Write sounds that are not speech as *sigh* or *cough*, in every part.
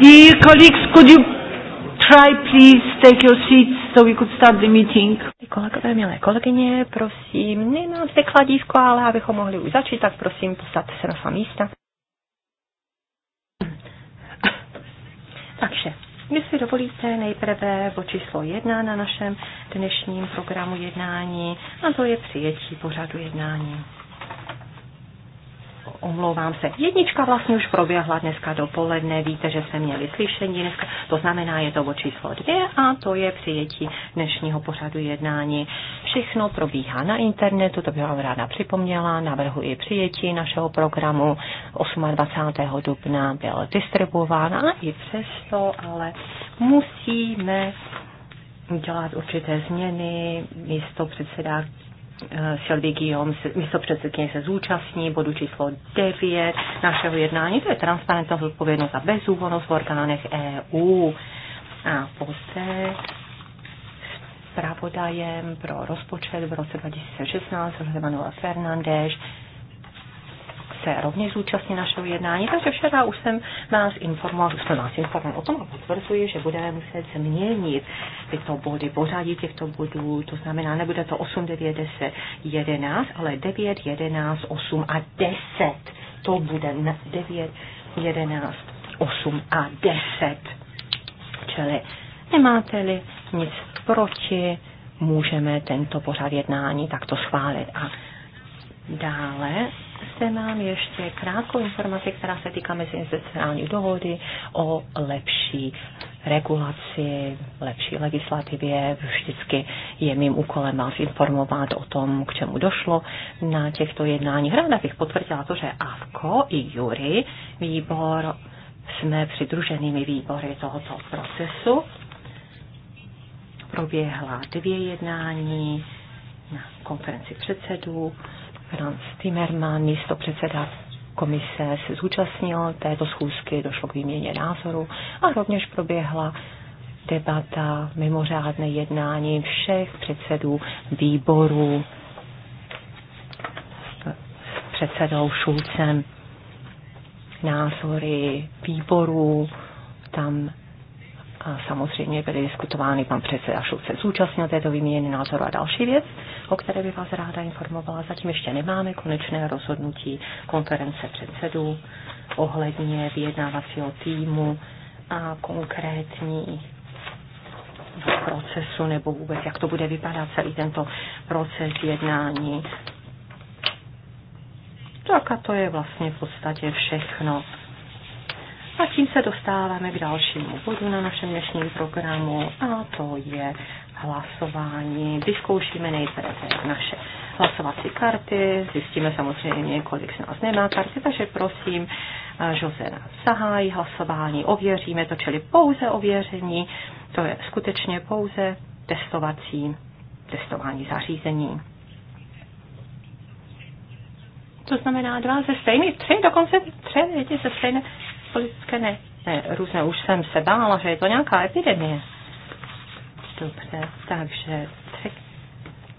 Dear colleagues, could you try please take your seats so we could start the meeting? Kolegové, milé kolegyně, prosím, nemám zde kladívko, ale abychom mohli už začít, tak prosím, postavte se na svá místa. Takže, si dovolíte, nejprve bod číslo jedna na našem dnešním programu jednání, a to je přijetí pořadu jednání omlouvám se. Jednička vlastně už proběhla dneska dopoledne, víte, že jsme měli slyšení dneska, to znamená, je to o číslo dvě a to je přijetí dnešního pořadu jednání. Všechno probíhá na internetu, to bych vám ráda připomněla, navrhuji přijetí našeho programu 28. dubna byl distribuován a i přesto, ale musíme dělat určité změny. Místo předseda Eh, Sylvie Guillaume, místopředsedkyně se zúčastní, bodu číslo 9 našeho jednání, to je transparentnost, odpovědnost a bezúhonost v orgánech EU. A poté zpravodajem pro rozpočet v roce 2016 Manuel Fernández se rovněž zúčastní našeho jednání, takže včera už jsem nás informoval, už jsme nás informoval o tom a potvrzuji, že budeme muset změnit tyto body, pořadí těchto bodů, to znamená, nebude to 8, 9, 10, 11, ale 9, 11, 8 a 10. To bude 9, 11, 8 a 10. Čili nemáte-li nic proti, můžeme tento pořad jednání takto schválit. A dále zde mám ještě krátkou informaci, která se týká meziinstitucionální dohody o lepší regulaci, lepší legislativě. Vždycky je mým úkolem vás informovat o tom, k čemu došlo na těchto jednáních. Ráda bych potvrdila to, že AVKO i Jury, výbor, jsme přidruženými výbory tohoto procesu. Proběhla dvě jednání na konferenci předsedů Franz Timmermann, místo předseda komise, se zúčastnil této schůzky, došlo k výměně názoru a rovněž proběhla debata, mimořádné jednání všech předsedů výborů s předsedou Šulcem, názory výborů tam a samozřejmě byly diskutovány pan předseda Šulc se zúčastnil této výměny názoru a další věc, o které by vás ráda informovala. Zatím ještě nemáme konečné rozhodnutí konference předsedů ohledně vyjednávacího týmu a konkrétní procesu nebo vůbec, jak to bude vypadat celý tento proces jednání. Tak a to je vlastně v podstatě všechno a tím se dostáváme k dalšímu bodu na našem dnešním programu a to je hlasování. Vyzkoušíme nejprve naše hlasovací karty, zjistíme samozřejmě, kolik z nás nemá karty, takže prosím, Jose nás zahájí hlasování, ověříme to, čili pouze ověření, to je skutečně pouze testovací, testování zařízení. To znamená dva ze stejných, tři, dokonce tři lidi ze stejné politické ne, ne, různé, už jsem se bála, že je to nějaká epidemie. Dobře, takže tak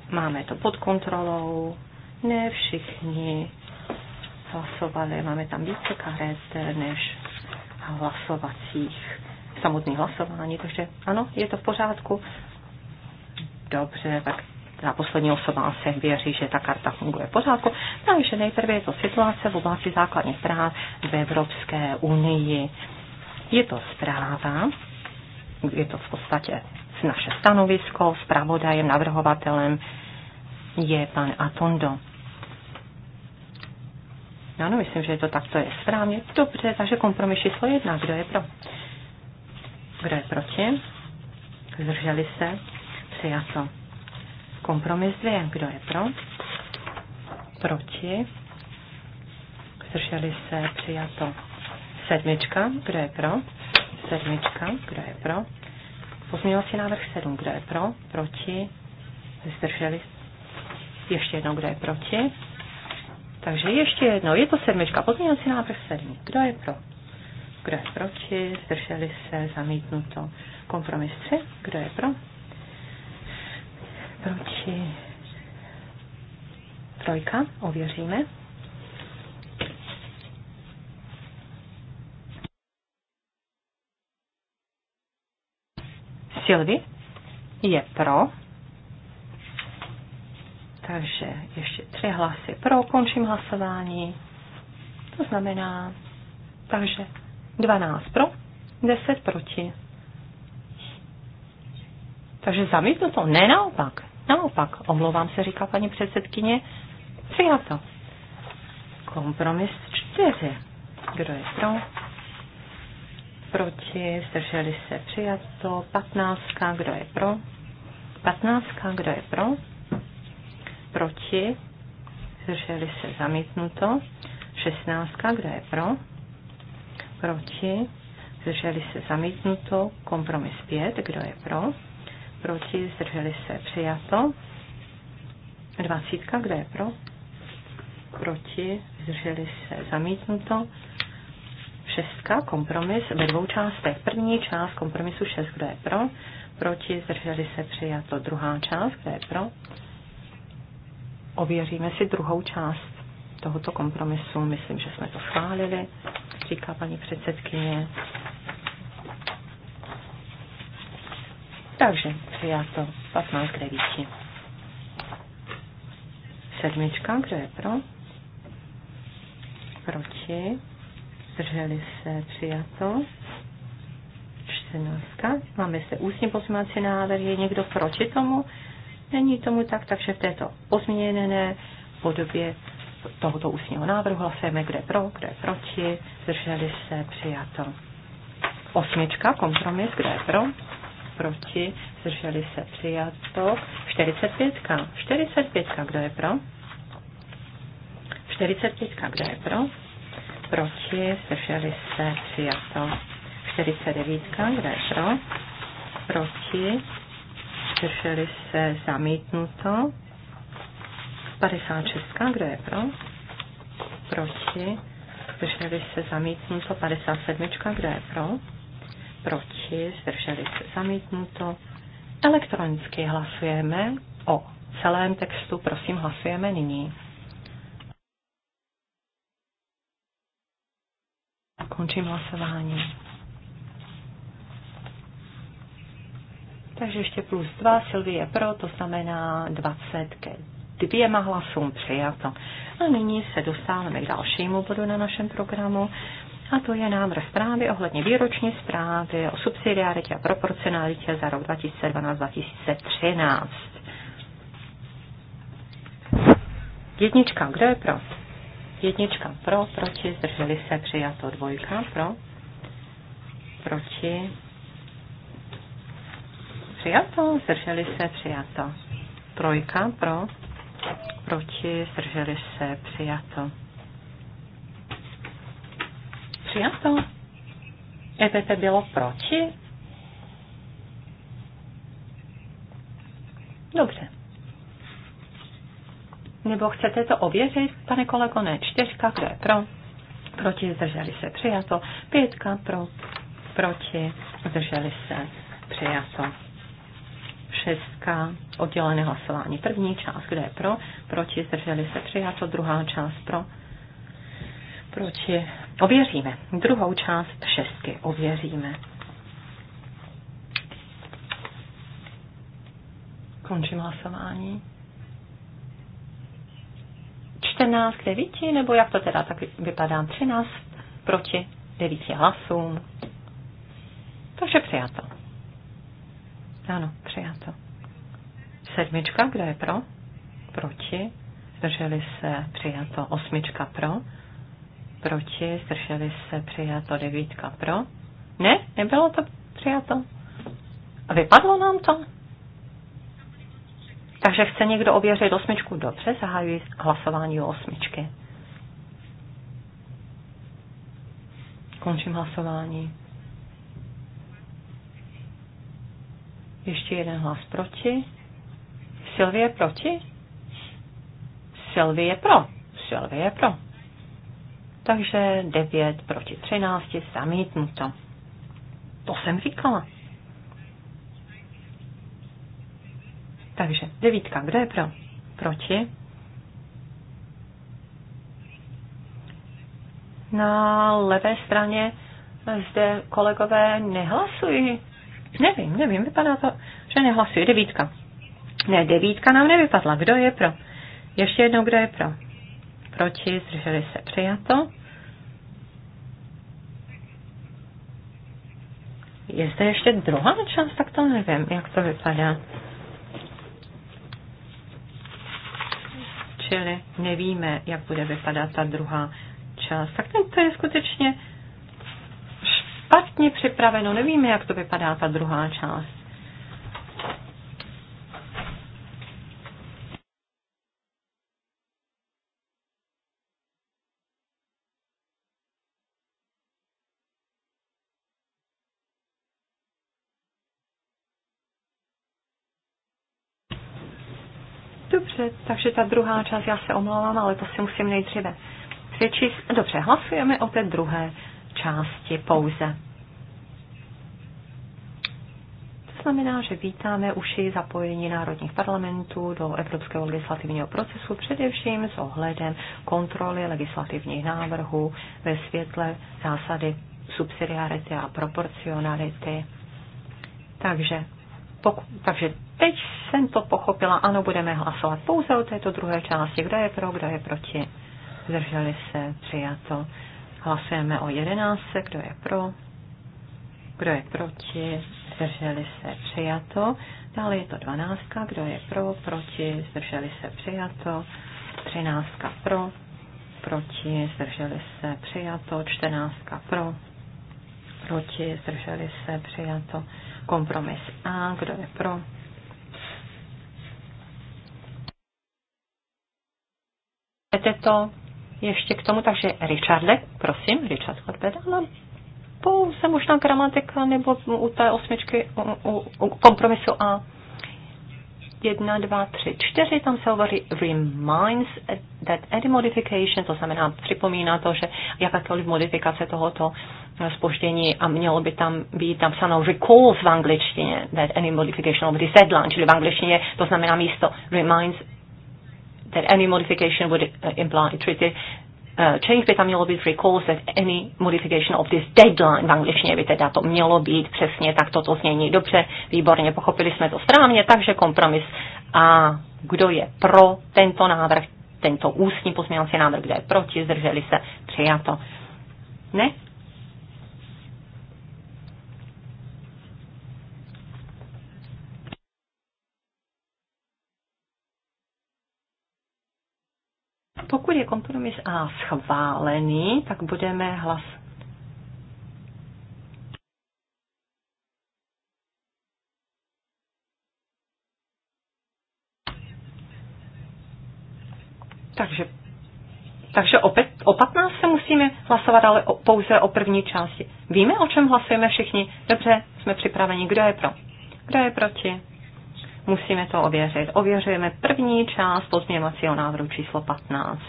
máme to pod kontrolou, ne všichni hlasovali, máme tam více karet než hlasovacích, samotných hlasování, takže ano, je to v pořádku. Dobře, tak ta poslední osoba asi věří, že ta karta funguje v pořádku. Takže no, nejprve je to situace v oblasti základních práv v Evropské unii. Je to zpráva, je to v podstatě naše stanovisko, zpravodajem, navrhovatelem je pan Atondo. Ano, no, myslím, že je to takto je správně. Dobře, takže kompromis číslo jedna. Kdo je pro? Kdo je proti? Zdrželi se? Přijato. Kompromis dvě. Kdo je pro? Proti? Zdrželi se přijato. Sedmička. Kdo je pro? Sedmička. Kdo je pro? Pozměňovací návrh sedm. Kdo je pro? Proti? Zdrželi se. ještě jednou, kdo je proti. Takže ještě jednou, je to sedmička, pozměňovací návrh sedm. Kdo je pro? Kdo je proti? Zdrželi se, zamítnuto. Kompromis tři. Kdo je pro? proti trojka, ověříme. Silvi je pro, takže ještě tři hlasy pro, končím hlasování. To znamená, takže 12 pro, 10 proti. Takže zamítnu to, ne naopak. Naopak, omlouvám se, říká paní předsedkyně, přijato. Kompromis čtyři. Kdo je pro? Proti, zdrželi se, přijato. Patnáctka, kdo je pro? Patnáctka, kdo je pro? Proti, zdrželi se, zamítnuto. Šestnáctka, kdo je pro? Proti, zdrželi se, zamítnuto. Kompromis pět, kdo je pro? proti, zdrželi se, přijato. Dvacítka, kdo je pro, proti, zdrželi se, zamítnuto. Šestka, kompromis ve dvou částech. První část kompromisu šest kdo je pro, proti, zdrželi se, přijato. Druhá část, kdo je pro. Ověříme si druhou část tohoto kompromisu. Myslím, že jsme to schválili, říká paní předsedkyně. Takže přijato 15 k 9. Sedmička, kdo je pro? Proti. Zdrželi se přijato. 14. Máme se ústní pozměňovací návrh. Je někdo proti tomu? Není tomu tak, takže v této pozměněné podobě tohoto ústního návrhu hlasujeme, kde pro, kde proti. Zdrželi se přijato. Osmička, kompromis, kde je pro, proti, zdrželi se přijato. 45, 45, kdo je pro? 45, kdo je pro? Proti, zdrželi se přijato. 49, kdo je pro? Proti, zdrželi se zamítnuto. 56, kdo je pro? Proti, zdrželi se zamítnuto. 57, kdo je pro? proti, zdrželi se zamítnuto. Elektronicky hlasujeme o celém textu, prosím hlasujeme nyní. Končím hlasování. Takže ještě plus 2, Silvie pro, to znamená 20 ke dvěma hlasům přijato. A nyní se dostáváme k dalšímu bodu na našem programu, a to je návrh zprávy ohledně výroční zprávy o subsidiaritě a proporcionalitě za rok 2012-2013. Jednička, kdo je pro? Jednička pro, proti, zdrželi se, přijato dvojka, pro, proti, přijato, zdrželi se, přijato. Trojka, pro, proti, zdrželi se, přijato. Přijato. EPP bylo proti. Dobře. Nebo chcete to ověřit, pane kolego? Ne, čtyřka, kdo je pro? Proti, zdrželi se, přijato. Pětka, pro, proti, zdrželi se, přijato. Šestka, oddělené hlasování. První část, kde je pro, proti, zdrželi se, přijato. Druhá část, pro, je Ověříme. Druhou část šestky ověříme. Končím hlasování. 14 k 9, nebo jak to teda tak vypadá? 13 proti 9 hlasům. Takže přijato. Ano, přijato. Sedmička, kdo je pro? Proti. Zdrželi se přijato. Osmička pro proti, zdrželi se, přijato devítka pro. Ne, nebylo to přijato. A vypadlo nám to. Takže chce někdo ověřit osmičku? Dobře, zahajuji hlasování o osmičky. Končím hlasování. Ještě jeden hlas proti. Silvie proti? Silvie pro. Silvie pro takže 9 proti 13 zamítnuto. To jsem říkala. Takže devítka, kdo je pro? Proti? Na levé straně zde kolegové nehlasují. Nevím, nevím, vypadá to, že nehlasují. Devítka. Ne, devítka nám nevypadla. Kdo je pro? Ještě jednou, kdo je pro? Proti, zdrželi se, přijato. Je zde ještě druhá část, tak to nevím, jak to vypadá. Čili nevíme, jak bude vypadat ta druhá část. Tak to je skutečně špatně připraveno. Nevíme, jak to vypadá ta druhá část. Dobře, takže ta druhá část, já se omlouvám, ale to si musím nejdříve přečíst. Dobře, hlasujeme o té druhé části pouze. To znamená, že vítáme uši zapojení národních parlamentů do evropského legislativního procesu, především s ohledem kontroly legislativních návrhů ve světle zásady subsidiarity a proporcionality. Takže Poku- takže teď jsem to pochopila, ano, budeme hlasovat pouze o této druhé části, kdo je pro, kdo je proti. Zdrželi se, přijato. Hlasujeme o jedenáctce, kdo je pro, kdo je proti, zdrželi se, přijato. Dále je to dvanáctka, kdo je pro, proti, zdrželi se, přijato. Třináctka pro, proti, zdrželi se, přijato. Čtrnáctka pro, proti, zdrželi se, přijato. Kompromis A, kdo je pro? Chcete to ještě k tomu, takže Richarde, prosím, Richard Corbett, ale pouze možná gramatika nebo u té osmičky, u, u, u kompromisu A. 1, 2, 3, 4, tam se hovoří reminds that any modification, to znamená připomíná to, že jakákoliv modifikace tohoto spoždění a mělo by tam být napsáno recalls v angličtině, that any modification of the deadline, čili v angličtině to znamená místo reminds that any modification would imply treaty Uh, change by tam mělo být recalls that any modification of this deadline. V angličtině by teda to mělo být přesně tak toto znění. Dobře, výborně, pochopili jsme to správně, takže kompromis. A kdo je pro tento návrh, tento ústní pozměňovací návrh, kdo je proti, zdrželi se, přijato. Ne? Pokud je kompromis A schválený, tak budeme hlas. Takže, takže opět, o 15 se musíme hlasovat, ale o, pouze o první části. Víme, o čem hlasujeme všichni? Dobře, jsme připraveni. Kdo je pro? Kdo je proti? Musíme to ověřit. Ověřujeme první část pozměňovacího návrhu číslo 15.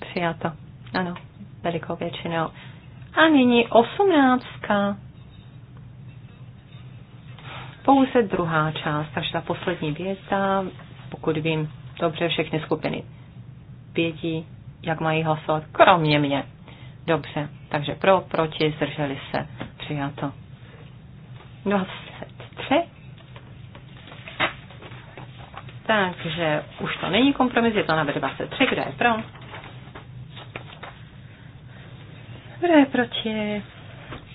Přijato. Ano, velikou většinou. A nyní osmnáctka. Pouze druhá část, takže ta poslední věta, pokud vím dobře, všechny skupiny vědí, jak mají hlasovat, kromě mě. Dobře, takže pro, proti, zdrželi se, přijato. 23. Takže už to není kompromis, je to návrh 23, kdo je pro? Kdo je proti?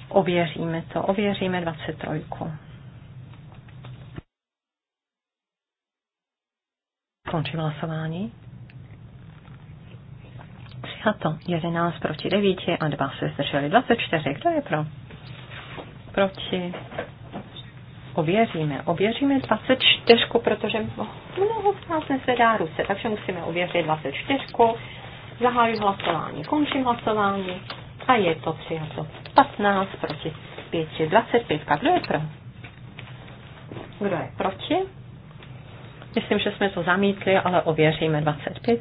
Ověříme to, ověříme 23. Končím hlasování přijato. 11 proti 9 a 2 se zdrželi. 24. Kdo je pro? Proti. Ověříme. Ověříme 24, protože mnoho z nás nezvedá ruce, takže musíme ověřit 24. Zahájí hlasování. Končím hlasování. A je to přijato. 15 proti 5. 25. Kdo je pro? Kdo je proti? Myslím, že jsme to zamítli, ale ověříme 25.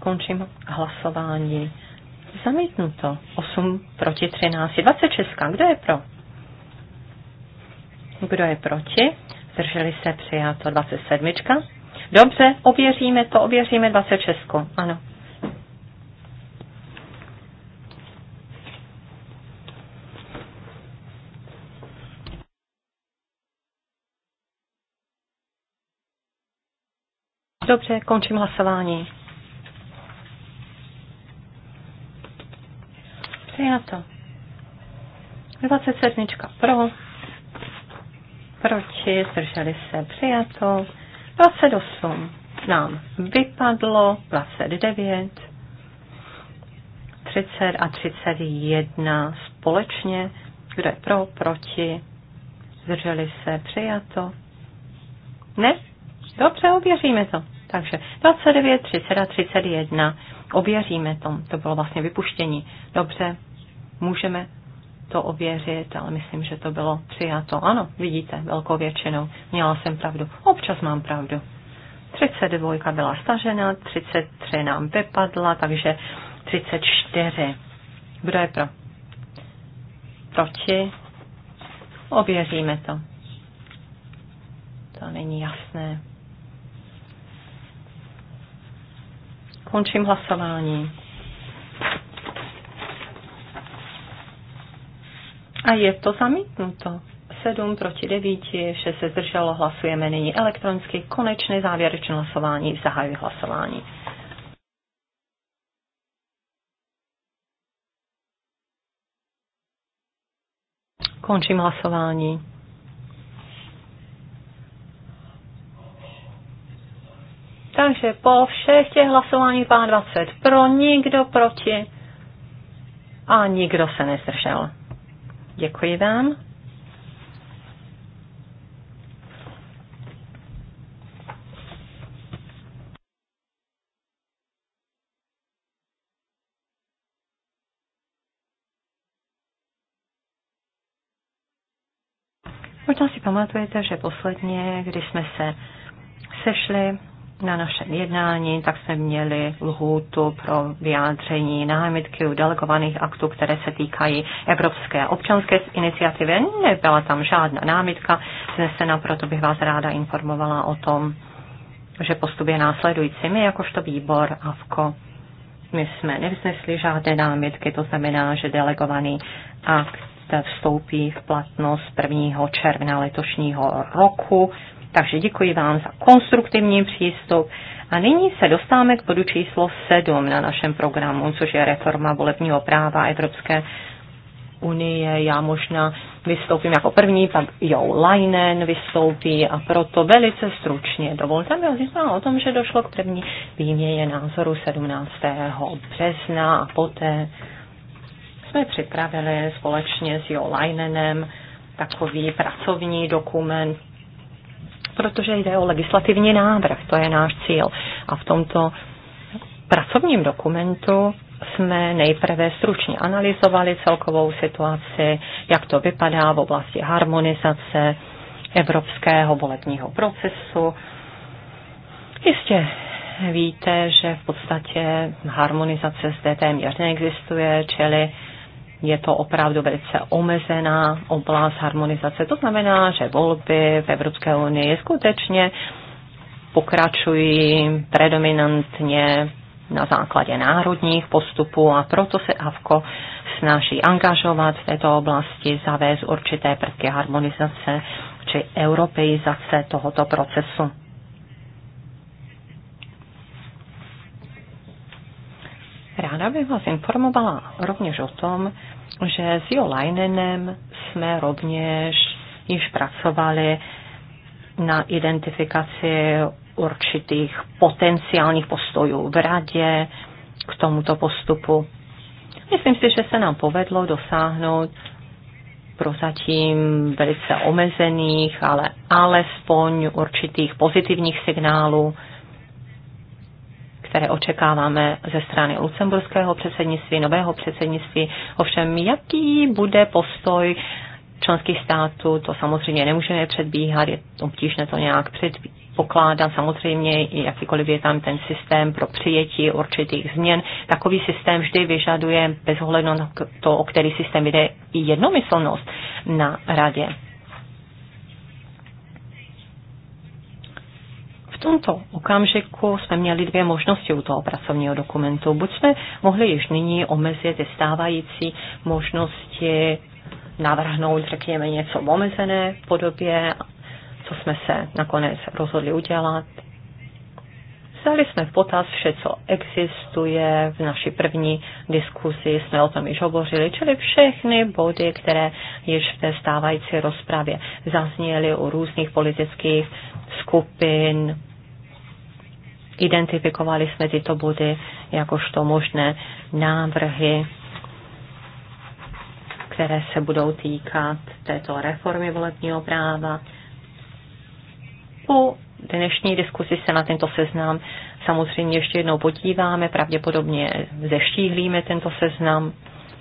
Končím hlasování. Zamítnuto. 8 proti 13. 26. Kdo je pro? Kdo je proti? Zdrželi se přijato 27. Dobře, ověříme to, ověříme 26. Ano. Dobře, končím hlasování. Přijato. 27. Pro. Proti. Zdrželi se. Přijato. 28. Nám vypadlo. 29. 30 a 31 společně. Kdo je pro, proti? Zdrželi se. Přijato. Ne? Dobře, ověříme to. Takže 29, 30 a 31. Ověříme to. To bylo vlastně vypuštění. Dobře, Můžeme to ověřit, ale myslím, že to bylo přijato. Ano, vidíte, velkou většinou. Měla jsem pravdu. Občas mám pravdu. 32 byla stažena, 33 nám vypadla, takže 34. Kdo je pro? Proti? Ověříme to. To není jasné. Končím hlasování. A je to zamítnuto. 7 proti 9, 6 se zdrželo, hlasujeme nyní elektronicky. Konečné závěrečné hlasování, zahajuji hlasování. Končím hlasování. Takže po všech těch hlasování 22 pro, nikdo proti a nikdo se nezdržel. Děkuji vám. Možná si pamatujete, že posledně, když jsme se sešli na našem jednání, tak jsme měli lhůtu pro vyjádření námitky u delegovaných aktů, které se týkají Evropské občanské iniciativy. Nebyla tam žádná námitka znesena, proto bych vás ráda informovala o tom, že postup je následující. My jakožto výbor AVKO, my jsme nevznesli žádné námitky, to znamená, že delegovaný akt vstoupí v platnost 1. června letošního roku takže děkuji vám za konstruktivní přístup. A nyní se dostáváme k bodu číslo 7 na našem programu, což je reforma volebního práva Evropské unie. Já možná vystoupím jako první, pak Jo Leinen vystoupí a proto velice stručně. Dovolte mi ozvětla o tom, že došlo k první výměně názoru 17. března a poté jsme připravili společně s Jo Leinenem takový pracovní dokument protože jde o legislativní návrh, to je náš cíl. A v tomto pracovním dokumentu jsme nejprve stručně analyzovali celkovou situaci, jak to vypadá v oblasti harmonizace evropského volebního procesu. Jistě víte, že v podstatě harmonizace zde téměř neexistuje, čili je to opravdu velice omezená oblast harmonizace. To znamená, že volby v Evropské unii skutečně pokračují predominantně na základě národních postupů a proto se AVKO snaží angažovat v této oblasti, zavést určité prvky harmonizace či europeizace tohoto procesu. Ráda bych vás informovala rovněž o tom, že s Jo Leinenem jsme rovněž již pracovali na identifikaci určitých potenciálních postojů v radě k tomuto postupu. Myslím si, že se nám povedlo dosáhnout prozatím velice omezených, ale alespoň určitých pozitivních signálů které očekáváme ze strany lucemburského předsednictví, nového předsednictví. Ovšem, jaký bude postoj členských států, to samozřejmě nemůžeme předbíhat, je obtížné to nějak pokládám Samozřejmě, i, jakýkoliv je tam ten systém pro přijetí určitých změn, takový systém vždy vyžaduje, bez ohledu na to, o který systém jde, i jednomyslnost na radě. tomto okamžiku jsme měli dvě možnosti u toho pracovního dokumentu. Buď jsme mohli již nyní omezit ty stávající možnosti, navrhnout, řekněme, něco v omezené podobě, co jsme se nakonec rozhodli udělat. Vzali jsme v potaz vše, co existuje. V naší první diskuzi jsme o tom již hovořili, čili všechny body, které již v té stávající rozpravě zazněly u různých politických skupin, Identifikovali jsme tyto body jakožto možné návrhy, které se budou týkat této reformy volebního práva. Po dnešní diskusi se na tento seznam samozřejmě ještě jednou podíváme, pravděpodobně zeštíhlíme tento seznam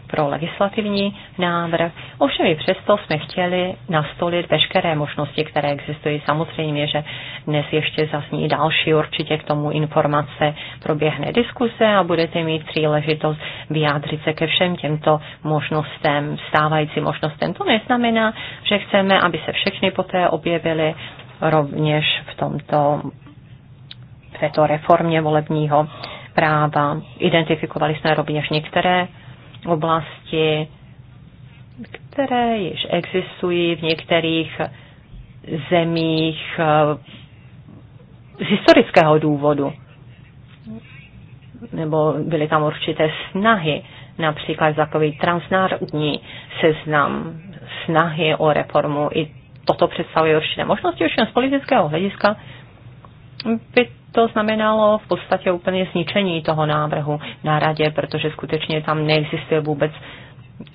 pro legislativní návrh. Ovšem i přesto jsme chtěli nastolit veškeré možnosti, které existují. Samozřejmě, že dnes ještě zazní další určitě k tomu informace, proběhne diskuse a budete mít příležitost vyjádřit se ke všem těmto možnostem, stávající možnostem. To neznamená, že chceme, aby se všechny poté objevily rovněž v tomto v této reformě volebního práva. Identifikovali jsme rovněž některé oblasti, které již existují v některých zemích eh, z historického důvodu. Nebo byly tam určité snahy, například takový transnárodní seznam snahy o reformu. I toto představuje určité možnosti, už z politického hlediska by to znamenalo v podstatě úplně zničení toho návrhu na radě, protože skutečně tam neexistuje vůbec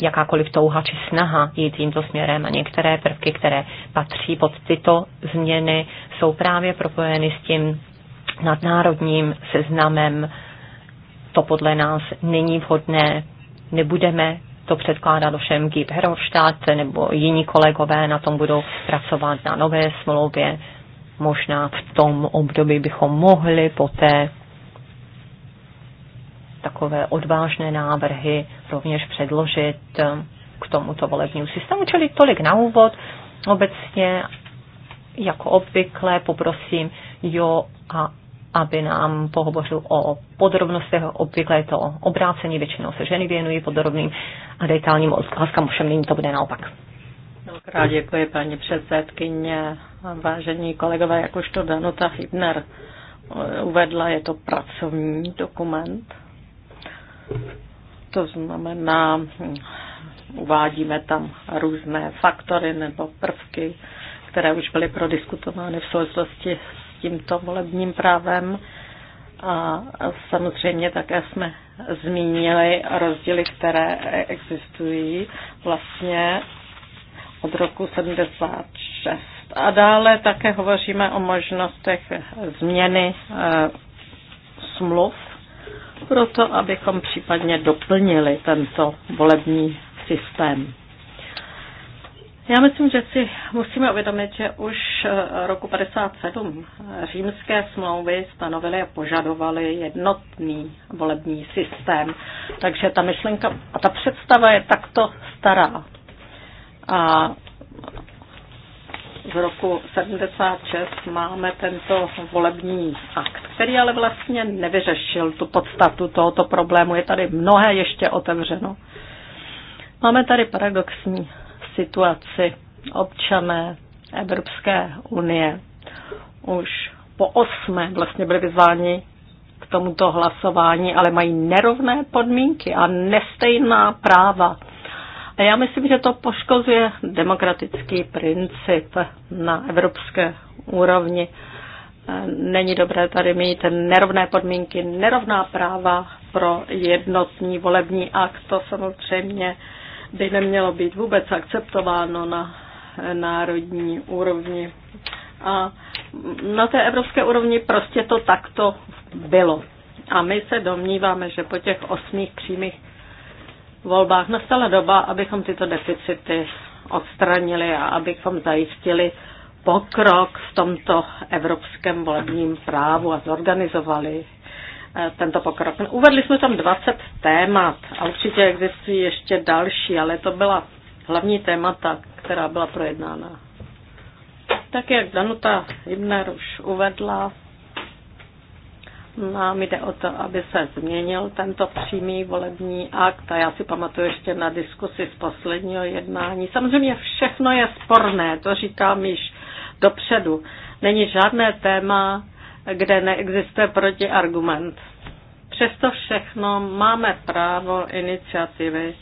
jakákoliv touha či snaha jít tímto směrem a některé prvky, které patří pod tyto změny, jsou právě propojeny s tím nadnárodním seznamem. To podle nás není vhodné, nebudeme to předkládá všem Gib nebo jiní kolegové na tom budou pracovat na nové smlouvě možná v tom období bychom mohli poté takové odvážné návrhy rovněž předložit eh, k tomuto volebnímu systému. Čili tolik na úvod. Obecně, jako obvykle, poprosím Jo a aby nám pohovořil o podrobnostech. Obvykle je to obrácení, většinou se ženy věnují podrobným a detailním otázkám, ovšem nyní to bude naopak. Mnohokrát děkuji, paní předsedkyně. Vážení kolegové, jakožto Danuta Hibner uvedla, je to pracovní dokument. To znamená, uvádíme tam různé faktory nebo prvky, které už byly prodiskutovány v souvislosti s tímto volebním právem. A samozřejmě také jsme zmínili rozdíly, které existují vlastně od roku 76. A dále také hovoříme o možnostech změny eh, smluv, proto abychom případně doplnili tento volební systém. Já myslím, že si musíme uvědomit, že už eh, roku 57 římské smlouvy stanovily a požadovaly jednotný volební systém. Takže ta myšlenka a ta představa je takto stará a z roku 76 máme tento volební akt, který ale vlastně nevyřešil tu podstatu tohoto problému. Je tady mnohé ještě otevřeno. Máme tady paradoxní situaci. Občané Evropské unie už po osmé vlastně byli vyzváni k tomuto hlasování, ale mají nerovné podmínky a nestejná práva a já myslím, že to poškozuje demokratický princip na evropské úrovni. Není dobré tady mít nerovné podmínky, nerovná práva pro jednotní volební akt. To samozřejmě by nemělo být vůbec akceptováno na národní úrovni. A na té evropské úrovni prostě to takto bylo. A my se domníváme, že po těch osmých přímých volbách nastala doba, abychom tyto deficity odstranili a abychom zajistili pokrok v tomto evropském volebním právu a zorganizovali eh, tento pokrok. Uvedli jsme tam 20 témat a určitě existují ještě další, ale to byla hlavní témata, která byla projednána. Tak jak Danuta Hibner už uvedla, nám no jde o to, aby se změnil tento přímý volební akt a já si pamatuju ještě na diskusi z posledního jednání. Samozřejmě všechno je sporné, to říkám již dopředu. Není žádné téma, kde neexistuje protiargument. Přesto všechno máme právo iniciativy.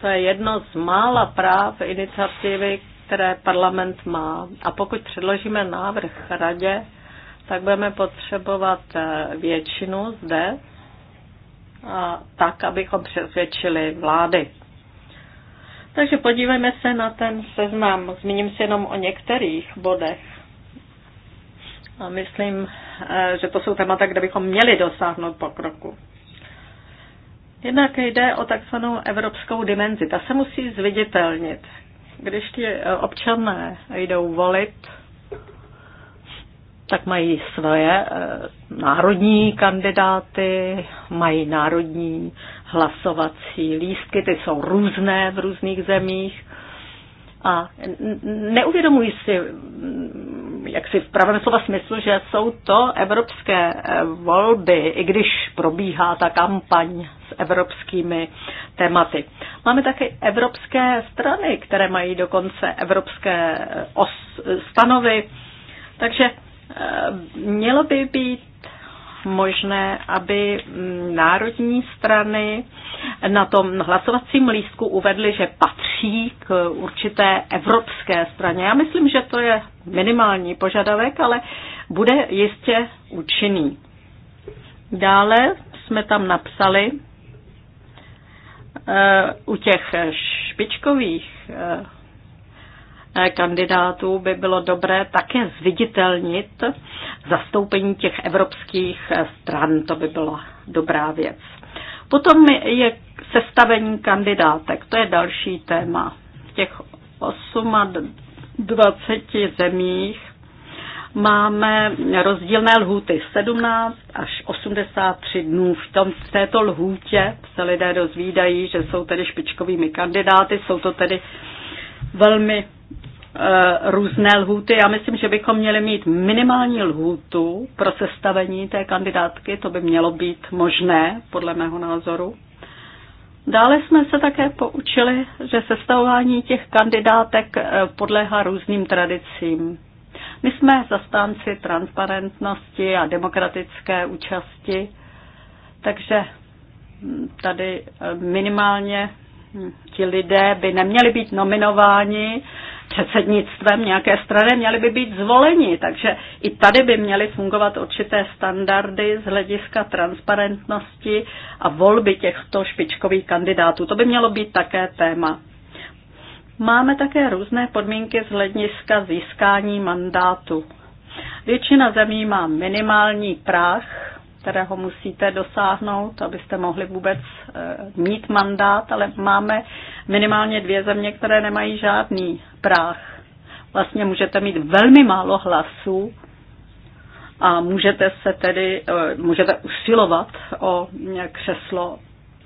To je jedno z mála práv iniciativy, které parlament má. A pokud předložíme návrh radě, tak budeme potřebovat eh, většinu zde, a tak, abychom přesvědčili vlády. Takže podívejme se na ten seznam. Zmíním se jenom o některých bodech. A myslím, eh, že to jsou témata, kde bychom měli dosáhnout pokroku. Jednak jde o takzvanou evropskou dimenzi. Ta se musí zviditelnit. Když ti občané jdou volit, tak mají svoje eh, národní kandidáty, mají národní hlasovací lístky, ty jsou různé v různých zemích. A neuvědomují si, mm, jak si v pravém slova smyslu, že jsou to evropské eh, volby, i když probíhá ta kampaň s evropskými tématy. Máme také evropské strany, které mají dokonce evropské eh, os- stanovy. Takže Mělo by být možné, aby národní strany na tom hlasovacím lístku uvedly, že patří k určité evropské straně. Já myslím, že to je minimální požadavek, ale bude jistě účinný. Dále jsme tam napsali eh, u těch špičkových eh, Eh, kandidátů by bylo dobré také zviditelnit zastoupení těch evropských eh, stran. To by byla dobrá věc. Potom je sestavení kandidátek. To je další téma. V těch 28 zemích máme rozdílné lhůty 17 až 83 dnů. V, tom, v této lhůtě se lidé dozvídají, že jsou tedy špičkovými kandidáty, jsou to tedy velmi Eh, různé lhůty. Já myslím, že bychom měli mít minimální lhůtu pro sestavení té kandidátky, to by mělo být možné, podle mého názoru. Dále jsme se také poučili, že sestavování těch kandidátek eh, podléhá různým tradicím. My jsme zastánci transparentnosti a demokratické účasti, takže hm, tady eh, minimálně hm, ti lidé by neměli být nominováni předsednictvem nějaké strany, měli by být zvoleni. Takže i tady by měly fungovat určité standardy z hlediska transparentnosti a volby těchto špičkových kandidátů. To by mělo být také téma. Máme také různé podmínky z hlediska získání mandátu. Většina zemí má minimální práh kterého musíte dosáhnout, abyste mohli vůbec eh, mít mandát, ale máme minimálně dvě země, které nemají žádný práh. Vlastně můžete mít velmi málo hlasů a můžete se tedy, eh, můžete usilovat o mm, křeslo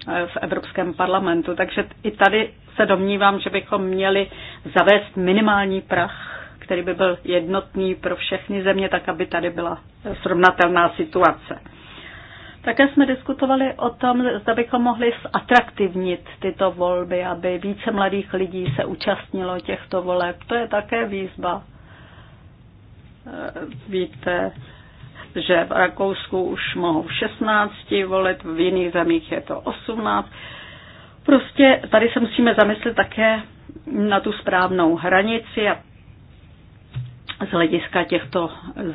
eh, v Evropském parlamentu. Takže i tady se domnívám, že bychom měli zavést minimální prach, který by byl jednotný pro všechny země, tak aby tady byla srovnatelná situace. Také jsme diskutovali o tom, zda bychom mohli zatraktivnit tyto volby, aby více mladých lidí se účastnilo těchto voleb. To je také výzva. Eh, víte, že v Rakousku už mohou 16 volit, v jiných zemích je to 18. Prostě tady se musíme zamyslet také na tu správnou hranici a z hlediska těchto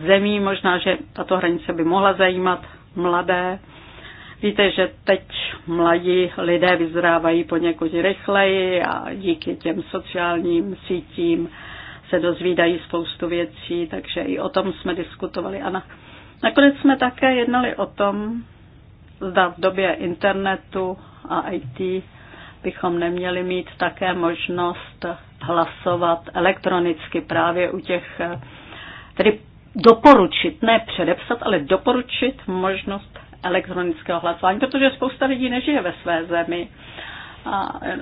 zemí možná, že tato hranice by mohla zajímat mladé. Víte, že teď mladí lidé vyzrávají poněkud rychleji a díky těm sociálním sítím se dozvídají spoustu věcí, takže i o tom jsme diskutovali. A na, nakonec jsme také jednali o tom, zda v době internetu a IT bychom neměli mít také možnost hlasovat elektronicky právě u těch, tedy doporučit, ne předepsat, ale doporučit možnost elektronického hlasování, protože spousta lidí nežije ve své zemi a e,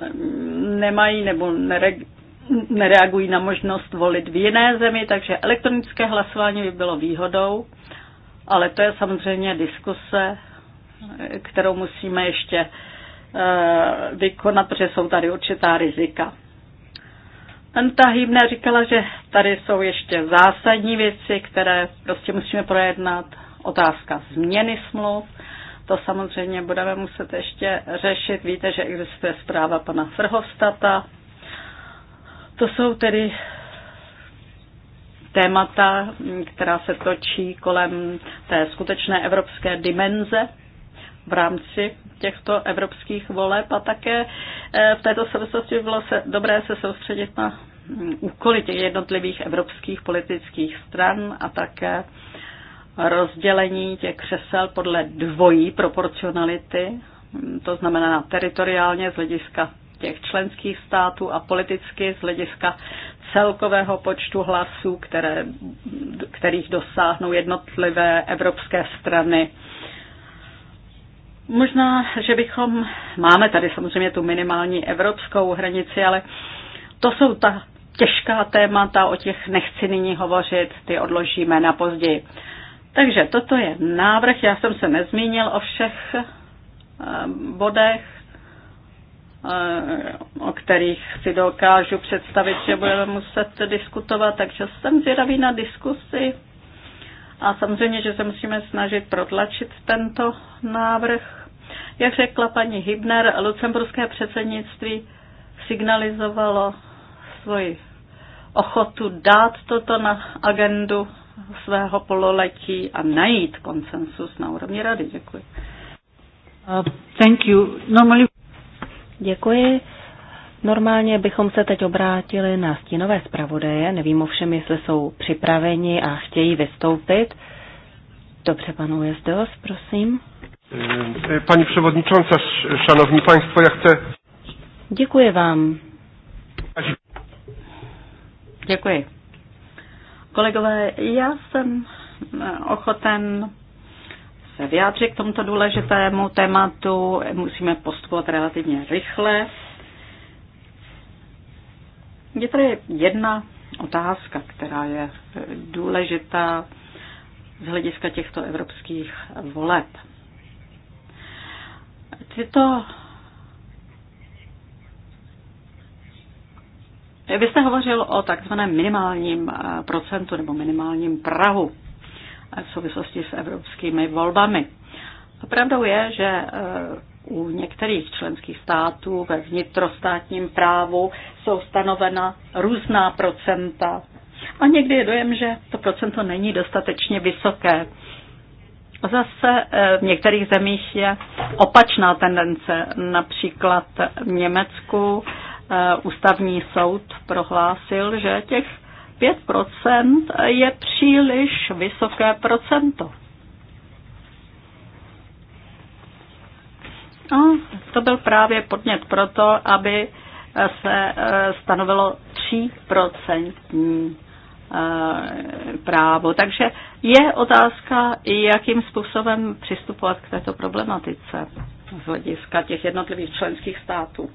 nemají nebo nereg- nereagují na možnost volit v jiné zemi, takže elektronické hlasování by bylo výhodou, ale to je samozřejmě diskuse, e, kterou musíme ještě e, vykonat, protože jsou tady určitá rizika. Anta hýbne říkala, že tady jsou ještě zásadní věci, které prostě musíme projednat. Otázka změny smluv. To samozřejmě budeme muset ještě řešit. Víte, že existuje zpráva pana Frhovstata. To jsou tedy témata, která se točí kolem té skutečné evropské dimenze v rámci těchto evropských voleb a také eh, v této souvislosti bylo se, dobré se soustředit na mm, úkoly těch jednotlivých evropských politických stran a také rozdělení těch křesel podle dvojí proporcionality, mm, to znamená teritoriálně z hlediska těch členských států a politicky z hlediska celkového počtu hlasů, které, kterých dosáhnou jednotlivé evropské strany Možná, že bychom, máme tady samozřejmě tu minimální evropskou hranici, ale to jsou ta těžká témata, o těch nechci nyní hovořit, ty odložíme na později. Takže toto je návrh, já jsem se nezmínil o všech eh, bodech, eh, o kterých si dokážu představit, že budeme muset diskutovat, takže jsem zvědavý na diskusi a samozřejmě, že se musíme snažit protlačit tento návrh. Jak řekla paní Hibner, lucemburské předsednictví signalizovalo svoji ochotu dát toto na agendu svého pololetí a najít konsensus na úrovni rady. Děkuji. Uh, thank you. Normally... Děkuji. Normálně bychom se teď obrátili na stínové zpravodaje, nevím ovšem, jestli jsou připraveni a chtějí vystoupit. Dobře, panu Uezdos, prosím. Eh, Pani przewodnicząca, szanowni państwo, ja chcę... Děkuji vám. Děkuji. Kolegové, já jsem eh, ochoten se vyjádřit k tomuto důležitému tématu. Musíme postupovat relativně rychle je tady jedna otázka, která je eh, důležitá z hlediska těchto evropských voleb. Tyto Vy jste hovořil o takzvaném minimálním eh, procentu nebo minimálním prahu v souvislosti s evropskými volbami. pravdou je, že eh, u některých členských států ve vnitrostátním právu jsou stanovena různá procenta. A někdy je dojem, že to procento není dostatečně vysoké. Zase eh, v některých zemích je opačná tendence. Například v Německu eh, ústavní soud prohlásil, že těch 5% je příliš vysoké procento. A to byl právě podnět proto, aby se eh, stanovilo 3% eh, právo. Takže je otázka, jakým způsobem přistupovat k této problematice z hlediska těch jednotlivých členských států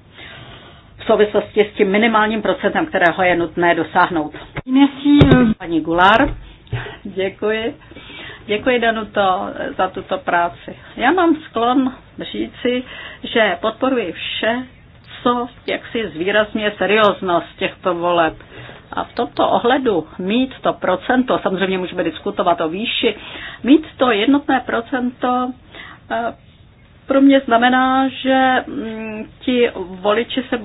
v souvislosti s tím minimálním procentem, kterého je nutné dosáhnout. Měsí, eh. Paní Gular, děkuji. Děkuji Danuto za tuto práci. Já mám sklon říci, že podporuji vše, co si zvýrazně serióznost těchto voleb. A v tomto ohledu mít to procento, samozřejmě můžeme diskutovat o výši, mít to jednotné procento eh, pro mě znamená, že mm, ti voliči se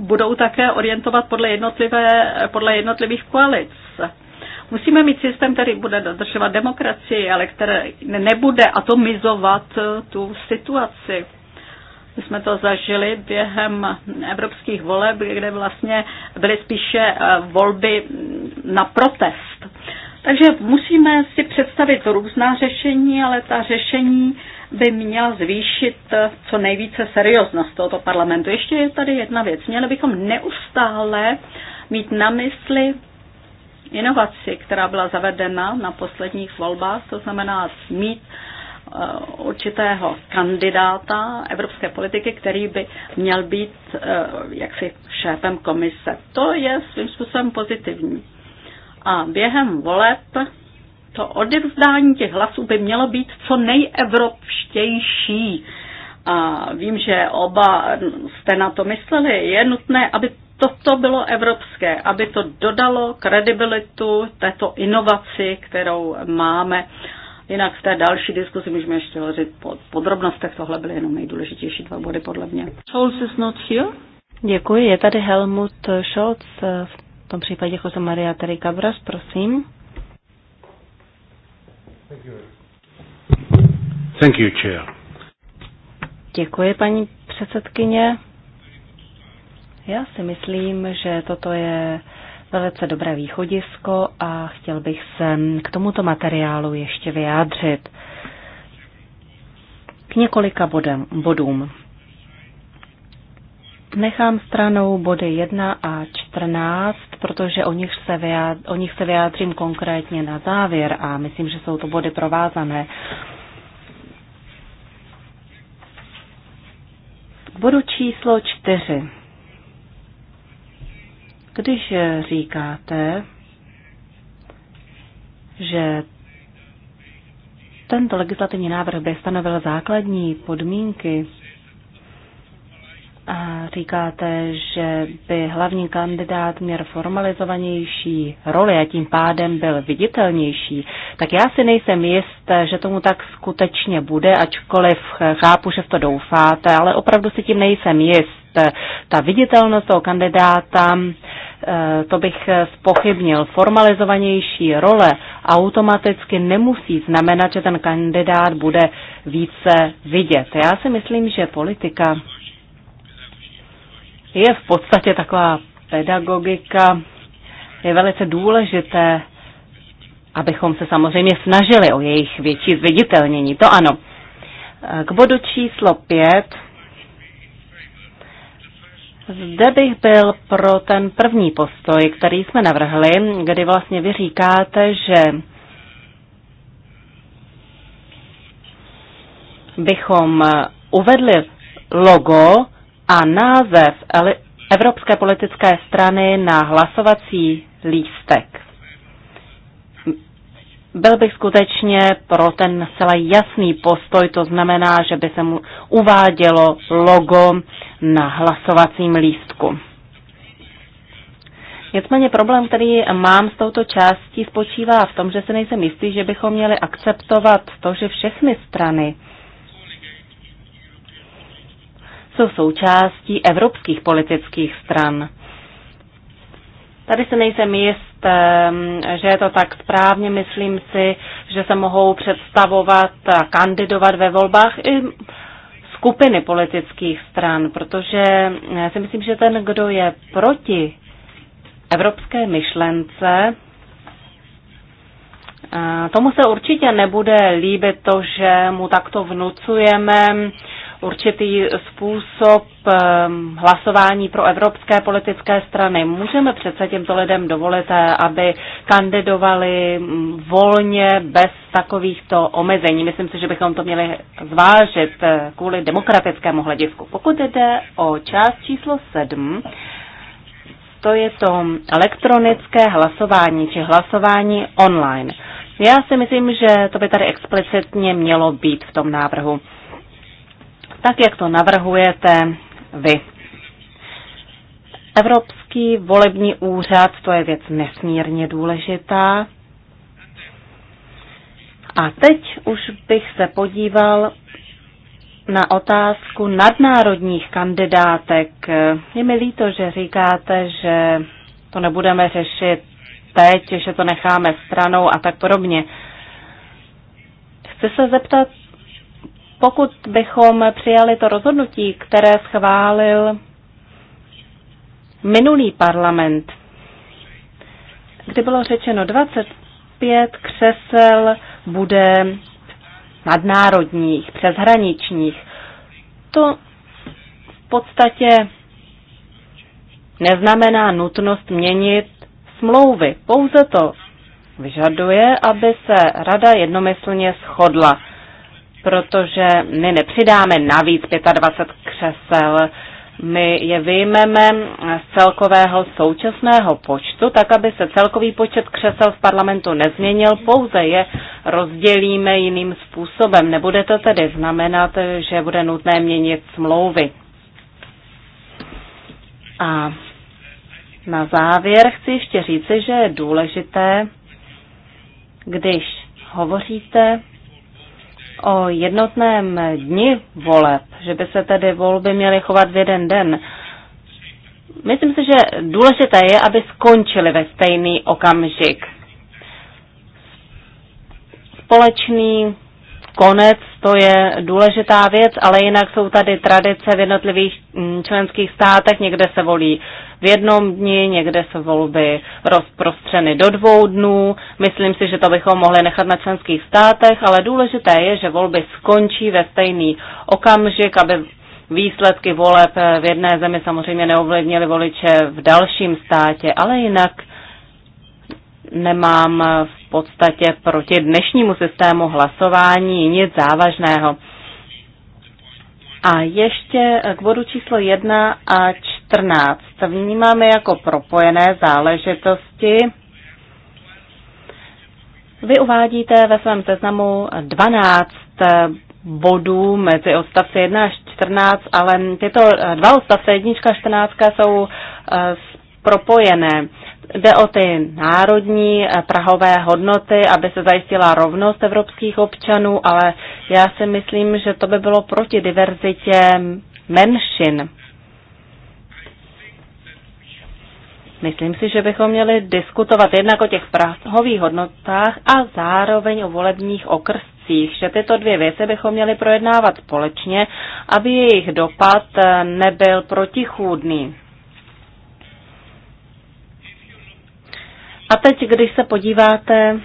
budou také orientovat podle, jednotlivé, podle jednotlivých koalic. Musíme mít systém, který bude dodržovat demokracii, ale který nebude atomizovat tu situaci. My jsme to zažili během evropských voleb, kde vlastně byly spíše eh, volby na protest. Takže musíme si představit různá řešení, ale ta řešení by měla zvýšit eh, co nejvíce serióznost tohoto parlamentu. Ještě je tady jedna věc. Měli bychom neustále mít na mysli inovaci, která byla zavedena na posledních volbách, to znamená mít uh, Eh, určitého kandidáta evropské politiky, který by měl být eh, jaksi šéfem komise. To je svým způsobem pozitivní. A během voleb to odevzdání těch hlasů by mělo být co nejevropštější. A vím, že oba jste na to mysleli. Je nutné, aby toto bylo evropské, aby to dodalo kredibilitu této inovaci, kterou máme Jinak v té další diskusi můžeme ještě hovořit po podrobnostech. Tohle byly jenom nejdůležitější dva body podle mě. Scholz is not here. Děkuji. Je tady Helmut Scholz. V tom případě Jose Maria Terry Cabras, prosím. Thank you. Thank you, chair. Děkuji, paní předsedkyně. Já si myslím, že toto je velice dobré východisko a chtěl bych se k tomuto materiálu ještě vyjádřit k několika bodem, bodům. Nechám stranou body 1 a 14, protože o nich, se vyjádřím, o nich se vyjádřím konkrétně na závěr a myslím, že jsou to body provázané. K bodu číslo 4. Když říkáte, že tento legislativní návrh by stanovil základní podmínky a říkáte, že by hlavní kandidát měl formalizovanější roli a tím pádem byl viditelnější, tak já si nejsem jist, že tomu tak skutečně bude, ačkoliv chápu, že v to doufáte, ale opravdu si tím nejsem jist. Ta viditelnost toho kandidáta Eh, to bych eh, spochybnil. Formalizovanější role automaticky nemusí znamenat, že ten kandidát bude více vidět. Já si myslím, že politika je v podstatě taková pedagogika, je velice důležité, abychom se samozřejmě snažili o jejich větší zviditelnění. To ano. Eh, k bodu číslo pět. Zde bych byl pro ten první postoj, který jsme navrhli, kdy vlastně vy říkáte, že bychom uvedli logo a název Evropské politické strany na hlasovací lístek byl bych skutečně pro ten celý jasný postoj, to znamená, že by se mu uvádělo logo na hlasovacím lístku. Nicméně problém, který mám s touto částí, spočívá v tom, že se nejsem jistý, že bychom měli akceptovat to, že všechny strany jsou součástí evropských politických stran. Tady si nejsem jist, ehm, že je to tak správně. Myslím si, že se mohou představovat a kandidovat ve volbách i skupiny politických stran, protože eh, já si myslím, že ten, kdo je proti evropské myšlence, eh, tomu se určitě nebude líbit to, že mu takto vnucujeme určitý způsob ehm, hlasování pro evropské politické strany. Můžeme přece těmto lidem dovolit, eh, aby kandidovali mm, volně bez takovýchto omezení. Myslím si, že bychom to měli zvážit eh, kvůli demokratickému hledisku. Pokud jde o část číslo 7, to je to elektronické hlasování či hlasování online. Já si myslím, že to by tady explicitně mělo být v tom návrhu tak jak to navrhujete vy. Evropský volební úřad, to je věc nesmírně důležitá. A teď už bych se podíval na otázku nadnárodních kandidátek. Je mi líto, že říkáte, že to nebudeme řešit teď, že to necháme stranou a tak podobně. Chci se zeptat, pokud bychom přijali to rozhodnutí, které schválil minulý parlament, kdy bylo řečeno 25 křesel bude nadnárodních, přeshraničních, to v podstatě neznamená nutnost měnit smlouvy. Pouze to vyžaduje, aby se rada jednomyslně shodla protože my nepřidáme navíc 25 křesel, my je vyjmeme z celkového současného počtu, tak aby se celkový počet křesel v parlamentu nezměnil, pouze je rozdělíme jiným způsobem. Nebude to tedy znamenat, že bude nutné měnit smlouvy. A na závěr chci ještě říci, že je důležité, když hovoříte o jednotném dni voleb, že by se tedy volby měly chovat v jeden den. Myslím si, že důležité je, aby skončily ve stejný okamžik. Společný konec, to je důležitá věc, ale jinak jsou tady tradice v jednotlivých mm, členských státech, někde se volí v jednom dni, někde se volby rozprostřeny do dvou dnů. Myslím si, že to bychom mohli nechat na členských státech, ale důležité je, že volby skončí ve stejný okamžik, aby výsledky voleb v jedné zemi samozřejmě neovlivnily voliče v dalším státě, ale jinak nemám v podstatě proti dnešnímu systému hlasování nic závažného. A ještě k bodu číslo 1 a 14. Vnímáme jako propojené záležitosti. Vy uvádíte ve svém seznamu 12 bodů mezi odstavce 1 až 14, ale tyto dva odstavce 1 a 14 jsou eh, propojené. Jde o ty národní eh, prahové hodnoty, aby se zajistila rovnost evropských občanů, ale já si myslím, že to by bylo proti diverzitě menšin. Myslím si, že bychom měli diskutovat jednak o těch prahových hodnotách a zároveň o volebních okrscích, že tyto dvě věci bychom měli projednávat společně, aby jejich dopad eh, nebyl protichůdný. A teď, když se podíváte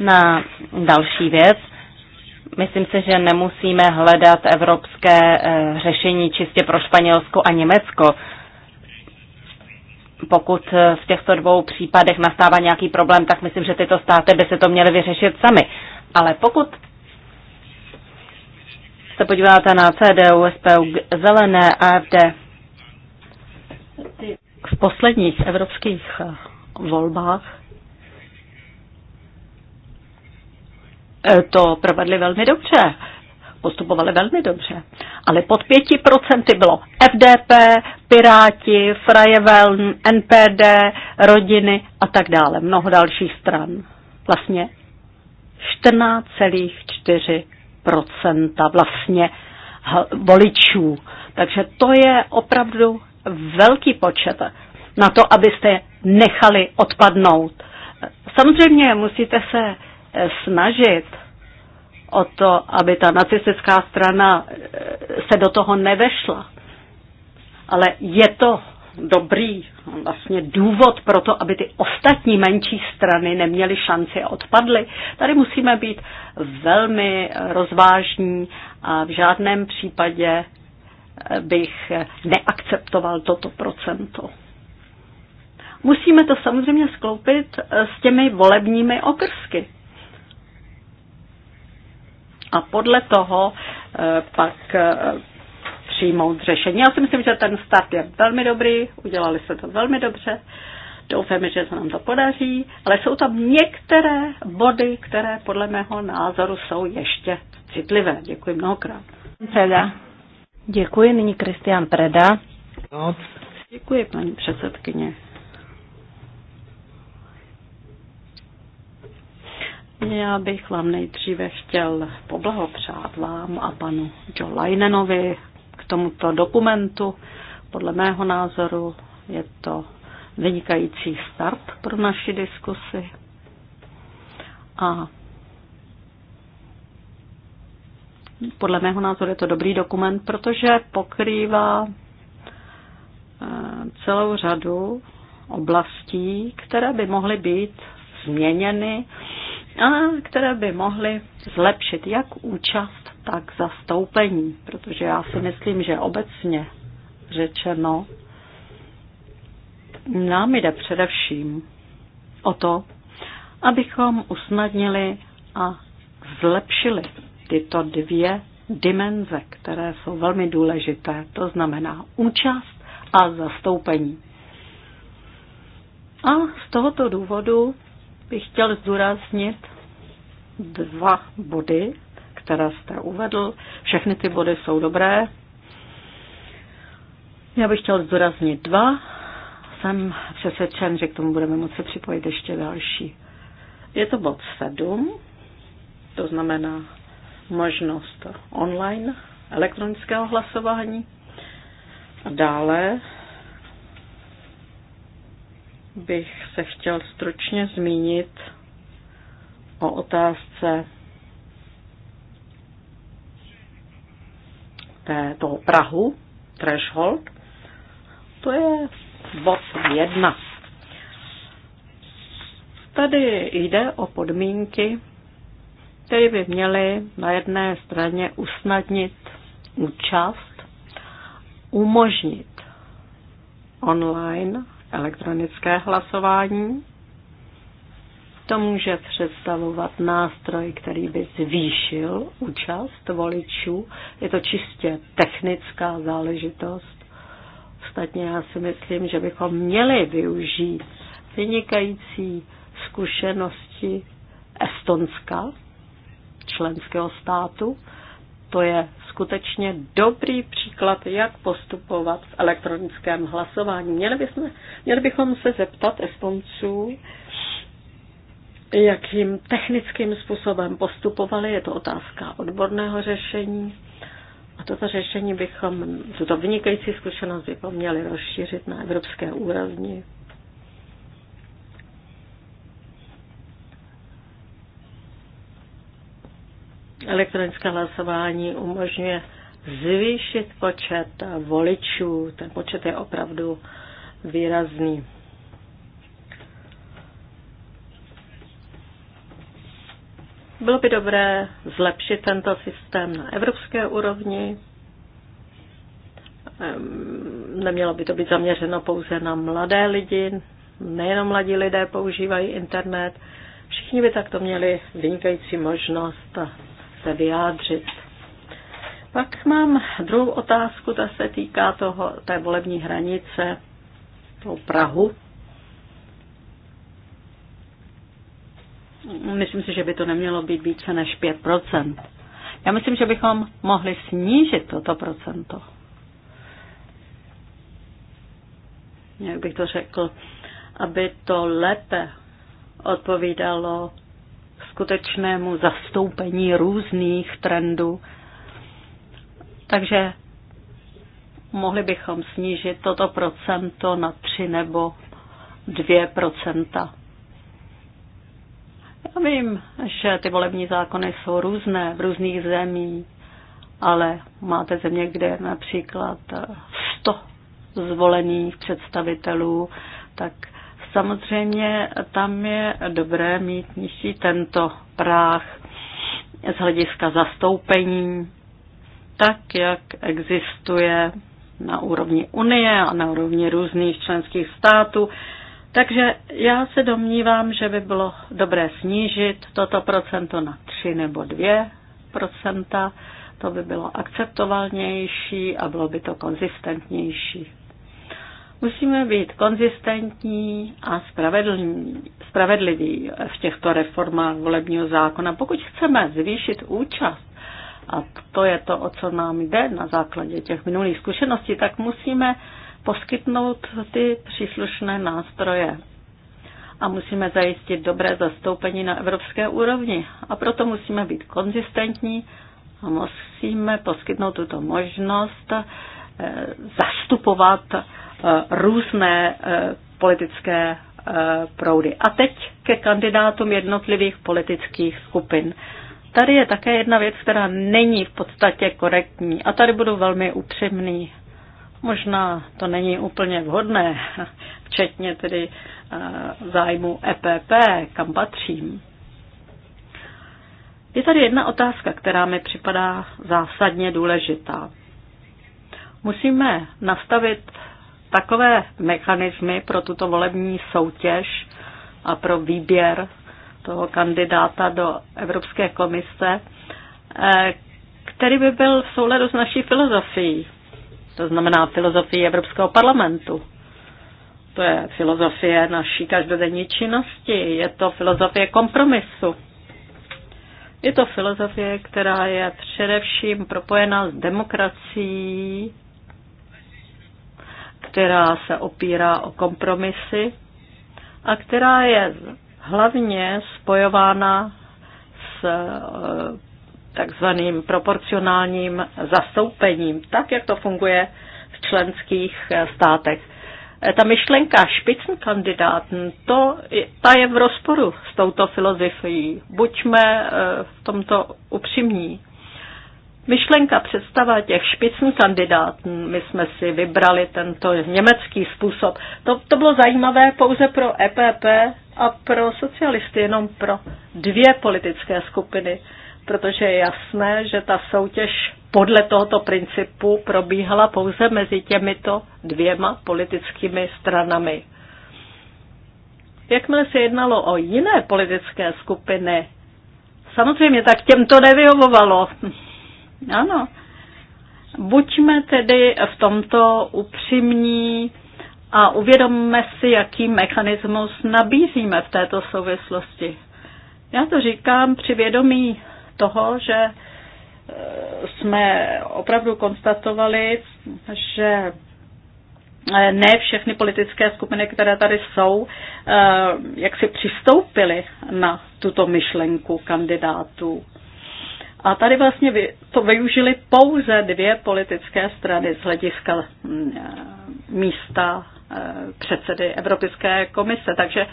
na další věc, myslím si, že nemusíme hledat evropské eh, řešení čistě pro Španělsko a Německo. Pokud eh, v těchto dvou případech nastává nějaký problém, tak myslím, že tyto státy by se to měly vyřešit sami. Ale pokud se podíváte na CDU, SPU, Zelené, AFD, v posledních evropských eh, volbách eh, to provedli velmi dobře. Postupovali velmi dobře. Ale pod 5% bylo FDP, Piráti, Frajevelm, NPD, rodiny a tak dále. Mnoho dalších stran. Vlastně 14,4% vlastně voličů. Takže to je opravdu velký počet na to, abyste nechali odpadnout. Samozřejmě musíte se eh, snažit o to, aby ta nacistická strana eh, se do toho nevešla. Ale je to dobrý vlastně důvod pro to, aby ty ostatní menší strany neměly šanci a odpadly. Tady musíme být velmi rozvážní a v žádném případě eh, bych neakceptoval toto procento. Musíme to samozřejmě skloupit eh, s těmi volebními okrsky. A podle toho eh, pak eh, přijmout řešení. Já si myslím, že ten start je velmi dobrý, udělali se to velmi dobře. Doufáme, že se nám to podaří, ale jsou tam některé body, které podle mého názoru jsou ještě citlivé. Děkuji mnohokrát. Preda. Děkuji, nyní Kristian Preda. No. Děkuji, paní předsedkyně. Já bych vám nejdříve chtěl poblahopřát vám a panu Joe Leinenovi k tomuto dokumentu. Podle mého názoru je to vynikající start pro naši diskusi. A podle mého názoru je to dobrý dokument, protože pokrývá eh, celou řadu oblastí, které by mohly být změněny a které by mohly zlepšit jak účast, tak zastoupení, protože já si myslím, že obecně řečeno nám jde především o to, abychom usnadnili a zlepšili tyto dvě dimenze, které jsou velmi důležité, to znamená účast a zastoupení. A z tohoto důvodu bych chtěl zdůraznit dva body, které jste uvedl. Všechny ty body jsou dobré. Já bych chtěl zdůraznit dva. Jsem přesvědčen, že k tomu budeme moci připojit ještě další. Je to bod 7, to znamená možnost online elektronického hlasování. A dále bych se chtěl stručně zmínit o otázce toho Prahu, threshold. To je bod jedna. Tady jde o podmínky, které by měly na jedné straně usnadnit účast, umožnit online elektronické hlasování. To může představovat nástroj, který by zvýšil účast voličů. Je to čistě technická záležitost. Ostatně já si myslím, že bychom měli využít vynikající zkušenosti Estonska, členského státu. To je skutečně dobrý příklad, jak postupovat v elektronickém hlasování. Měli, bychom, měli bychom se zeptat Estonců, jakým technickým způsobem postupovali. Je to otázka odborného řešení. A toto řešení bychom, tuto vynikající zkušenost bychom měli rozšířit na evropské úrovni. elektronické hlasování umožňuje zvýšit počet voličů. Ten počet je opravdu výrazný. Bylo by dobré zlepšit tento systém na evropské úrovni. Ehm, nemělo by to být zaměřeno pouze na mladé lidi. Nejenom mladí lidé používají internet. Všichni by takto měli vynikající možnost se vyjádřit. Pak mám druhou otázku, ta se týká toho, té volební hranice, toho Prahu. Myslím si, že by to nemělo být více než 5%. Já myslím, že bychom mohli snížit toto procento. Jak bych to řekl, aby to lépe odpovídalo skutečnému zastoupení různých trendů. Takže mohli bychom snížit toto procento na 3 nebo 2 procenta. Já vím, že ty volební zákony jsou různé v různých zemích, ale máte země, kde je například 100 zvolených představitelů, tak Samozřejmě tam je dobré mít nižší tento práh z hlediska zastoupení, tak jak existuje na úrovni Unie a na úrovni různých členských států. Takže já se domnívám, že by bylo dobré snížit toto procento na 3 nebo 2 procenta. To by bylo akceptovalnější a bylo by to konzistentnější. Musíme být konzistentní a spravedliví v těchto reformách volebního zákona. Pokud chceme zvýšit účast, a to je to, o co nám jde na základě těch minulých zkušeností, tak musíme poskytnout ty příslušné nástroje. A musíme zajistit dobré zastoupení na evropské úrovni. A proto musíme být konzistentní a musíme poskytnout tuto možnost eh, zastupovat Eh, různé eh, politické eh, proudy. A teď ke kandidátům jednotlivých politických skupin. Tady je také jedna věc, která není v podstatě korektní. A tady budu velmi upřímný. Možná to není úplně vhodné, *laughs* včetně tedy zájmu EPP, kam patřím. Je tady jedna otázka, která mi připadá zásadně důležitá. Musíme nastavit takové mechanismy pro tuto volební soutěž a pro výběr toho kandidáta do Evropské komise, eh, který by byl v souladu s naší filozofií, to znamená filozofii Evropského parlamentu. To je filozofie naší každodenní činnosti, je to filozofie kompromisu. Je to filozofie, která je především propojena s demokracií, která se opírá o kompromisy a která je hlavně spojována s eh, takzvaným proporcionálním zastoupením, tak jak to funguje v členských eh, státech. Eh, ta myšlenka špicenkandidáten, to, ta je v rozporu s touto filozofií. Buďme v tomto upřímní. Myšlenka představa těch špicn kandidátů, my jsme si vybrali tento německý způsob, to, to bylo zajímavé pouze pro EPP a pro socialisty, jenom pro dvě politické skupiny, protože je jasné, že ta soutěž podle tohoto principu probíhala pouze mezi těmito dvěma politickými stranami. Jakmile se jednalo o jiné politické skupiny, samozřejmě tak těm to nevyhovovalo. Ano. Buďme tedy v tomto upřímní a uvědomme si, jaký mechanismus nabízíme v této souvislosti. Já to říkám při vědomí toho, že e, jsme opravdu konstatovali, že e, ne všechny politické skupiny, které tady jsou, e, jak si přistoupily na tuto myšlenku kandidátů. A tady vlastně to využili pouze dvě politické strany z hlediska mm, eh, místa eh, předsedy Evropské komise. Takže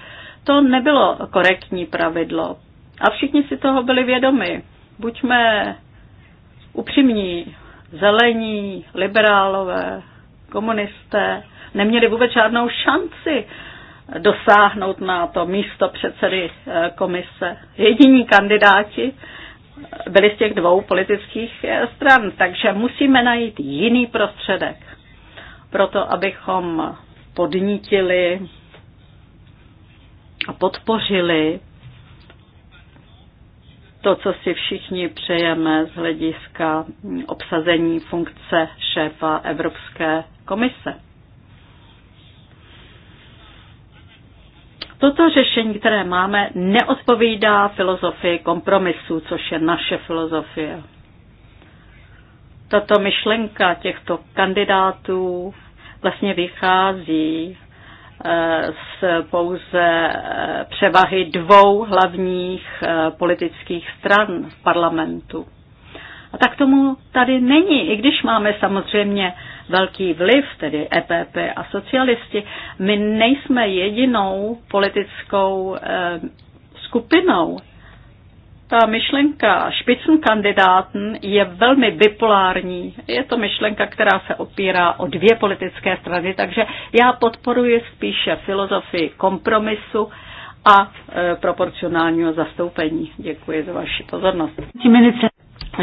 to nebylo korektní pravidlo. A všichni si toho byli vědomi. Buďme upřímní, zelení, liberálové, komunisté neměli vůbec žádnou šanci dosáhnout na to místo předsedy eh, komise. Jediní kandidáti byli z těch dvou politických eh, stran, takže musíme najít jiný prostředek pro to, abychom podnítili a podpořili to, co si všichni přejeme z hlediska obsazení funkce šéfa Evropské komise. Toto řešení, které máme, neodpovídá filozofii kompromisu, což je naše filozofie. Tato myšlenka těchto kandidátů vlastně vychází eh, z pouze eh, převahy dvou hlavních eh, politických stran v parlamentu. A tak tomu tady není, i když máme samozřejmě velký vliv, tedy EPP a socialisti. My nejsme jedinou politickou eh, skupinou. Ta myšlenka Spitzenkandidaten je velmi bipolární. Je to myšlenka, která se opírá o dvě politické strany, takže já podporuji spíše filozofii kompromisu a e, proporcionálního zastoupení. Děkuji za vaši pozornost.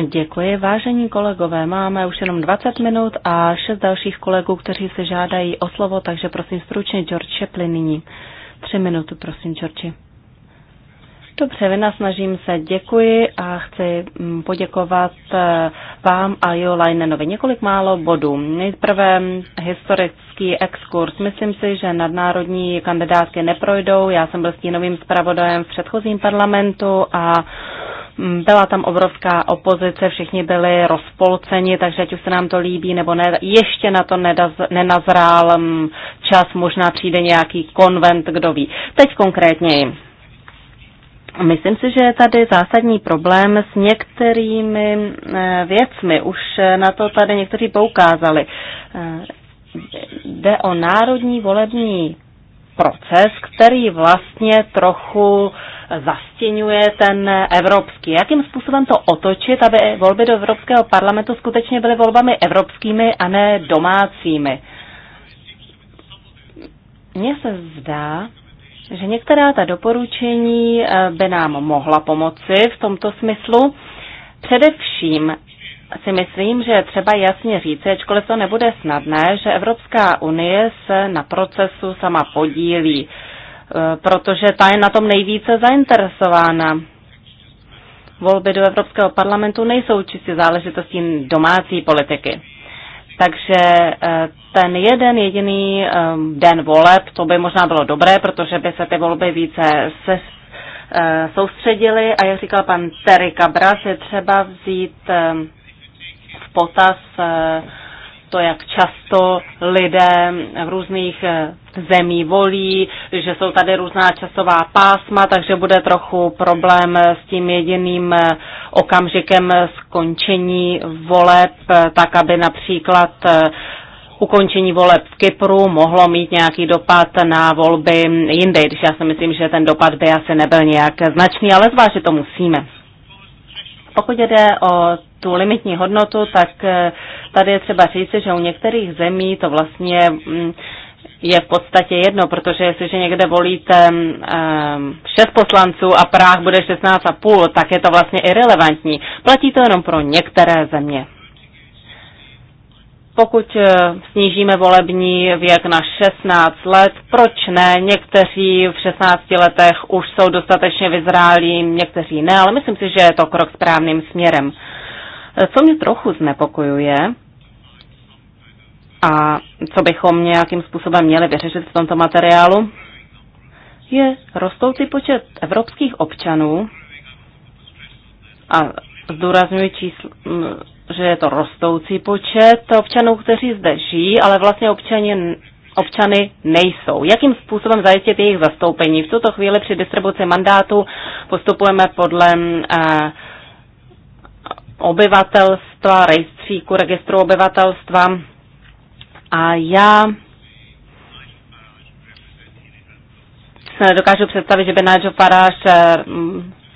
Děkuji. Vážení kolegové, máme už jenom 20 minut a šest dalších kolegů, kteří se žádají o slovo, takže prosím stručně George Chaplin nyní. Tři minuty, prosím, George. Dobře, vina snažím se. Děkuji a chci mm, poděkovat eh, vám a Jo Lajnenovi několik málo bodů. Nejprve historický exkurs. Myslím si, že nadnárodní kandidátky neprojdou. Já jsem byl stínovým zpravodajem v předchozím parlamentu a Mm, byla tam obrovská opozice, všichni byli rozpolceni, takže ať už se nám to líbí nebo ne, ještě na to nedaz, nenazrál mm, čas, možná přijde nějaký konvent, kdo ví. Teď konkrétněji. Myslím si, že je tady zásadní problém s některými eh, věcmi. Už eh, na to tady někteří poukázali. Eh, jde o národní volební proces, který vlastně trochu zastěňuje ten evropský. Jakým způsobem to otočit, aby volby do Evropského parlamentu skutečně byly volbami evropskými a ne domácími? Mně se zdá, že některá ta doporučení eh, by nám mohla pomoci v tomto smyslu. Především si myslím, že je třeba jasně říci, ačkoliv to nebude snadné, že Evropská unie se na procesu sama podílí, e, protože ta je na tom nejvíce zainteresována. Volby do Evropského parlamentu nejsou čistě záležitostí domácí politiky. Takže e, ten jeden jediný e, den voleb, to by možná bylo dobré, protože by se ty volby více se soustředili a jak říkal pan Terry Cabras, je třeba vzít potaz eh, to, jak často lidé v různých eh, zemí volí, že jsou tady různá časová pásma, takže bude trochu problém s tím jediným eh, okamžikem skončení voleb, tak aby například ukončení voleb v Kypru mohlo mít nějaký dopad na volby jinde, když já si myslím, že ten dopad by asi nebyl nějak značný, ale zvážit to musíme. Pokud jde o tu limitní hodnotu, tak eh, tady je třeba říci, že u některých zemí to vlastně mm, je v podstatě jedno, protože jestliže někde volíte mm, eh, šest poslanců a Práh bude 16,5, tak je to vlastně irrelevantní. Platí to jenom pro některé země. Pokud eh, snížíme volební věk na 16 let, proč ne? Někteří v 16 letech už jsou dostatečně vyzrálí, někteří ne, ale myslím si, že je to krok správným směrem. Co mě trochu znepokojuje, a co bychom nějakým způsobem měli vyřešit v tomto materiálu, je rostoucí počet evropských občanů, a zdůrazňuji číslo, že je to rostoucí počet občanů, kteří zde žijí, ale vlastně občani, občany nejsou. Jakým způsobem zajistit jejich zastoupení? V tuto chvíli při distribuci mandátu postupujeme podle eh, obyvatelstva, rejstříku registru obyvatelstva. A já se nedokážu představit, že by Nigel Farage eh,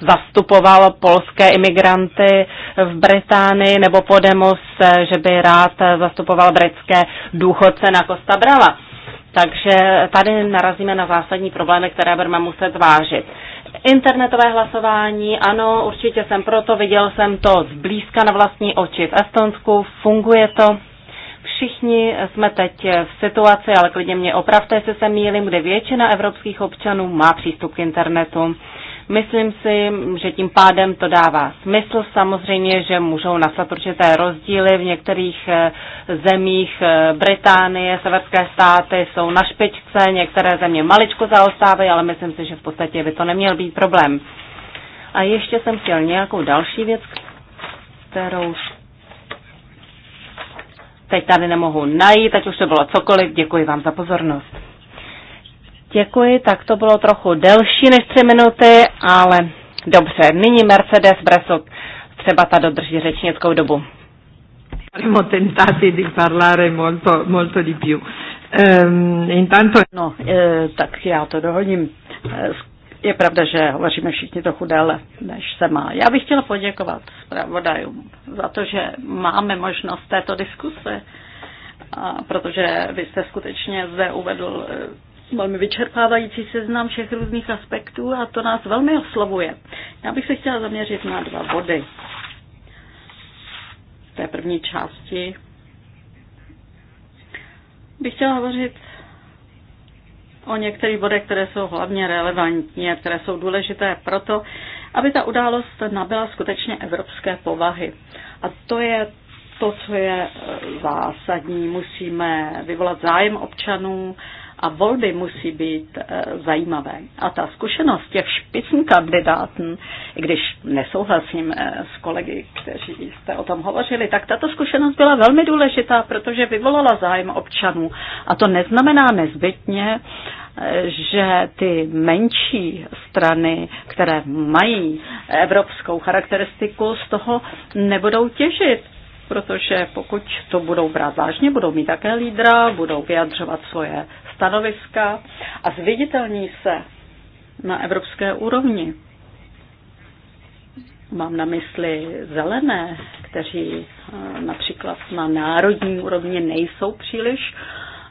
zastupoval polské imigranty v Británii nebo Podemos, eh, že by rád eh, zastupoval britské důchodce na Costa Brava. Takže tady narazíme na zásadní problémy, které budeme muset vážit. Internetové hlasování, ano, určitě jsem proto, viděl jsem to zblízka na vlastní oči v Estonsku, funguje to. Všichni jsme teď v situaci, ale klidně mě opravte, jestli se mýlím, kde většina evropských občanů má přístup k internetu. Myslím si, že tím pádem to dává smysl. Samozřejmě, že můžou nastat určité rozdíly v některých eh, zemích eh, Británie, severské státy jsou na špičce, některé země maličko zaostávají, ale myslím si, že v podstatě by to neměl být problém. A ještě jsem chtěl nějakou další věc, kterou teď tady nemohu najít, ať už to bylo cokoliv. Děkuji vám za pozornost. Děkuji, tak to bylo trochu delší než tři minuty, ale dobře. Nyní Mercedes Breso, třeba ta dodrží řečnickou dobu. tentati di parlare molto, molto di più. Ehm, intanto... No, eh, tak já to dohodím. Eh, je pravda, že hovoříme všichni trochu déle, než se má. Já bych chtěla poděkovat zpravodajům za to, že máme možnost této diskuse, protože vy jste skutečně zde uvedl eh, velmi vyčerpávající seznam všech různých aspektů a to nás velmi oslovuje. Já bych se chtěla zaměřit na dva body. V té první části bych chtěla hovořit o některých bodech, které jsou hlavně relevantní a které jsou důležité proto, aby ta událost nabyla skutečně evropské povahy. A to je to, co je zásadní. Musíme vyvolat zájem občanů, a volby musí být e, zajímavé. A ta zkušenost těch špicn kandidátů, i když nesouhlasím e, s kolegy, kteří jste o tom hovořili, tak tato zkušenost byla velmi důležitá, protože vyvolala zájem občanů. A to neznamená nezbytně, eh, že ty menší strany, které mají evropskou charakteristiku, z toho nebudou těžit, protože pokud to budou brát vážně, budou mít také lídra, budou vyjadřovat svoje stanoviska a zviditelní se na evropské úrovni. Mám na mysli zelené, kteří eh, například na národní úrovni nejsou příliš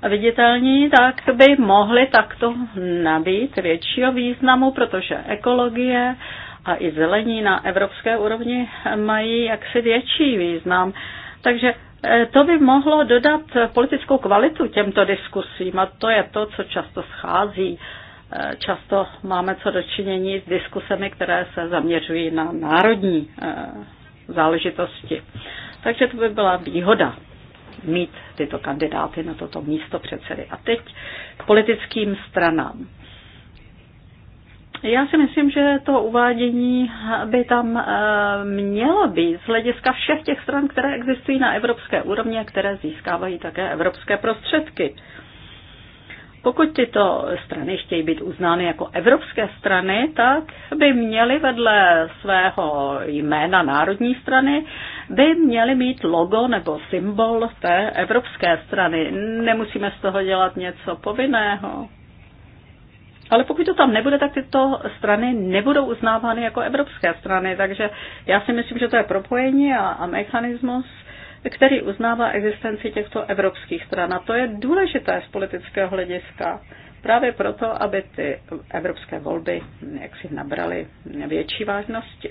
viditelní, tak by mohli takto nabít většího významu, protože ekologie a i zelení na evropské úrovni mají jaksi větší význam. Takže E, to by mohlo dodat politickou kvalitu těmto diskusím a to je to, co často schází. E, často máme co dočinění s diskusemi, které se zaměřují na národní e, záležitosti. Takže to by byla výhoda mít tyto kandidáty na toto místo předsedy. A teď k politickým stranám. Já si myslím, že to uvádění by tam eh, mělo být z hlediska všech těch stran, které existují na evropské úrovni a které získávají také evropské prostředky. Pokud tyto strany chtějí být uznány jako evropské strany, tak by měly vedle svého jména národní strany, by měly mít logo nebo symbol té evropské strany. Nemusíme z toho dělat něco povinného. Ale pokud to tam nebude, tak tyto strany nebudou uznávány jako evropské strany. Takže já si myslím, že to je propojení a, a mechanismus, který uznává existenci těchto evropských stran. A to je důležité z politického hlediska. Právě proto, aby ty evropské volby jaksi nabraly větší vážnosti.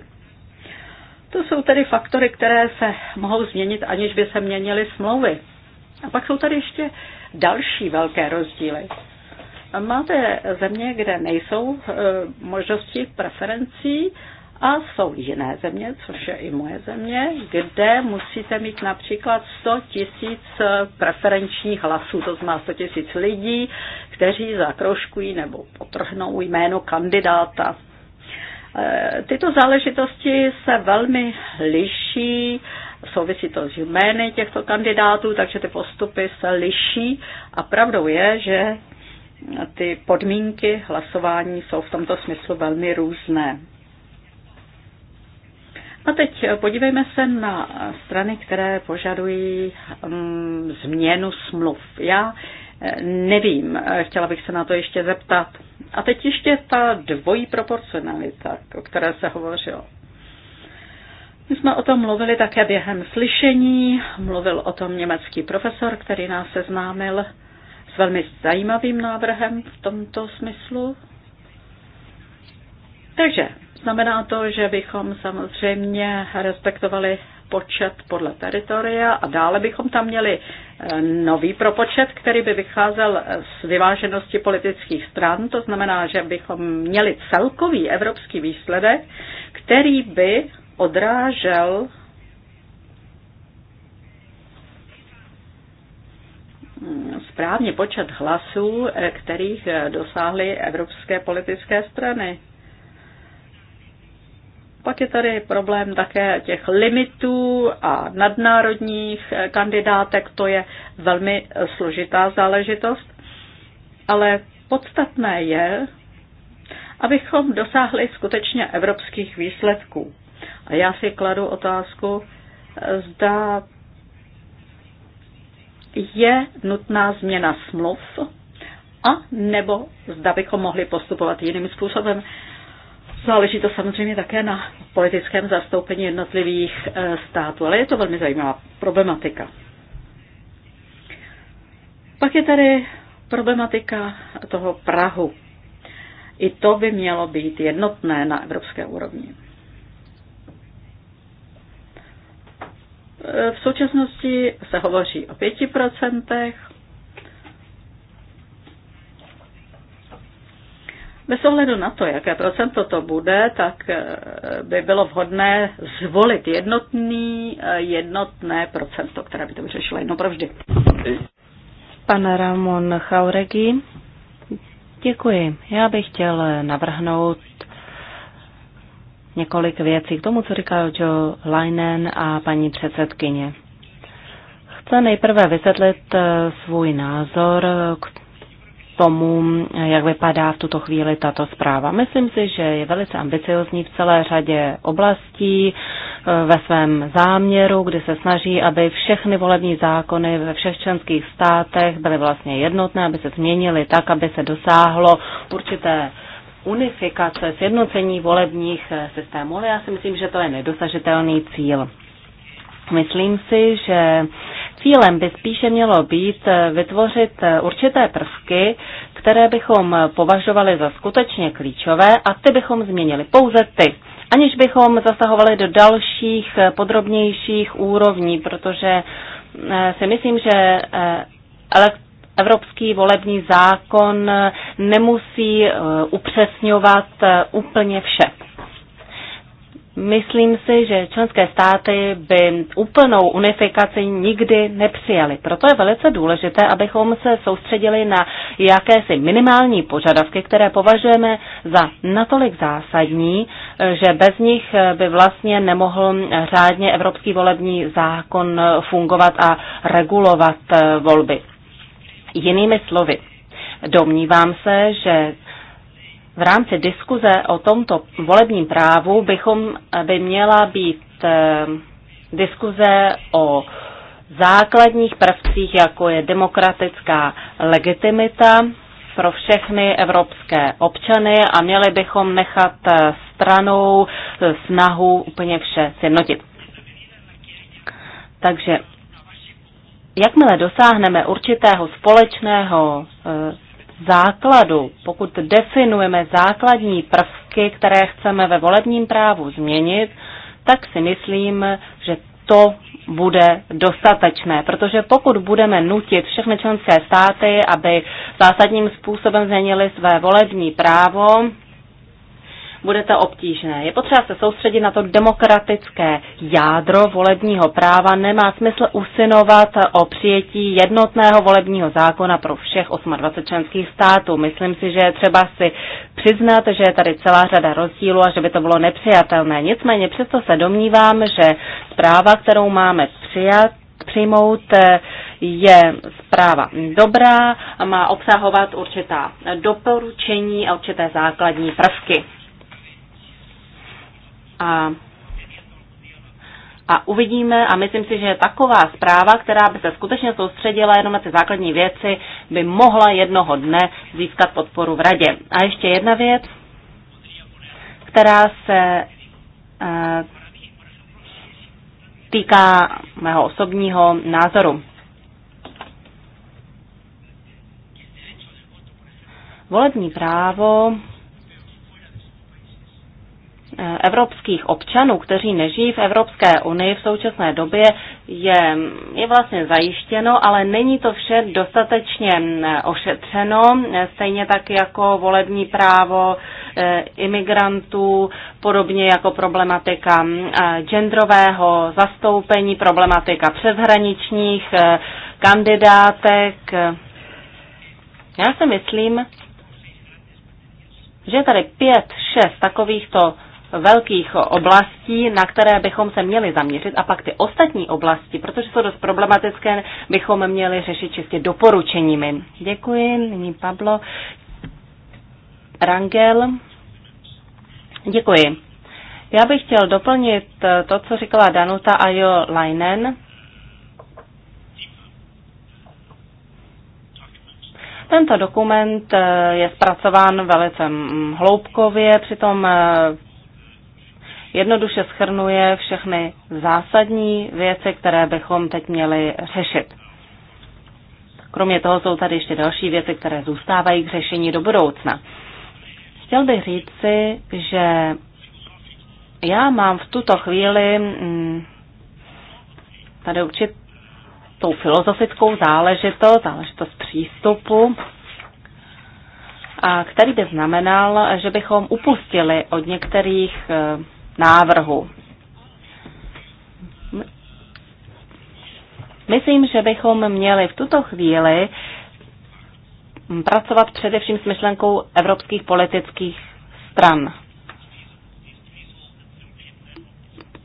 To jsou tedy faktory, které se mohou změnit, aniž by se měnily smlouvy. A pak jsou tady ještě další velké rozdíly. Máte země, kde nejsou e, možnosti preferencí a jsou jiné země, což je i moje země, kde musíte mít například 100 tisíc preferenčních hlasů, to znamená 100 tisíc lidí, kteří zakroškují nebo potrhnou jméno kandidáta. E, tyto záležitosti se velmi liší, souvisí to s jmény těchto kandidátů, takže ty postupy se liší a pravdou je, že ty podmínky hlasování jsou v tomto smyslu velmi různé. A teď podívejme se na strany, které požadují um, změnu smluv. Já eh, nevím, eh, chtěla bych se na to ještě zeptat. A teď ještě ta dvojí proporcionalita, o které se hovořilo. My jsme o tom mluvili také během slyšení, mluvil o tom německý profesor, který nás seznámil velmi zajímavým návrhem v tomto smyslu. Takže znamená to, že bychom samozřejmě respektovali počet podle teritoria a dále bychom tam měli eh, nový propočet, který by vycházel eh, z vyváženosti politických stran. To znamená, že bychom měli celkový evropský výsledek, který by odrážel správně počet hlasů, eh, kterých eh, dosáhly evropské politické strany. Pak je tady problém také těch limitů a nadnárodních eh, kandidátek, to je velmi složitá záležitost, ale podstatné je, abychom dosáhli skutečně evropských výsledků. A já si kladu otázku, zda je nutná změna smluv a nebo zda bychom mohli postupovat jiným způsobem. Záleží to samozřejmě také na politickém zastoupení jednotlivých eh, států, ale je to velmi zajímavá problematika. Pak je tady problematika toho Prahu. I to by mělo být jednotné na evropské úrovni. V současnosti se hovoří o 5%. Bez ohledu na to, jaké procento to bude, tak eh, by bylo vhodné zvolit jednotný, eh, jednotné procento, které by to vyřešilo jedno provždy. Pan Ramon Chauregi, děkuji. Já bych chtěl navrhnout několik věcí k tomu, co říkal Joe Leinen a paní předsedkyně. Chce nejprve vysvětlit eh, svůj názor k tomu, jak vypadá v tuto chvíli tato zpráva. Myslím si, že je velice ambiciozní v celé řadě oblastí eh, ve svém záměru, kdy se snaží, aby všechny volební zákony ve všech členských státech byly vlastně jednotné, aby se změnily tak, aby se dosáhlo určité unifikace, sjednocení volebních eh, systémů, ale já si myslím, že to je nedosažitelný cíl. Myslím si, že cílem by spíše mělo být eh, vytvořit eh, určité prvky, které bychom považovali za skutečně klíčové a ty bychom změnili pouze ty, aniž bychom zasahovali do dalších podrobnějších úrovní, protože si myslím, že evropský volební zákon nemusí e, upřesňovat e, úplně vše. Myslím si, že členské státy by úplnou unifikaci nikdy nepřijali. Proto je velice důležité, abychom se soustředili na jakési minimální požadavky, které považujeme za natolik zásadní, e, že bez nich by vlastně nemohl řádně evropský volební zákon fungovat a regulovat volby. Jinými slovy, domnívám se, že v rámci diskuze o tomto volebním právu bychom, by měla být eh, diskuze o základních prvcích, jako je demokratická legitimita pro všechny evropské občany a měli bychom nechat eh, stranou eh, snahu úplně vše sjednotit. Takže jakmile dosáhneme určitého společného eh, základu, pokud definujeme základní prvky, které chceme ve volebním právu změnit, tak si myslím, že to bude dostatečné, protože pokud budeme nutit všechny členské státy, aby zásadním způsobem změnili své volební právo, bude to obtížné. Je potřeba se soustředit na to demokratické jádro volebního práva. Nemá smysl usinovat o přijetí jednotného volebního zákona pro všech 28 členských států. Myslím si, že je třeba si přiznat, že je tady celá řada rozdílů a že by to bylo nepřijatelné. Nicméně přesto se domnívám, že zpráva, kterou máme přijat, přijmout, je zpráva dobrá a má obsahovat určitá doporučení a určité základní prvky. A a uvidíme a myslím si, že taková zpráva, která by se skutečně soustředila jenom na ty základní věci, by mohla jednoho dne získat podporu v radě. A ještě jedna věc, která se eh, týká mého osobního názoru. Volební právo evropských občanů, kteří nežijí v Evropské unii v současné době, je, je vlastně zajištěno, ale není to vše dostatečně ošetřeno, stejně tak jako volební právo e, imigrantů, podobně jako problematika e, genderového zastoupení, problematika přeshraničních e, kandidátek. Já si myslím, že tady pět, šest takovýchto velkých oblastí, na které bychom se měli zaměřit a pak ty ostatní oblasti, protože jsou dost problematické, bychom měli řešit čistě doporučeními. Děkuji, nyní Pablo. Rangel. Děkuji. Já bych chtěl doplnit to, co říkala Danuta a Jo Leinen. Tento dokument je zpracován velice hloubkově, přitom jednoduše schrnuje všechny zásadní věci, které bychom teď měli řešit. Kromě toho jsou tady ještě další věci, které zůstávají k řešení do budoucna. Chtěl bych říci, že já mám v tuto chvíli mm, tady určitou filozofickou záležitost, záležitost přístupu, a který by znamenal, že bychom upustili od některých eh, návrhu. Myslím, že bychom měli v tuto chvíli pracovat především s myšlenkou evropských politických stran.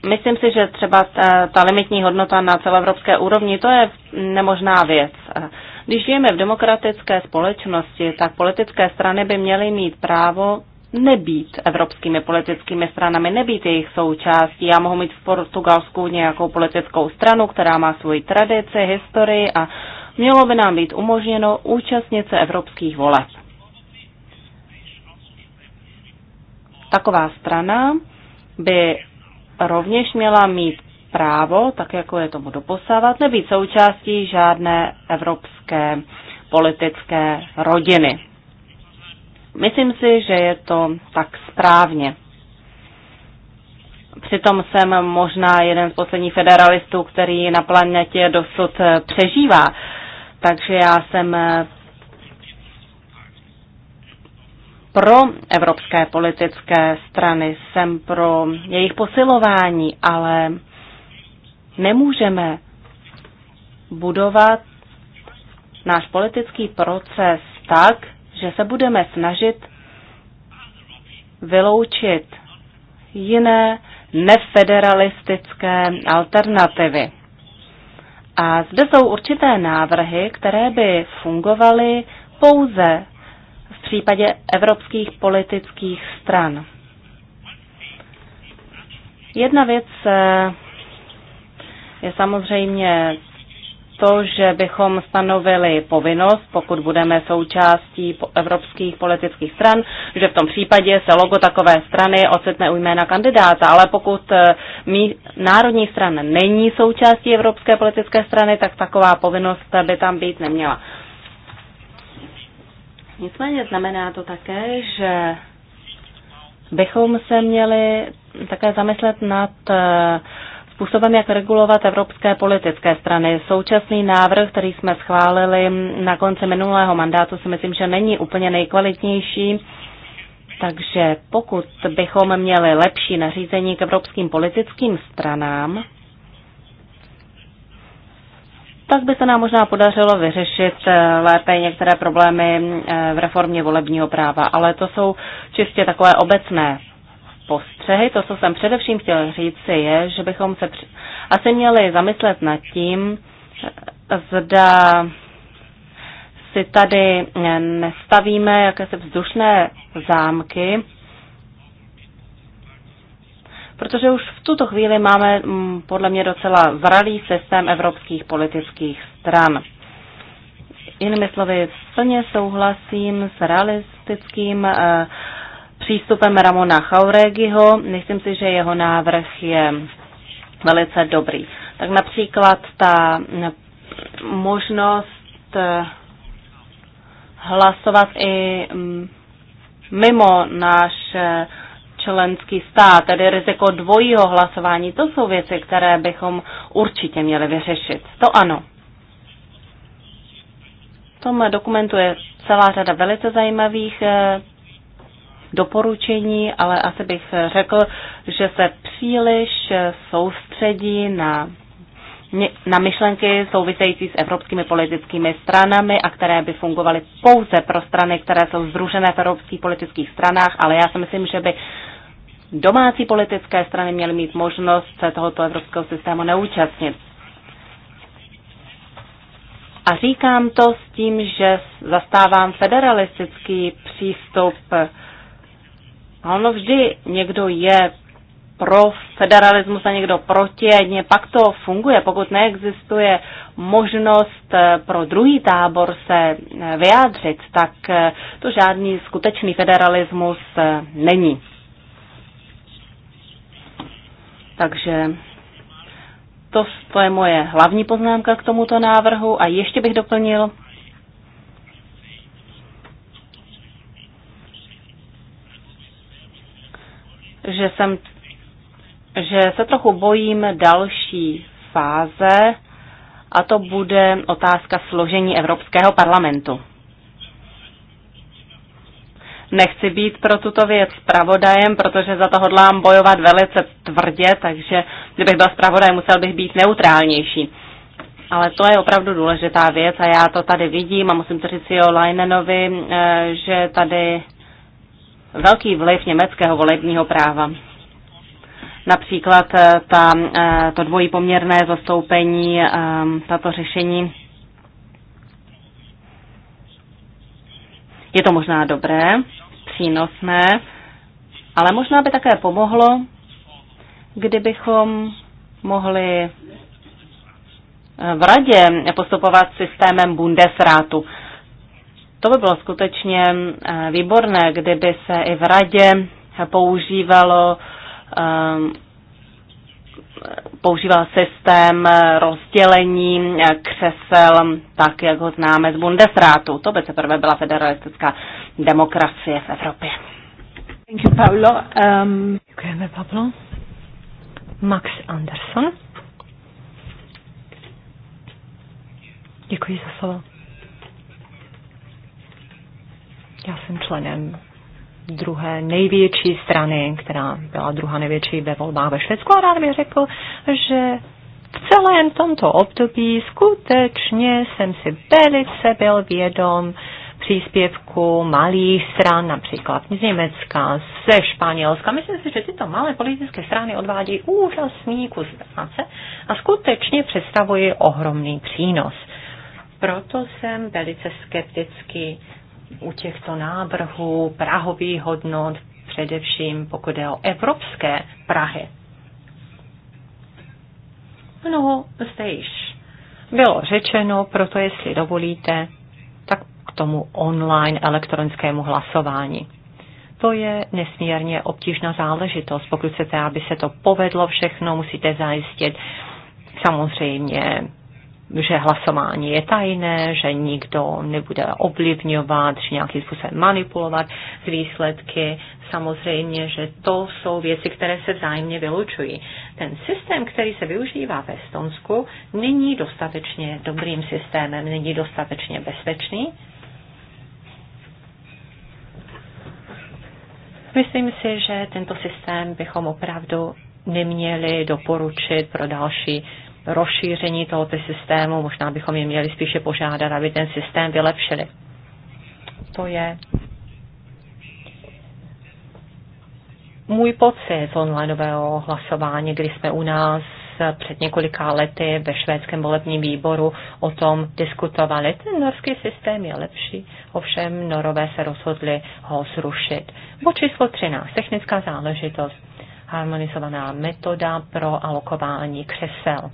Myslím si, že třeba ta, ta limitní hodnota na celoevropské úrovni, to je nemožná věc. Když žijeme v demokratické společnosti, tak politické strany by měly mít právo nebýt evropskými politickými stranami, nebýt jejich součástí. Já mohu mít v Portugalsku nějakou politickou stranu, která má svoji tradici, historii a mělo by nám být umožněno účastnit se evropských voleb. Taková strana by rovněž měla mít právo, tak jako je tomu doposávat, nebýt součástí žádné evropské politické rodiny. Myslím si, že je to tak správně. Přitom jsem možná jeden z posledních federalistů, který na planetě dosud přežívá. Takže já jsem pro evropské politické strany, jsem pro jejich posilování, ale nemůžeme budovat náš politický proces tak, že se budeme snažit vyloučit jiné nefederalistické alternativy. A zde jsou určité návrhy, které by fungovaly pouze v případě evropských politických stran. Jedna věc eh, je samozřejmě to, že bychom stanovili povinnost, pokud budeme součástí evropských politických stran, že v tom případě se logo takové strany ocitne u jména kandidáta, ale pokud eh, mí, národní strana není součástí evropské politické strany, tak taková povinnost by tam být neměla. Nicméně znamená to také, že bychom se měli také zamyslet nad uh, způsobem, jak regulovat evropské politické strany. Současný návrh, který jsme schválili na konci minulého mandátu, si myslím, že není úplně nejkvalitnější. Takže pokud bychom měli lepší nařízení k evropským politickým stranám, tak by se nám možná podařilo vyřešit eh, lépe některé problémy eh, v reformě volebního práva, ale to jsou čistě takové obecné postřehy. To, co jsem především chtěl říct je, že bychom se asi měli zamyslet nad tím, zda si tady nestavíme jakési vzdušné zámky, protože už v tuto chvíli máme mm, podle mě docela zralý systém evropských politických stran. Jinými slovy, plně souhlasím s realistickým eh, přístupem Ramona Chauregiho. Myslím si, že jeho návrh je velice dobrý. Tak například ta možnost eh, hlasovat i mm, mimo náš eh, členský stát, tedy riziko dvojího hlasování, to jsou věci, které bychom určitě měli vyřešit. To ano. V tom dokumentu je celá řada velice zajímavých eh, doporučení, ale asi bych řekl, že se příliš soustředí na na myšlenky související s evropskými politickými stranami a které by fungovaly pouze pro strany, které jsou združené v evropských politických stranách, ale já si myslím, že by domácí politické strany měly mít možnost se tohoto evropského systému neúčastnit. A říkám to s tím, že zastávám federalistický přístup a ono vždy někdo je pro federalismus a někdo proti, jedně pak to funguje. Pokud neexistuje možnost eh, pro druhý tábor se eh, vyjádřit, tak eh, to žádný skutečný federalismus není. Takže to, to je moje hlavní poznámka k tomuto návrhu a ještě bych doplnil, že, jsem, že se trochu bojím další fáze, a to bude otázka složení Evropského parlamentu. Nechci být pro tuto věc zpravodajem, protože za to hodlám bojovat velice tvrdě, takže kdybych byl zpravodajem, musel bych být neutrálnější. Ale to je opravdu důležitá věc a já to tady vidím a musím to říct si o Leinenovi, eh, že tady velký vliv německého volebního práva. Například eh, ta, eh, to dvojí poměrné zastoupení, eh, tato řešení. Je to možná dobré, přínosné, ale možná by také pomohlo, kdybychom mohli v radě postupovat systémem Bundesrátu. To by bylo skutečně eh, výborné, kdyby se i v radě používalo eh, používal systém rozdělení křesel, tak jak ho známe z Bundesrátu. To by se prvé byla federalistická demokracie v Evropě. Thank you, Paolo. Um, děkujeme, Pablo. Max Anderson. Děkuji za slovo. Já jsem členem druhé největší strany, která byla druhá největší ve volbách ve Švédsku a rád bych řekl, že v celém tomto období skutečně jsem si velice byl vědom příspěvku malých stran, například z Německa, ze Španělska. Myslím si, že tyto malé politické strany odvádějí úžasný kus práce a skutečně představují ohromný přínos. Proto jsem velice skepticky u těchto návrhů prahových hodnot, především pokud je o evropské Prahy. Mnoho zde již bylo řečeno, proto jestli dovolíte, tak k tomu online elektronickému hlasování. To je nesmírně obtížná záležitost. Pokud chcete, aby se to povedlo všechno, musíte zajistit samozřejmě že hlasování je tajné, že nikdo nebude ovlivňovat, že nějakým způsobem manipulovat z výsledky. Samozřejmě, že to jsou věci, které se vzájemně vylučují. Ten systém, který se využívá v Estonsku, není dostatečně dobrým systémem, není dostatečně bezpečný. Myslím si, že tento systém bychom opravdu neměli doporučit pro další rozšíření tohoto systému. Možná bychom je měli spíše požádat, aby ten systém vylepšili. To je můj pocit z onlineového hlasování, kdy jsme u nás před několika lety ve švédském volebním výboru o tom diskutovali. Ten norský systém je lepší, ovšem norové se rozhodli ho zrušit. Bo číslo 13. Technická záležitost. Harmonizovaná metoda pro alokování křesel.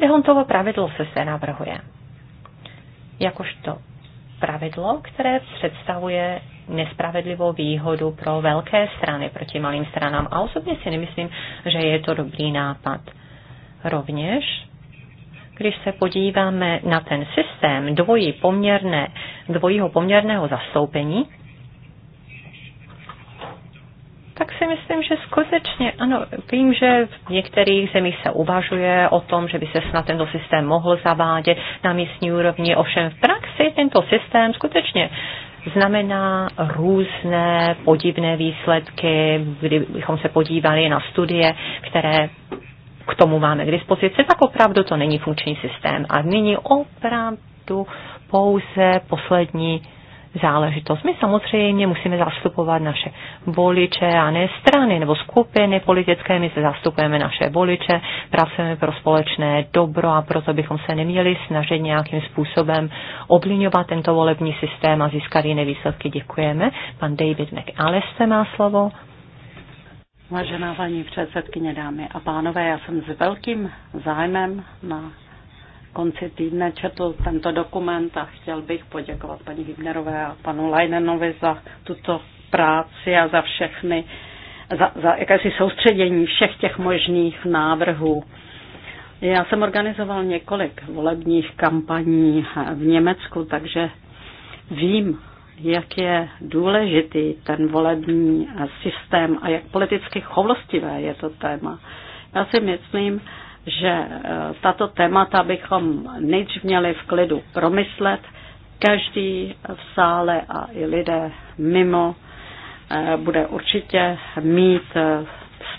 Dehontovo pravidlo se se navrhuje jakožto pravidlo, které představuje nespravedlivou výhodu pro velké strany proti malým stranám. A osobně si nemyslím, že je to dobrý nápad. Rovněž, když se podíváme na ten systém dvojí poměrné, dvojího poměrného zastoupení, tak si myslím, že skutečně, ano, vím, že v některých zemích se uvažuje o tom, že by se snad tento systém mohl zavádět na místní úrovni, ovšem v praxi tento systém skutečně znamená různé podivné výsledky, kdybychom se podívali na studie, které k tomu máme k dispozici, tak opravdu to není funkční systém. A nyní opravdu pouze poslední záležitost. My samozřejmě musíme zastupovat naše voliče a ne strany nebo skupiny politické. My se zastupujeme naše voliče, pracujeme pro společné dobro a proto bychom se neměli snažit nějakým způsobem oblíňovat tento volební systém a získat jiné výsledky. Děkujeme. Pan David McAllister má slovo. Vážená paní předsedkyně, dámy a pánové, já jsem s velkým zájmem na konci týdne četl tento dokument a chtěl bych poděkovat paní Hibnerové a panu Leinenovi za tuto práci a za všechny, za, za jakési soustředění všech těch možných návrhů. Já jsem organizoval několik volebních kampaní v Německu, takže vím, jak je důležitý ten volební systém a jak politicky chovlostivé je to téma. Já si myslím, že e, tato témata bychom nejdřív měli v klidu promyslet, každý v sále a i lidé mimo e, bude určitě mít e,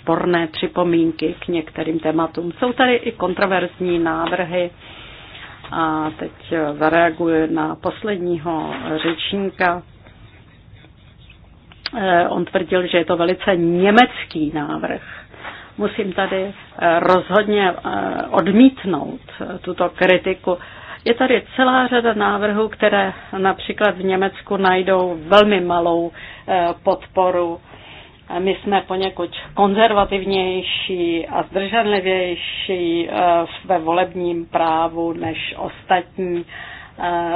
sporné připomínky k některým tématům. Jsou tady i kontroverzní návrhy a teď zareaguji na posledního řečníka. On tvrdil, že je to velice německý návrh musím tady eh, rozhodně eh, odmítnout eh, tuto kritiku. Je tady celá řada návrhů, které například v Německu najdou velmi malou podporu. My jsme poněkud konzervativnější a zdrženlivější ve volebním právu než ostatní,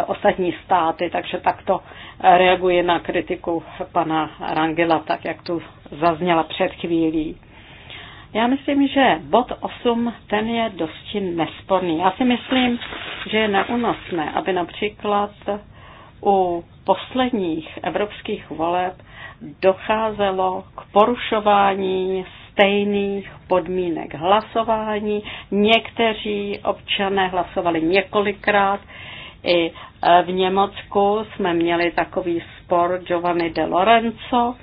ostatní státy, takže takto reaguje na kritiku pana Rangela, tak jak tu zazněla před chvílí. Já myslím, že bod 8, ten je dosti nesporný. Já si myslím, že je neunosné, aby například u posledních evropských voleb docházelo k porušování stejných podmínek hlasování. Někteří občané hlasovali několikrát. I eh, v Německu jsme měli takový spor Giovanni de Lorenzo,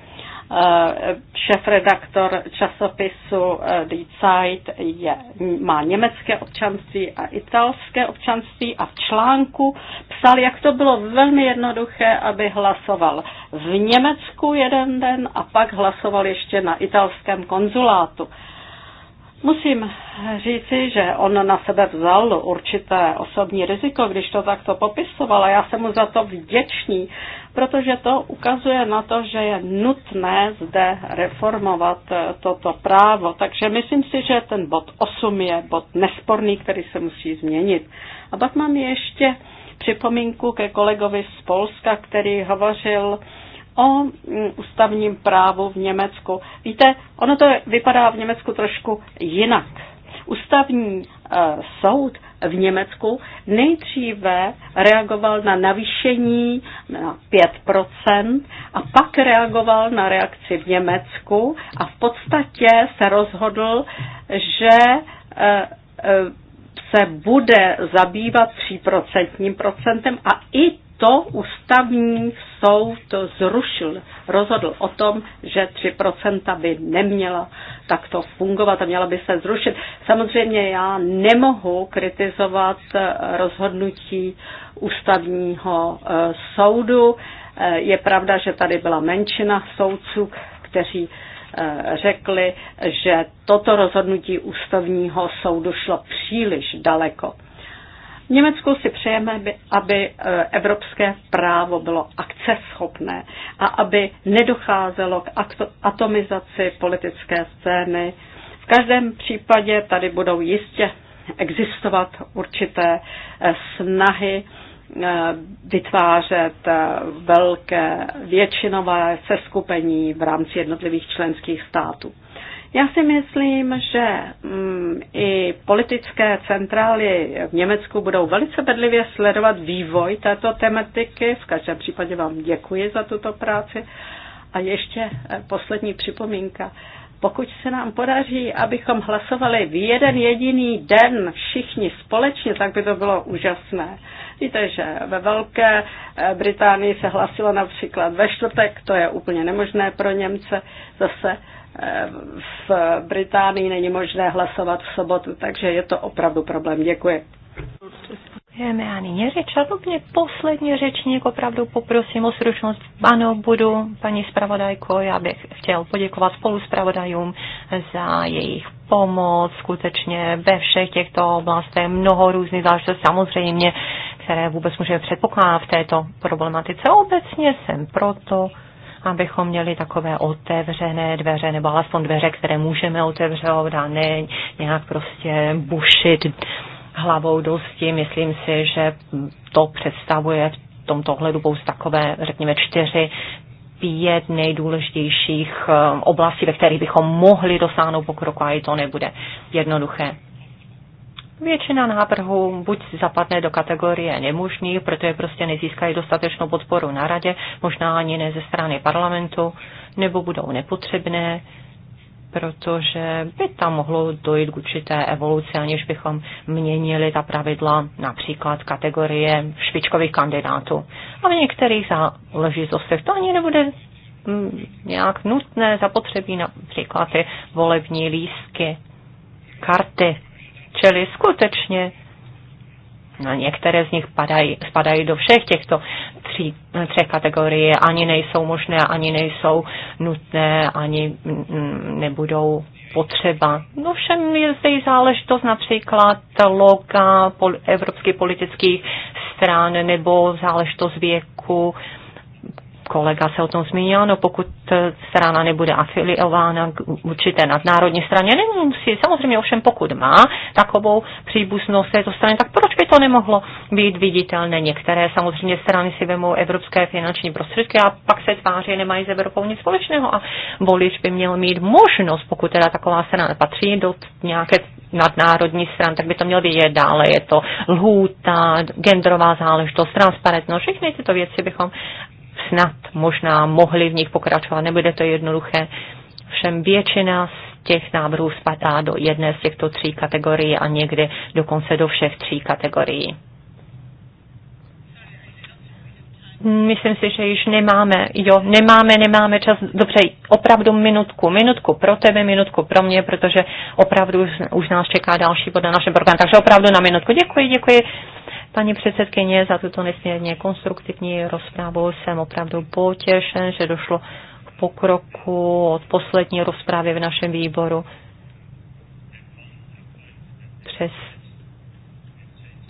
Eh, šefredaktor časopisu eh, The Zeit je, má německé občanství a italské občanství a v článku psal, jak to bylo velmi jednoduché, aby hlasoval v Německu jeden den a pak hlasoval ještě na italském konzulátu. Musím říci, že on na sebe vzal určité osobní riziko, když to takto popisoval a já jsem mu za to vděčný, protože to ukazuje na to, že je nutné zde reformovat eh, toto právo. Takže myslím si, že ten bod 8 je bod nesporný, který se musí změnit. A pak mám ještě připomínku ke kolegovi z Polska, který hovořil o mm, ústavním právu v Německu. Víte, ono to vypadá v Německu trošku jinak. Ústavní e, soud v Německu nejdříve reagoval na navýšení na 5% a pak reagoval na reakci v Německu a v podstatě se rozhodl, že e, e, se bude zabývat 3% procentem a i to ústavní soud zrušil, rozhodl o tom, že 3% by neměla takto fungovat a měla by se zrušit. Samozřejmě já nemohu kritizovat eh, rozhodnutí ústavního eh, soudu. Eh, je pravda, že tady byla menšina soudců, kteří řekli, že toto rozhodnutí ústavního soudu šlo příliš daleko. V Německu si přejeme, aby eh, evropské právo bylo akceschopné a aby nedocházelo k atomizaci politické scény. V každém případě tady budou jistě existovat určité eh, snahy eh, vytvářet velké většinové seskupení v rámci jednotlivých členských států. Já si myslím, že mm, i politické centrály v Německu budou velice bedlivě sledovat vývoj této tematiky. V každém případě vám děkuji za tuto práci. A ještě eh, poslední připomínka. Pokud se nám podaří, abychom hlasovali v jeden jediný den všichni společně, tak by to bylo úžasné. Víte, že ve Velké eh, Británii se hlasilo například ve čtvrtek, to je úplně nemožné pro Němce, zase v Británii není možné hlasovat v sobotu, takže je to opravdu problém. Děkuji. Děkujeme a nyní řeč a poslední řečník opravdu poprosím o stručnost. Ano, budu, paní zpravodajko, já bych chtěl poděkovat spolu zpravodajům za jejich pomoc skutečně ve všech těchto oblastech, mnoho různých záležitostí samozřejmě, které vůbec můžeme předpokládat v této problematice. Obecně jsem proto, abychom měli takové otevřené dveře, nebo alespoň dveře, které můžeme otevřít a ne nějak prostě bušit hlavou do zdi. Myslím si, že to představuje v tomto ohledu pouze takové, řekněme, čtyři pět nejdůležitějších eh, oblastí, ve kterých bychom mohli dosáhnout pokroku a i to nebude jednoduché. Většina návrhů buď zapadne do kategorie nemožných, protože prostě nezískají dostatečnou podporu na radě, možná ani ne ze strany parlamentu, nebo budou nepotřebné, protože by tam mohlo dojít k určité evoluci, aniž bychom měnili ta pravidla, například kategorie špičkových kandidátů. A v některých záležitostech to ani nebude mm, nějak nutné, zapotřebí například ty volební lístky, karty Čili skutečně no některé z nich padají, spadají do všech těchto tří, třech kategorií ani nejsou možné, ani nejsou nutné, ani mm, nebudou potřeba. No všem je zde i záležitost například loga pol, evropských politických stran nebo záležitost věku, kolega se o tom zmínil, no pokud eh, strana nebude afiliována k určité nadnárodní straně, nemusí, samozřejmě ovšem pokud má takovou příbuznost této strany, tak proč by to nemohlo být viditelné? Některé samozřejmě strany si vemou evropské finanční prostředky a pak se tváří, nemají s Evropou nic společného a volič by měl mít možnost, pokud teda taková strana patří do nějaké nadnárodní stran, tak by to měl vědět dále. Je to lhůta, genderová záležitost, transparentnost, všechny tyto věci bychom snad možná mohli v nich pokračovat, nebude to jednoduché. Všem většina z těch návrhů spadá do jedné z těchto tří kategorií a někdy dokonce do všech tří kategorií. Myslím si, že již nemáme, jo, nemáme, nemáme čas. Dobře, opravdu minutku, minutku pro tebe, minutku pro mě, protože opravdu už, už nás čeká další bod na našem programu. Takže opravdu na minutku. Děkuji, děkuji Paní předsedkyně, za tuto nesmírně konstruktivní rozprávu jsem opravdu potěšen, že došlo k pokroku od poslední rozprávy v našem výboru přes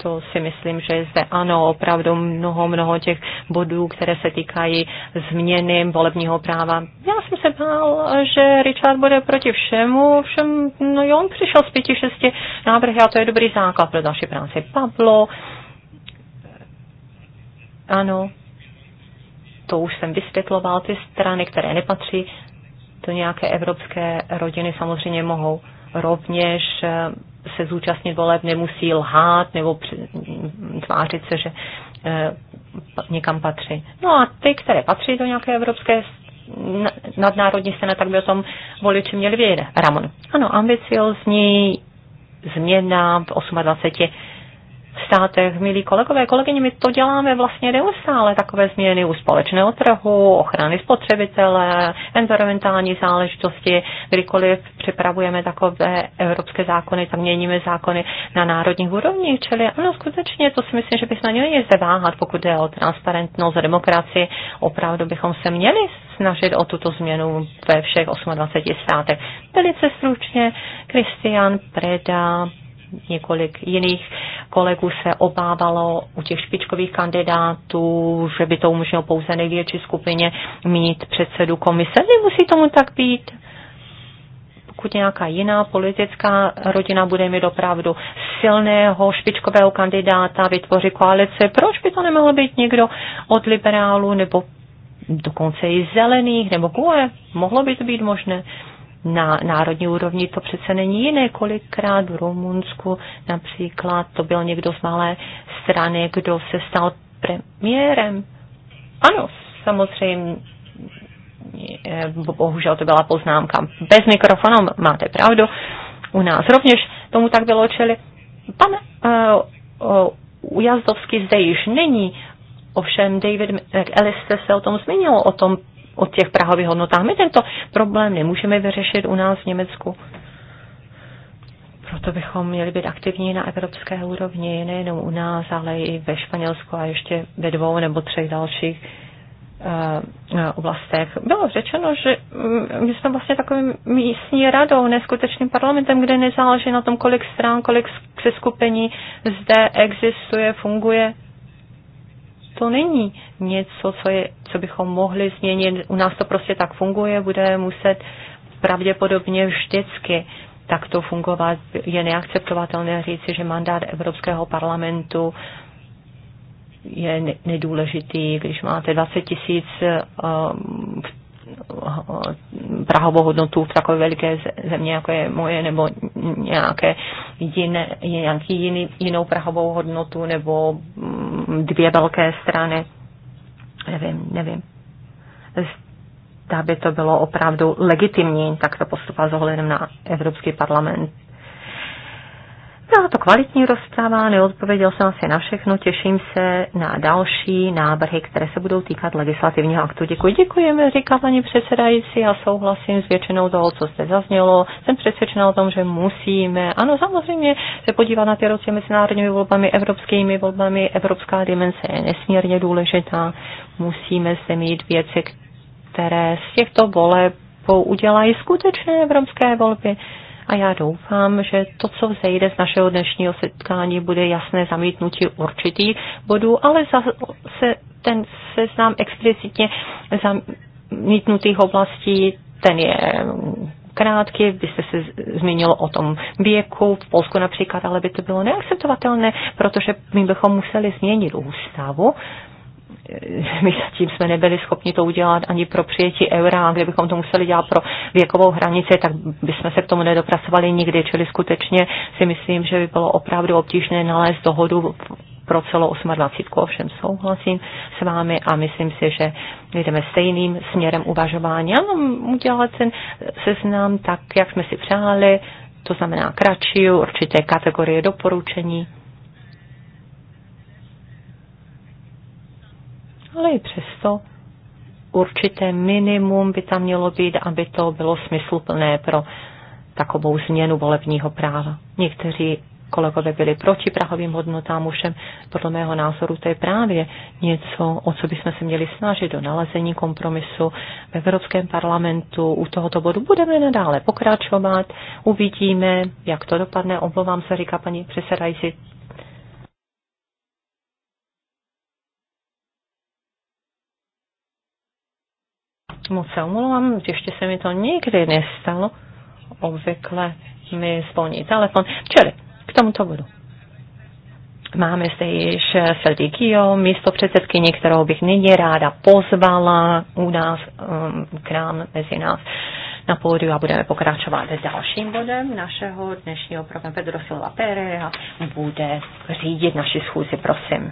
to si myslím, že je zde ano, opravdu mnoho, mnoho těch bodů, které se týkají změny volebního práva. Já jsem se bál, že Richard bude proti všemu, všem, no jo, on přišel z pěti, šesti návrhy a to je dobrý základ pro další práci. Pablo, ano, to už jsem vysvětloval, ty strany, které nepatří do nějaké evropské rodiny, samozřejmě mohou rovněž eh, se zúčastnit voleb, nemusí lhát nebo tvářit se, že eh, někam patří. No a ty, které patří do nějaké evropské nadnárodní strany tak by o tom voliči měli vědět. Ramon. Ano, ambiciozní změna v 28 státech. Milí kolegové, kolegyně, my to děláme vlastně neustále, takové změny u společného trhu, ochrany spotřebitele, environmentální záležitosti, kdykoliv připravujeme takové evropské zákony, tam měníme zákony na národních úrovních, čili ano, skutečně to si myslím, že bychom měli zde váhat, pokud jde o transparentnost a demokracii, opravdu bychom se měli snažit o tuto změnu ve všech 28 státech. Velice stručně, Kristian Preda, Několik jiných kolegů se obávalo u těch špičkových kandidátů, že by to umožnilo pouze největší skupině mít předsedu komise. Nemusí tomu tak být pokud nějaká jiná politická rodina bude mít opravdu silného špičkového kandidáta, vytvoří koalice, proč by to nemohl být někdo od liberálů nebo dokonce i zelených nebo kůle? Mohlo by to být možné? na národní úrovni to přece není jiné. Kolikrát v Rumunsku například to byl někdo z malé strany, kdo se stal premiérem. Ano, samozřejmě, eh, bohužel to byla poznámka bez mikrofonu, máte pravdu. U nás rovněž tomu tak bylo, čili pan uh, eh, uh, eh, Ujazdovský zde již není, ovšem David McAllister se o tom zmínil, o tom o těch prahových hodnotách. My tento problém nemůžeme vyřešit u nás v Německu. Proto bychom měli být aktivní na evropské úrovni, nejenom u nás, ale i ve Španělsku a ještě ve dvou nebo třech dalších eh, eh, oblastech. Bylo řečeno, že mm, my jsme vlastně takovým místní radou, neskutečným parlamentem, kde nezáleží na tom, kolik stran, kolik seskupení zde existuje, funguje to není něco, co, je, co bychom mohli změnit. U nás to prostě tak funguje, bude muset pravděpodobně vždycky takto fungovat. Je neakceptovatelné říci, že mandát Evropského parlamentu je nedůležitý, když máte 20 tisíc eh, prahovou hodnotu v takové veliké země, jako je moje, nebo nějaké jiné, nějaký jiný, jinou prahovou hodnotu, nebo mm, dvě velké strany. Nevím, nevím. Zda by to bylo opravdu legitimní takto postupovat s ohledem na Evropský parlament byla to kvalitní rozprava, neodpověděl jsem asi na všechno, těším se na další návrhy, které se budou týkat legislativního aktu. Děkuji, děkujeme, říká paní předsedající a souhlasím s většinou toho, co zde zaznělo. Jsem přesvědčena o tom, že musíme, ano, samozřejmě se podívat na ty roce mezinárodními volbami, evropskými volbami, evropská dimenze je nesmírně důležitá. Musíme se mít věci, které z těchto voleb udělají skutečné evropské volby a já doufám, že to, co vzejde z našeho dnešního setkání, bude jasné zamítnutí určitých bodů, ale zase ten seznam explicitně zamítnutých oblastí, ten je krátký, vy jste se zmínilo o tom věku, v Polsku například, ale by to bylo neakceptovatelné, protože my bychom museli změnit ústavu my zatím jsme nebyli schopni to udělat ani pro přijetí eura, a kdybychom to museli dělat pro věkovou hranici, tak bychom se k tomu nedopracovali nikdy, čili skutečně si myslím, že by bylo opravdu obtížné nalézt dohodu pro celou 28. Ovšem souhlasím s vámi a myslím si, že jdeme stejným směrem uvažování. Ano, udělat ten seznam tak, jak jsme si přáli, to znamená kratší, určité kategorie doporučení. ale i přesto určité minimum by tam mělo být, aby to bylo smysluplné pro takovou změnu volebního práva. Někteří kolegové byli proti prahovým hodnotám, ovšem podle mého názoru to je právě něco, o co bychom se měli snažit do nalezení kompromisu v Evropském parlamentu. U tohoto bodu budeme nadále pokračovat, uvidíme, jak to dopadne. Omlouvám se, říká paní předsedající, moc se omlouvám, ještě se mi to nikdy nestalo. Obvykle mi zvoní telefon. Čili, k tomuto budu. Máme zde již Feldikio, místo předsedkyně, kterou bych nyní ráda pozvala u nás, um, k nám, mezi nás na pódiu a budeme pokračovat dalším bodem našeho dnešního programu Pedro Silva Pere a bude řídit naši schůzi, prosím.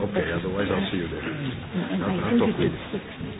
Okay,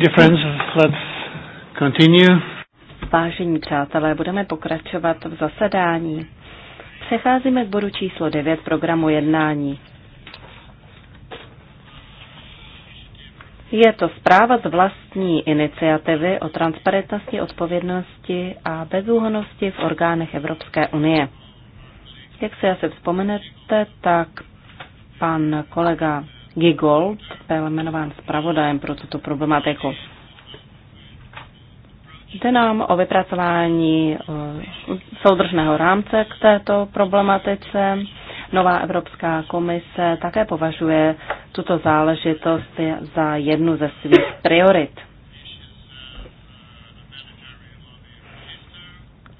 Dear friends, let's continue. Vážení přátelé, budeme pokračovat v zasedání. Přecházíme k bodu číslo 9 programu jednání. Je to zpráva z vlastní iniciativy o transparentnosti, odpovědnosti a bezúhonosti v orgánech Evropské unie. Jak se asi vzpomenete, tak pan kolega Gigold byl jmenován zpravodajem pro tuto problematiku. Jde nám o vypracování eh, soudržného rámce k této problematice. Nová Evropská komise také považuje tuto záležitost za jednu ze svých priorit.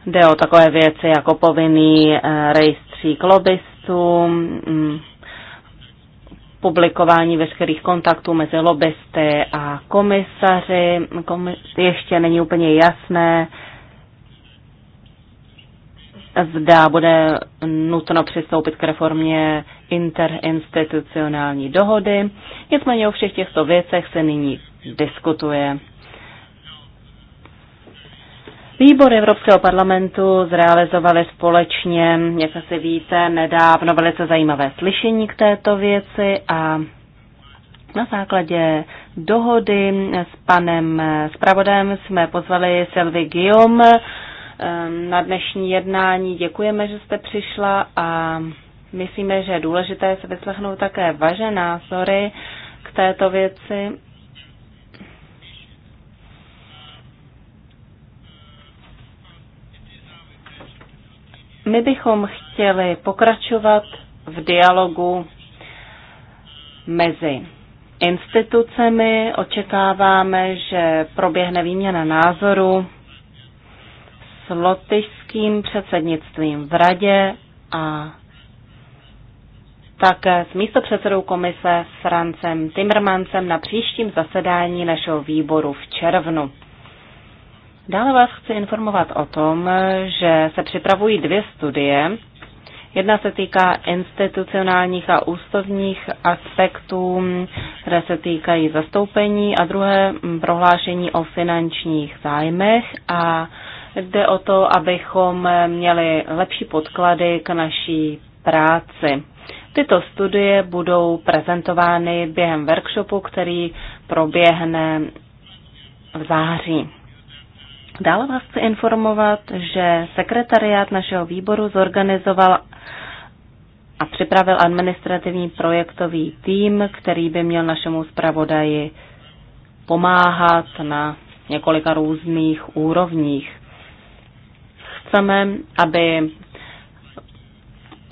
Jde o takové věci jako povinný eh, rejstřík lobbystům, mm, publikování veškerých kontaktů mezi lobbysty a komisaři. Komis- ještě není úplně jasné, zda bude nutno přistoupit k reformě interinstitucionální dohody. Nicméně o všech těchto věcech se nyní diskutuje. Výbor Evropského parlamentu zrealizovali společně, jak asi víte, nedávno velice zajímavé slyšení k této věci a na základě dohody s panem Spravodem jsme pozvali Sylvie Guillaume ehm, na dnešní jednání. Děkujeme, že jste přišla a myslíme, že je důležité se vyslechnout také vaše názory k této věci My bychom chtěli pokračovat v dialogu mezi institucemi. Očekáváme, že proběhne výměna názoru s lotyšským předsednictvím v radě a také s místopředsedou komise Francem Timmermansem na příštím zasedání našeho výboru v červnu. Dále vás chci informovat o tom, že se připravují dvě studie. Jedna se týká institucionálních a ústavních aspektů, které se týkají zastoupení a druhé mm, prohlášení o finančních zájmech a jde o to, abychom měli lepší podklady k naší práci. Tyto studie budou prezentovány během workshopu, který proběhne v září. Dále vás chci informovat, že sekretariát našeho výboru zorganizoval a připravil administrativní projektový tým, který by měl našemu zpravodaji pomáhat na několika různých úrovních. Chceme, aby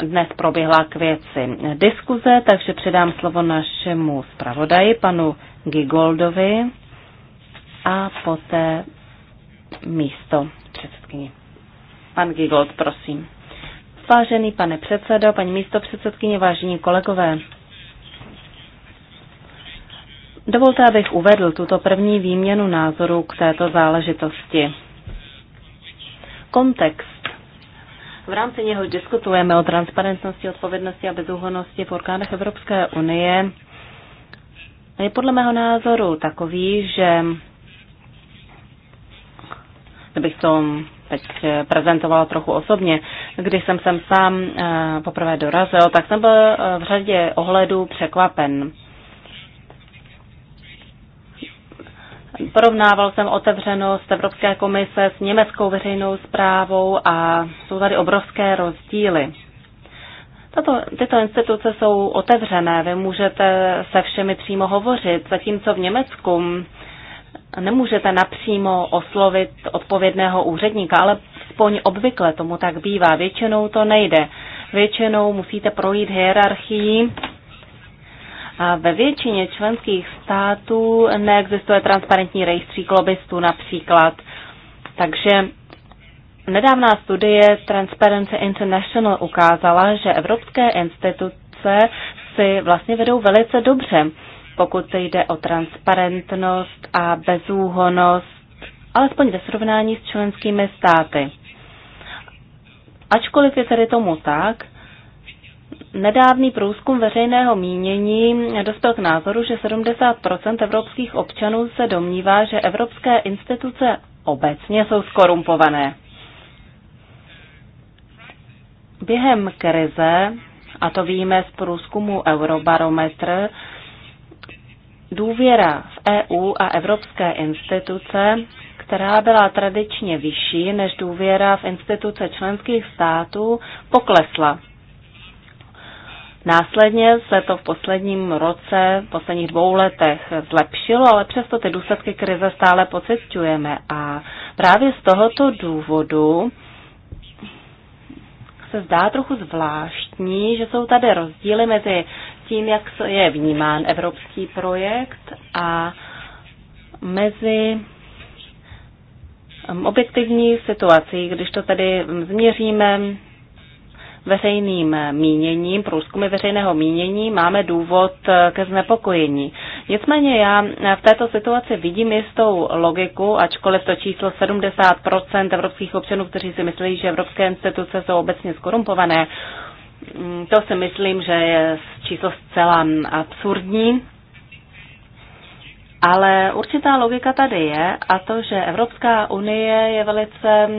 dnes proběhla k věci diskuze, takže předám slovo našemu zpravodaji, panu Gigoldovi, a poté místo předsedkyně. Pan Gigold, prosím. Vážený pane předsedo, paní místo předsedkyně, vážení kolegové. Dovolte, abych uvedl tuto první výměnu názorů k této záležitosti. Kontext. V rámci něho diskutujeme o transparentnosti, odpovědnosti a bezúhonnosti v orgánech Evropské unie. Je podle mého názoru takový, že kdybych to teď eh, prezentovala trochu osobně. Když jsem sem sám eh, poprvé dorazil, tak jsem byl eh, v řadě ohledů překvapen. Porovnával jsem otevřenost Evropské komise s německou veřejnou zprávou a jsou tady obrovské rozdíly. Tato, tyto instituce jsou otevřené, vy můžete se všemi přímo hovořit, zatímco v Německu nemůžete napřímo oslovit odpovědného úředníka, ale spoň obvykle tomu tak bývá. Většinou to nejde. Většinou musíte projít hierarchii. A ve většině členských států neexistuje transparentní rejstřík lobbystů například. Takže nedávná studie Transparency International ukázala, že evropské instituce si vlastně vedou velice dobře pokud jde o transparentnost a bezúhonost, alespoň ve srovnání s členskými státy. Ačkoliv je tedy tomu tak, Nedávný průzkum veřejného mínění dospěl k názoru, že 70 evropských občanů se domnívá, že evropské instituce obecně jsou skorumpované. Během krize, a to víme z průzkumu Eurobarometr, důvěra v EU a evropské instituce, která byla tradičně vyšší než důvěra v instituce členských států, poklesla. Následně se to v posledním roce, v posledních dvou letech zlepšilo, ale přesto ty důsledky krize stále pocitujeme. A právě z tohoto důvodu se zdá trochu zvláštní, že jsou tady rozdíly mezi tím, jak je vnímán evropský projekt a mezi um, objektivní situací, když to tady změříme veřejným míněním, průzkumy veřejného mínění, máme důvod eh, ke znepokojení. Nicméně já eh, v této situaci vidím jistou logiku, ačkoliv to číslo 70% evropských občanů, kteří si myslí, že evropské instituce jsou obecně skorumpované, Mm, to si myslím, že je číslo zcela absurdní. Ale určitá logika tady je a to, že Evropská unie je velice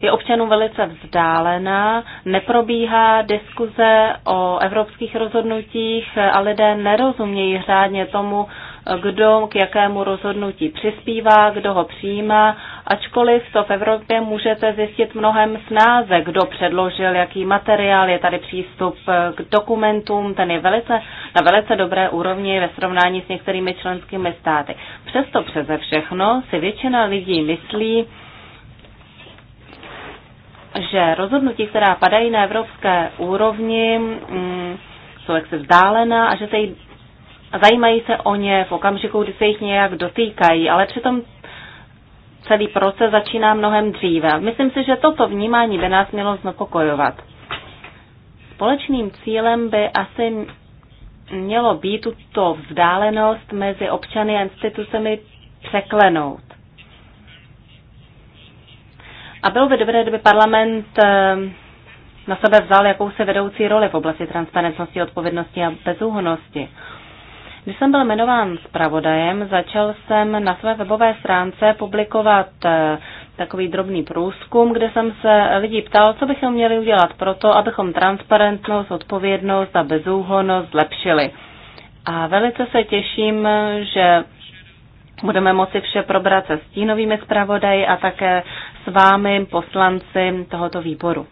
je občanům velice vzdálená, neprobíhá diskuze o evropských rozhodnutích a lidé nerozumějí řádně tomu, kdo k jakému rozhodnutí přispívá, kdo ho přijímá, ačkoliv to v Evropě můžete zjistit mnohem snáze, kdo předložil jaký materiál, je tady přístup k dokumentům, ten je velice, na velice dobré úrovni ve srovnání s některými členskými státy. Přesto přeze všechno si většina lidí myslí, že rozhodnutí, která padají na evropské úrovni, mm, jsou jaksi vzdálená a že se zajímají se o ně v okamžiku, kdy se jich nějak dotýkají, ale přitom celý proces začíná mnohem dříve. Myslím si, že toto vnímání by nás mělo znepokojovat. Společným cílem by asi mělo být tuto vzdálenost mezi občany a institucemi překlenout. A bylo by dobré, kdyby parlament eh, na sebe vzal jakousi vedoucí roli v oblasti transparentnosti, odpovědnosti a bezúhonosti. Když jsem byl jmenován zpravodajem, začal jsem na své webové stránce publikovat eh, takový drobný průzkum, kde jsem se lidí ptal, co bychom měli udělat pro to, abychom transparentnost, odpovědnost a bezúhonnost zlepšili. A velice se těším, že budeme moci vše probrat se stínovými zpravodaji a také s vámi, poslanci tohoto výboru.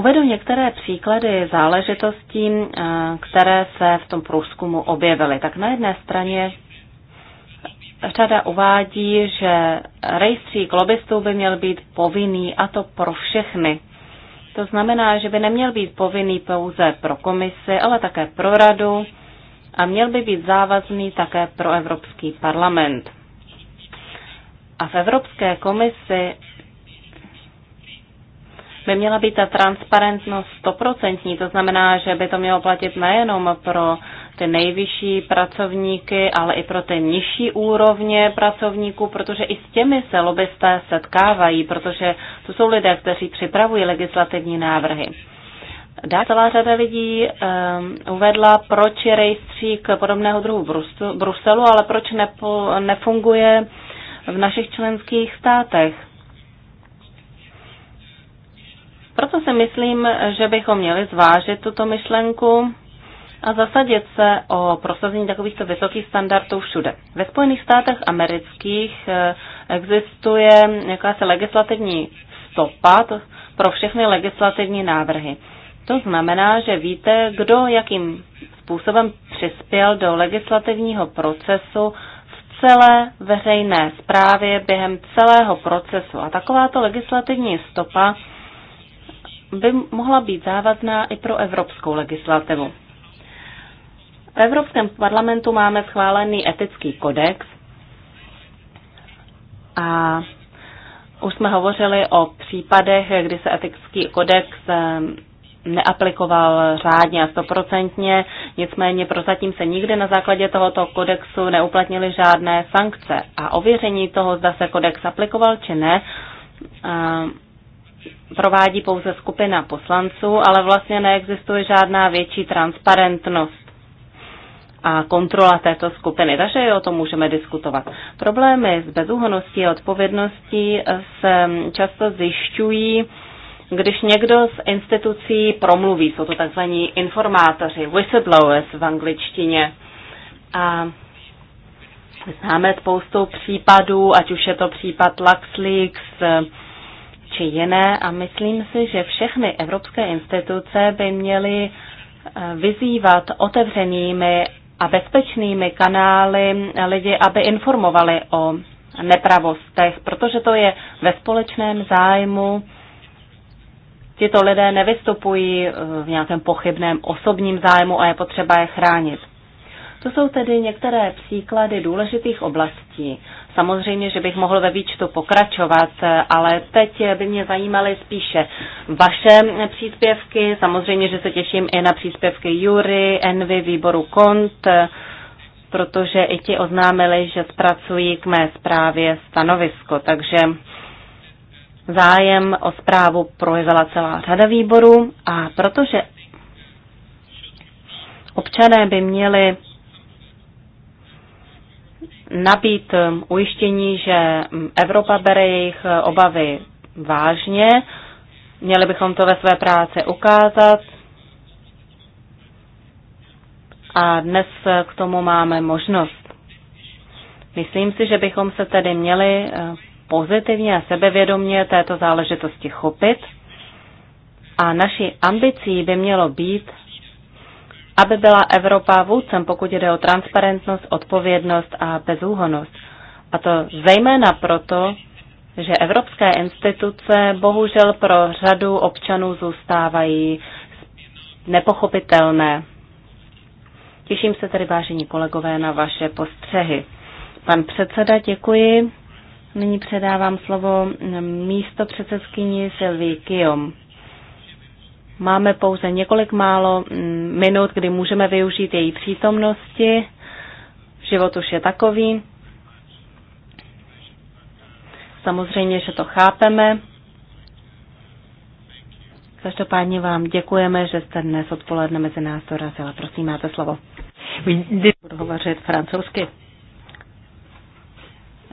Uvedu některé příklady záležitostí, eh, které se v tom průzkumu objevily. Tak na jedné straně řada uvádí, že rejstřík lobbystů by měl být povinný a to pro všechny. To znamená, že by neměl být povinný pouze pro komisi, ale také pro radu a měl by být závazný také pro Evropský parlament. A v Evropské komisi by měla být ta transparentnost stoprocentní, to znamená, že by to mělo platit nejenom pro ty nejvyšší pracovníky, ale i pro ty nižší úrovně pracovníků, protože i s těmi se lobbysté setkávají, protože to jsou lidé, kteří připravují legislativní návrhy. Dá celá řada lidí um, uvedla, proč je rejstřík podobného druhu v Bruselu, ale proč nepo, nefunguje v našich členských státech. Proto si myslím, že bychom měli zvážit tuto myšlenku a zasadit se o prosazení takovýchto vysokých standardů všude. Ve Spojených státech amerických eh, existuje jakási legislativní stopa pro všechny legislativní návrhy. To znamená, že víte, kdo jakým způsobem přispěl do legislativního procesu v celé veřejné správě během celého procesu. A takováto legislativní stopa by mohla být závazná i pro evropskou legislativu. V Evropském parlamentu máme schválený etický kodex a už jsme hovořili o případech, kdy se etický kodex ehm, neaplikoval řádně a stoprocentně, nicméně prozatím se nikdy na základě tohoto kodexu neuplatnily žádné sankce a ověření toho, zda se kodex aplikoval či ne, ehm, provádí pouze skupina poslanců, ale vlastně neexistuje žádná větší transparentnost a kontrola této skupiny. Takže o tom můžeme diskutovat. Problémy s bezúhoností a odpovědností se často zjišťují, když někdo z institucí promluví. Jsou to tzv. informátoři, whistleblowers v angličtině. A známe spoustu případů, ať už je to případ LuxLeaks, či jiné a myslím si, že všechny evropské instituce by měly eh, vyzývat otevřenými a bezpečnými kanály lidi, aby informovali o nepravostech, protože to je ve společném zájmu. Tito lidé nevystupují eh, v nějakém pochybném osobním zájmu a je potřeba je chránit. To jsou tedy některé příklady důležitých oblastí. Samozřejmě, že bych mohl ve výčtu pokračovat, ale teď by mě zajímaly spíše vaše příspěvky. Samozřejmě, že se těším i na příspěvky Jury, Envy, výboru KONT, protože i ti oznámili, že zpracují k mé zprávě stanovisko. Takže zájem o zprávu projevila celá řada výborů a protože občané by měli nabít um, ujištění, že um, Evropa bere jejich uh, obavy vážně. Měli bychom to ve své práci ukázat. A dnes uh, k tomu máme možnost. Myslím si, že bychom se tedy měli uh, pozitivně a sebevědomě této záležitosti chopit. A naší ambicí by mělo být aby byla Evropa vůdcem, pokud jde o transparentnost, odpovědnost a bezúhonost. A to zejména proto, že evropské instituce bohužel pro řadu občanů zůstávají nepochopitelné. Těším se tedy, vážení kolegové, na vaše postřehy. Pan předseda, děkuji. Nyní předávám slovo místo předsedkyni Silvii Kijom. Máme pouze několik málo mm, minut, kdy můžeme využít její přítomnosti. Život už je takový. Samozřejmě, že to chápeme. Každopádně vám děkujeme, že jste dnes odpoledne mezi nás dorazila. Prosím, máte slovo. Budu hovořit francouzsky.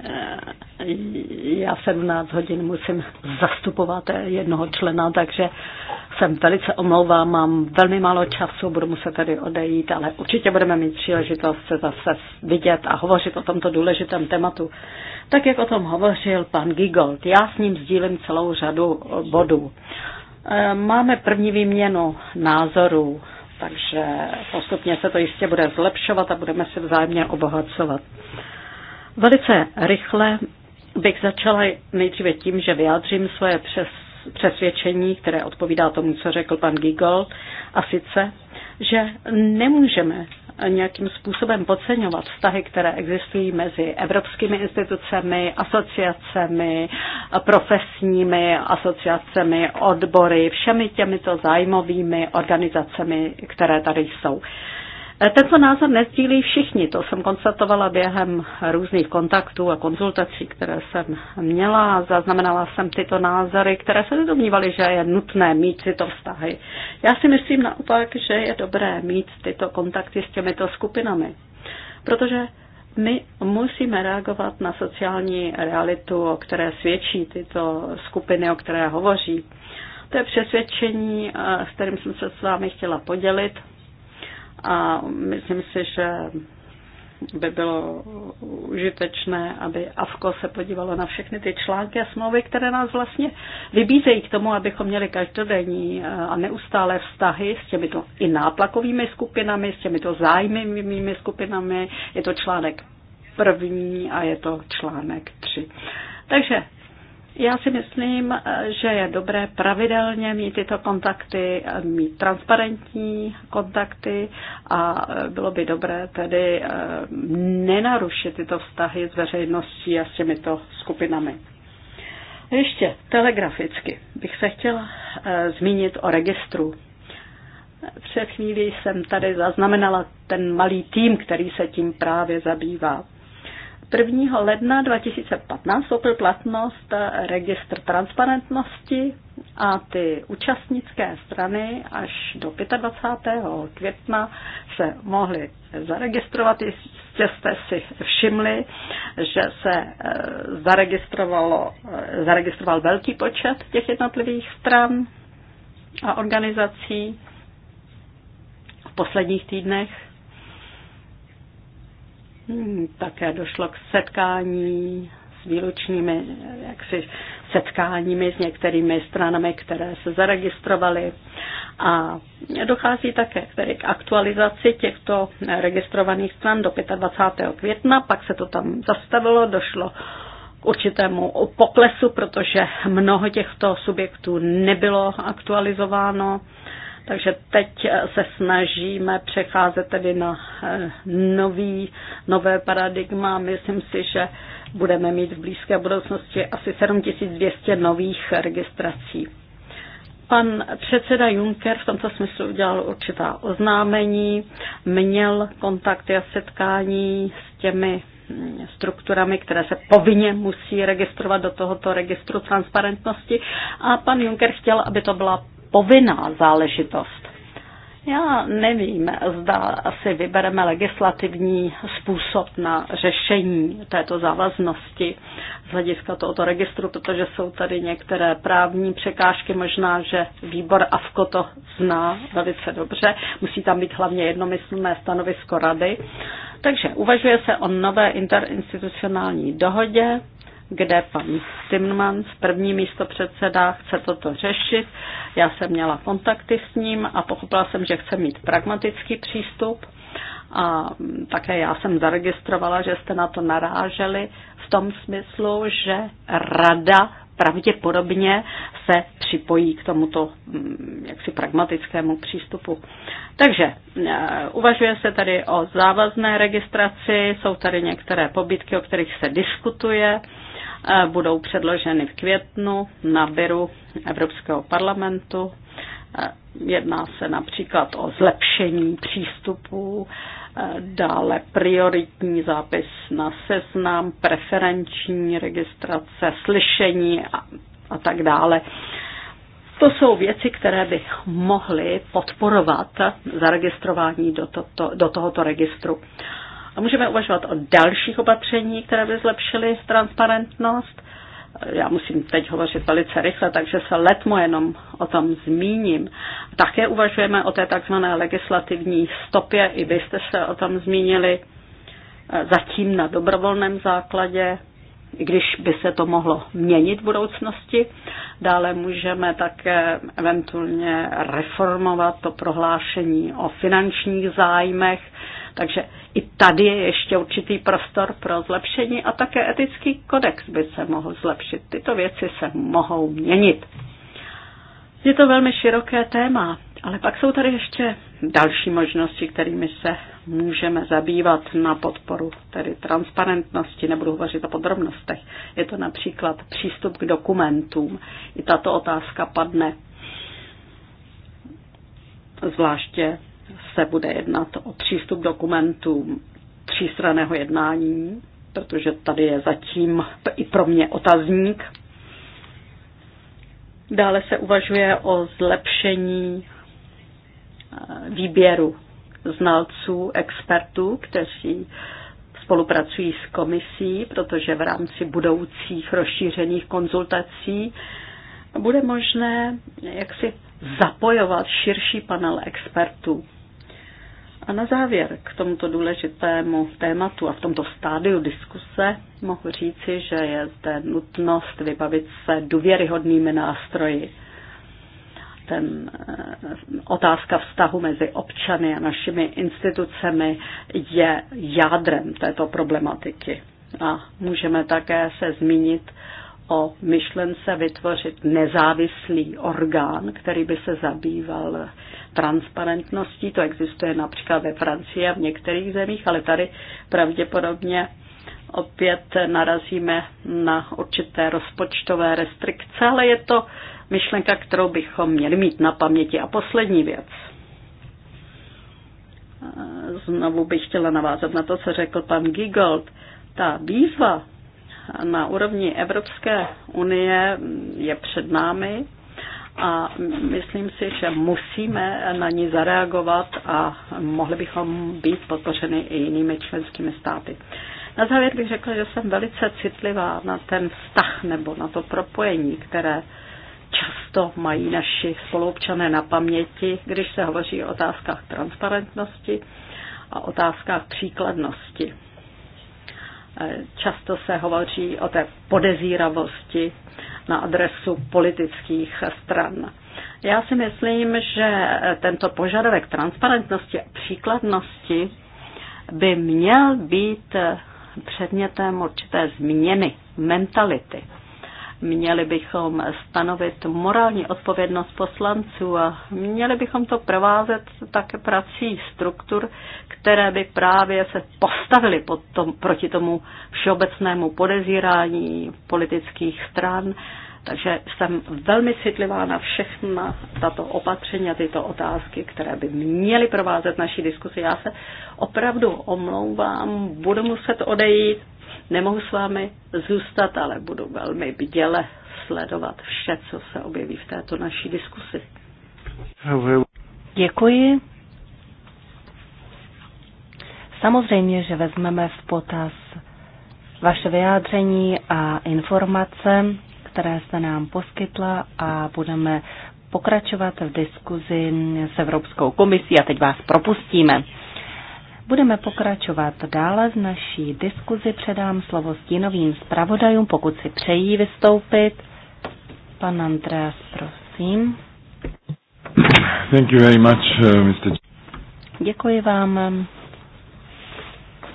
Eh, já 17 hodin musím zastupovat jednoho člena, takže jsem velice omlouvám, mám velmi málo času, budu muset tady odejít, ale určitě budeme mít příležitost se zase vidět a hovořit o tomto důležitém tématu. Tak, jak o tom hovořil pan Gigold, já s ním sdílím celou řadu bodů. Eh, máme první výměnu názorů, takže postupně se to jistě bude zlepšovat a budeme se vzájemně obohacovat. Velice rychle bych začala nejdříve tím, že vyjádřím svoje přes přesvědčení, které odpovídá tomu, co řekl pan Gigol, a sice, že nemůžeme nějakým způsobem podceňovat vztahy, které existují mezi evropskými institucemi, asociacemi, profesními asociacemi, odbory, všemi těmito zájmovými organizacemi, které tady jsou. Eh, Tento názor nezdílí všichni, to jsem konstatovala během různých kontaktů a konzultací, které jsem měla. Zaznamenala jsem tyto názory, které se nedomnívaly, že je nutné mít tyto vztahy. Já si myslím naopak, že je dobré mít tyto kontakty s těmito skupinami, protože my musíme reagovat na sociální realitu, o které svědčí tyto skupiny, o které hovoří. To je přesvědčení, eh, s kterým jsem se s vámi chtěla podělit a myslím si, že by bylo užitečné, aby AFKO se podívalo na všechny ty články a smlouvy, které nás vlastně vybízejí k tomu, abychom měli každodenní eh, a neustále vztahy s těmito i náplakovými skupinami, s těmito zájmovými skupinami. Je to článek první a je to článek tři. Takže já si myslím, že je dobré pravidelně mít tyto kontakty, mít transparentní kontakty a bylo by dobré tedy eh, nenarušit tyto vztahy s veřejností a s těmito skupinami. Ještě telegraficky bych se chtěla eh, zmínit o registru. Před chvílí jsem tady zaznamenala ten malý tým, který se tím právě zabývá. 1. ledna 2015 vstoupil platnost eh, registr transparentnosti a ty účastnické strany až do 25. května se mohly zaregistrovat. Jistě jste si všimli, že se eh, zaregistrovalo, eh, zaregistroval velký počet těch jednotlivých stran a organizací v posledních týdnech Hmm, také došlo k setkání s výlučnými jaksi, setkáními s některými stranami, které se zaregistrovaly. A dochází také tedy k aktualizaci těchto registrovaných stran do 25. května, pak se to tam zastavilo, došlo k určitému poklesu, protože mnoho těchto subjektů nebylo aktualizováno. Takže teď eh, se snažíme přecházet tedy na eh, nový, nové paradigma. Myslím si, že budeme mít v blízké budoucnosti asi 7200 nových registrací. Pan předseda Juncker v tomto smyslu udělal určitá oznámení, měl kontakty a setkání s těmi mm, strukturami, které se povinně musí registrovat do tohoto registru transparentnosti. A pan Juncker chtěl, aby to byla povinná záležitost. Já nevím, zda si vybereme legislativní způsob na řešení této závaznosti z hlediska tohoto registru, protože jsou tady některé právní překážky, možná, že výbor AFKO to zná velice dobře. Musí tam být hlavně jednomyslné stanovisko rady. Takže uvažuje se o nové interinstitucionální dohodě, kde pan Timman, první místo předseda, chce toto řešit. Já jsem měla kontakty s ním a pochopila jsem, že chce mít pragmatický přístup. A také já jsem zaregistrovala, že jste na to naráželi v tom smyslu, že rada pravděpodobně se připojí k tomuto mm, jaksi pragmatickému přístupu. Takže e, uvažuje se tady o závazné registraci, jsou tady některé pobytky, o kterých se diskutuje E, budou předloženy v květnu na byru Evropského parlamentu. E, jedná se například o zlepšení přístupu, e, dále prioritní zápis na seznam, preferenční registrace, slyšení a, a tak dále. To jsou věci, které by mohly podporovat zaregistrování do, toto, do tohoto registru. Uh, a můžeme uvažovat o dalších opatření, které by zlepšily transparentnost. Já musím teď hovořit velice rychle, takže se letmo jenom o tom zmíním. Také uvažujeme o té takzvané legislativní stopě, i vy jste se o tom zmínili, zatím na dobrovolném základě, i když by se to mohlo měnit v budoucnosti. Dále můžeme také eventuálně reformovat to prohlášení o finančních zájmech, takže i tady je ještě určitý prostor pro zlepšení a také etický kodex by se mohl zlepšit. Tyto věci se mohou měnit. Je to velmi široké téma, ale pak jsou tady ještě další možnosti, kterými se můžeme zabývat na podporu tedy transparentnosti, nebudu hovořit o podrobnostech. Je to například přístup k dokumentům. I tato otázka padne zvláště se bude jednat o přístup dokumentům třístraného jednání, protože tady je zatím i pro mě otazník. Dále se uvažuje o zlepšení eh, výběru znalců, expertů, kteří spolupracují s komisí, protože v rámci budoucích rozšířených konzultací bude možné jaksi zapojovat širší panel expertů. A na závěr k tomuto důležitému tématu a v tomto stádiu diskuse mohu říci, že je zde nutnost vybavit se důvěryhodnými nástroji. Ten, eh, otázka vztahu mezi občany a našimi institucemi je jádrem této problematiky. A můžeme také se zmínit o myšlence vytvořit nezávislý orgán, který by se zabýval transparentností. To existuje například ve Francii a v některých zemích, ale tady pravděpodobně opět narazíme na určité rozpočtové restrikce, ale je to myšlenka, kterou bychom měli mít na paměti. A poslední věc. Znovu bych chtěla navázat na to, co řekl pan Gigold. Ta výzva na úrovni Evropské unie je před námi a myslím si, že musíme na ní zareagovat a mohli bychom být podpořeny i jinými členskými státy. Na závěr bych řekla, že jsem velice citlivá na ten vztah nebo na to propojení, které často mají naši spoluobčané na paměti, když se hovoří o otázkách transparentnosti a otázkách příkladnosti. Často se hovoří o té podezíravosti na adresu politických stran. Já si myslím, že tento požadavek transparentnosti a příkladnosti by měl být předmětem určité změny mentality. Měli bychom stanovit morální odpovědnost poslanců a měli bychom to provázet také prací struktur, které by právě se postavily pod tom, proti tomu všeobecnému podezírání politických stran. Takže jsem velmi citlivá na všechna tato opatření a tyto otázky, které by měly provázet naší diskusi. Já se opravdu omlouvám, budu muset odejít, Nemohu s vámi zůstat, ale budu velmi bděle sledovat vše, co se objeví v této naší diskusi. Děkuji. Samozřejmě, že vezmeme v potaz vaše vyjádření a informace, které jste nám poskytla a budeme pokračovat v diskuzi s Evropskou komisí a teď vás propustíme. Budeme pokračovat dále v naší diskuzi. Předám slovo stínovým zpravodajům, pokud si přejí vystoupit. Pan Andreas, prosím. Thank you very much, uh, Mr. Děkuji vám,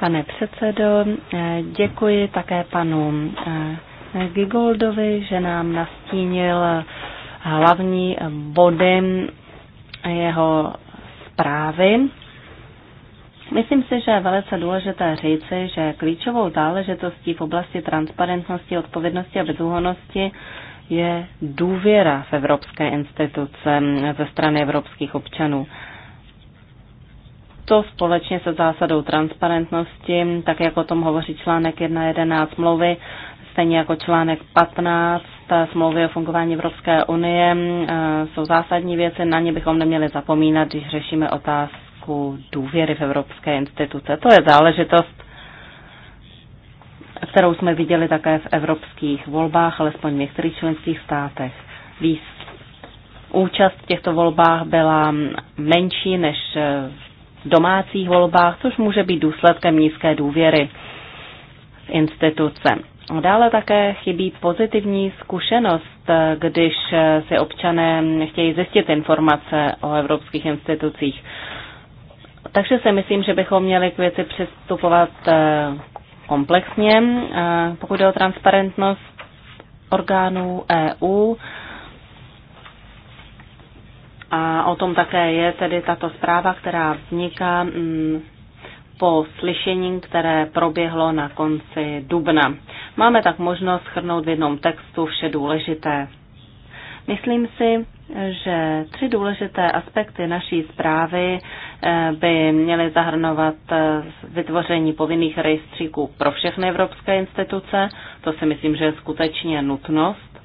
pane předsedo. Eh, děkuji také panu eh, Gigoldovi, že nám nastínil hlavní body jeho zprávy. Myslím si, že je velice důležité říci, že klíčovou záležitostí v oblasti transparentnosti, odpovědnosti a bezúhonosti je důvěra v evropské instituce mm, ze strany evropských občanů. To společně se zásadou transparentnosti, tak jak o tom hovoří článek 1.11 smlouvy, stejně jako článek 15 eh, smlouvy o fungování Evropské unie, mm, eh, jsou zásadní věci, na ně bychom neměli zapomínat, když řešíme otázky otázku důvěry v evropské instituce. To je záležitost, kterou jsme viděli také v evropských volbách, alespoň v některých členských státech. Výs účast v těchto volbách byla menší než v domácích volbách, což může být důsledkem nízké důvěry v instituce. Dále také chybí pozitivní zkušenost, když si občané chtějí zjistit informace o evropských institucích. Takže si myslím, že bychom měli k věci přistupovat eh, komplexně. Eh, pokud jde o transparentnost orgánů EU, a o tom také je tedy tato zpráva, která vzniká mm, po slyšení, které proběhlo na konci dubna. Máme tak možnost schrnout v jednom textu vše důležité. Myslím si, že tři důležité aspekty naší zprávy eh, by měly zahrnovat eh, vytvoření povinných rejstříků pro všechny evropské instituce. To si myslím, že je skutečně nutnost.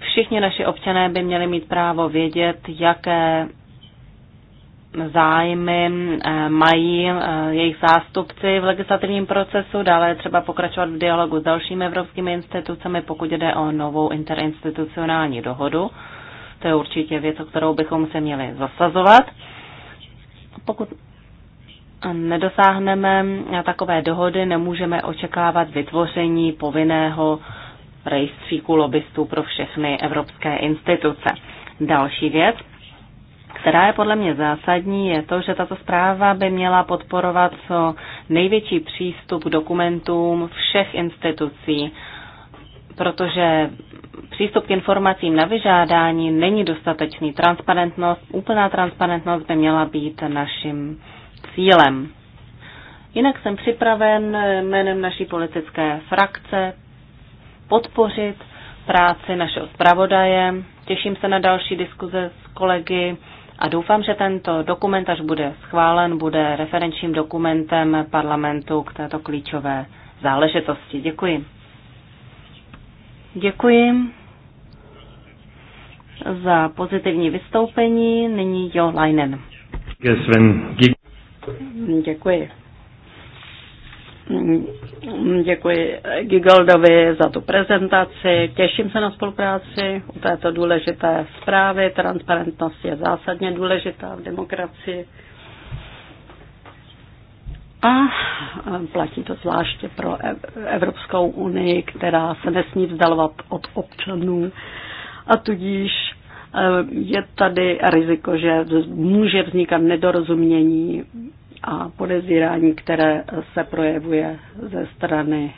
Všichni naši občané by měli mít právo vědět, jaké zájmy eh, mají eh, jejich zástupci v legislativním procesu, dále je třeba pokračovat v dialogu s dalšími evropskými institucemi, pokud jde o novou interinstitucionální dohodu. To je určitě věc, o kterou bychom se měli zasazovat. Pokud nedosáhneme takové dohody, nemůžeme očekávat vytvoření povinného rejstříku lobbystů pro všechny evropské instituce. Další věc, která je podle mě zásadní, je to, že tato zpráva by měla podporovat co největší přístup k dokumentům všech institucí, protože přístup k informacím na vyžádání není dostatečný. Transparentnost, úplná transparentnost by měla být naším cílem. Jinak jsem připraven jménem naší politické frakce podpořit práci našeho zpravodaje. Těším se na další diskuze s kolegy a doufám, že tento dokument, až bude schválen, bude referenčním dokumentem parlamentu k této klíčové záležitosti. Děkuji. Děkuji za pozitivní vystoupení. Nyní Jo Leinen. Děkuji. Mm, děkuji Gigoldovi za tu prezentaci. Těším se na spolupráci u této důležité zprávy. Transparentnost je zásadně důležitá v demokracii. A platí to zvláště pro Evropskou unii, která se nesmí vzdalovat od občanů. A tudíž e, je tady riziko, že může vznikat nedorozumění a podezírání, které se projevuje ze strany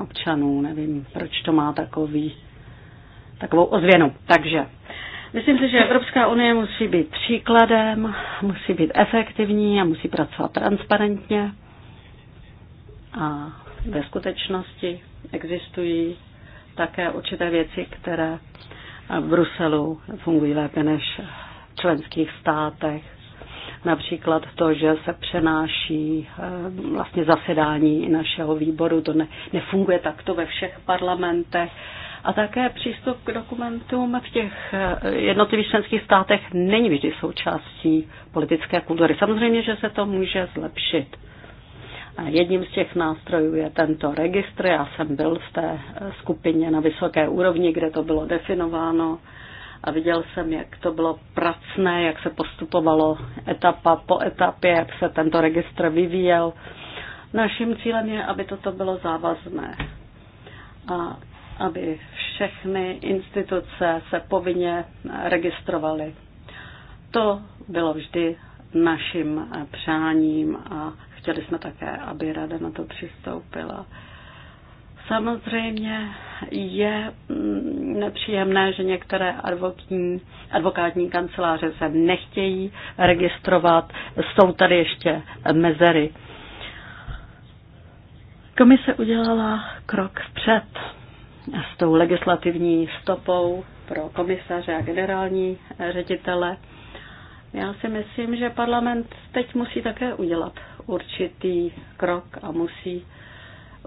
občanů. Nevím, proč to má takový, takovou ozvěnu. Takže myslím si, že Evropská unie musí být příkladem, musí být efektivní a musí pracovat transparentně. A ve skutečnosti existují také určité věci, které v Bruselu fungují lépe než v členských státech Například to, že se přenáší eh, vlastně zasedání našeho výboru, to ne, nefunguje takto ve všech parlamentech. A také přístup k dokumentům v těch eh, jednotlivých členských státech není vždy součástí politické kultury. Samozřejmě, že se to může zlepšit. A jedním z těch nástrojů je tento registr. Já jsem byl v té eh, skupině na vysoké úrovni, kde to bylo definováno a viděl jsem, jak to bylo pracné, jak se postupovalo etapa po etapě, jak se tento registr vyvíjel. Naším cílem je, aby toto bylo závazné a aby všechny instituce se povinně registrovaly. To bylo vždy naším přáním a chtěli jsme také, aby rada na to přistoupila. Samozřejmě je mm, nepříjemné, že některé advokní, advokátní kanceláře se nechtějí registrovat. Jsou tady ještě mezery. Komise udělala krok vpřed s tou legislativní stopou pro komisaře a generální ředitele. Já si myslím, že parlament teď musí také udělat určitý krok a musí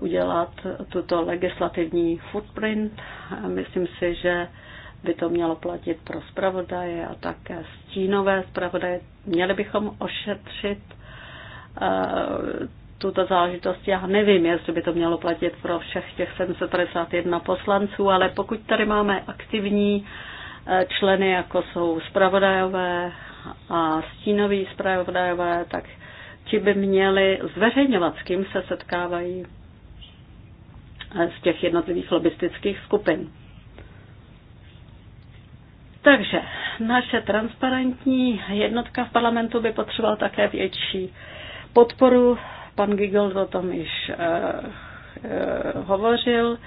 udělat tuto legislativní footprint. Myslím si, že by to mělo platit pro zpravodaje a také stínové zpravodaje. Měli bychom ošetřit eh, tuto záležitost. Já nevím, jestli by to mělo platit pro všech těch 751 poslanců, ale pokud tady máme aktivní eh, členy, jako jsou zpravodajové a stínoví zpravodajové, tak ti by měli zveřejňovat, s kým se setkávají z těch jednotlivých lobistických skupin. Takže naše transparentní jednotka v parlamentu by potřebovala také větší podporu. Pan Gigel o tom již eh, eh, hovořil.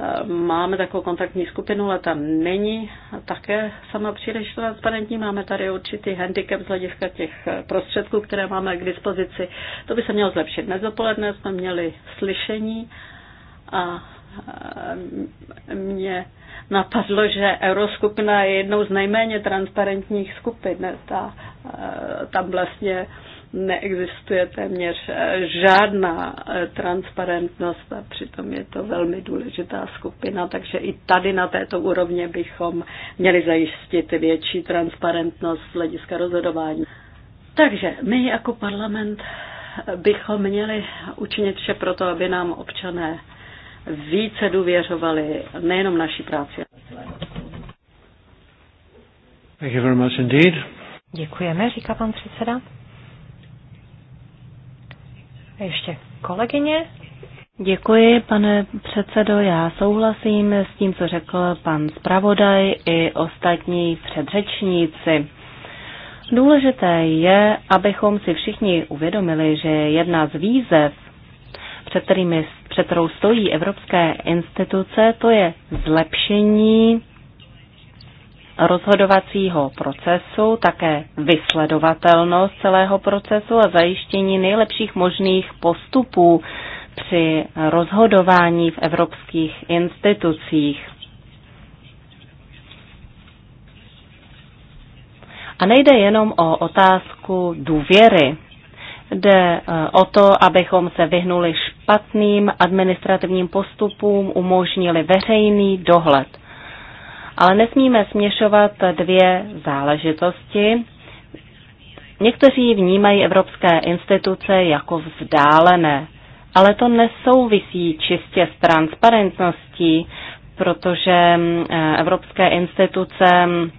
Eh, máme takovou kontaktní skupinu, ale tam není také sama příliš transparentní. Máme tady určitý handicap z hlediska těch eh, prostředků, které máme k dispozici. To by se mělo zlepšit. Dnes dopoledne jsme měli slyšení eh, a mě napadlo, že euroskupina je jednou z nejméně transparentních skupin. Ta, tam vlastně neexistuje téměř žádná transparentnost a přitom je to velmi důležitá skupina, takže i tady na této úrovně bychom měli zajistit větší transparentnost z hlediska rozhodování. Takže my jako parlament bychom měli učinit vše proto, aby nám občané více důvěřovali nejenom naší práci. Thank you very much indeed. Děkujeme, říká pan předseda. A ještě kolegyně. Děkuji, pane předsedo. Já souhlasím s tím, co řekl pan zpravodaj i ostatní předřečníci. Důležité je, abychom si všichni uvědomili, že jedna z výzev, před, kterými, před kterou stojí evropské instituce, to je zlepšení rozhodovacího procesu, také vysledovatelnost celého procesu a zajištění nejlepších možných postupů při rozhodování v evropských institucích. A nejde jenom o otázku důvěry. Jde eh, o to, abychom se vyhnuli špatným administrativním postupům, umožnili veřejný dohled. Ale nesmíme směšovat dvě záležitosti. Někteří vnímají evropské instituce jako vzdálené, ale to nesouvisí čistě s transparentností, protože mm, eh, evropské instituce mm,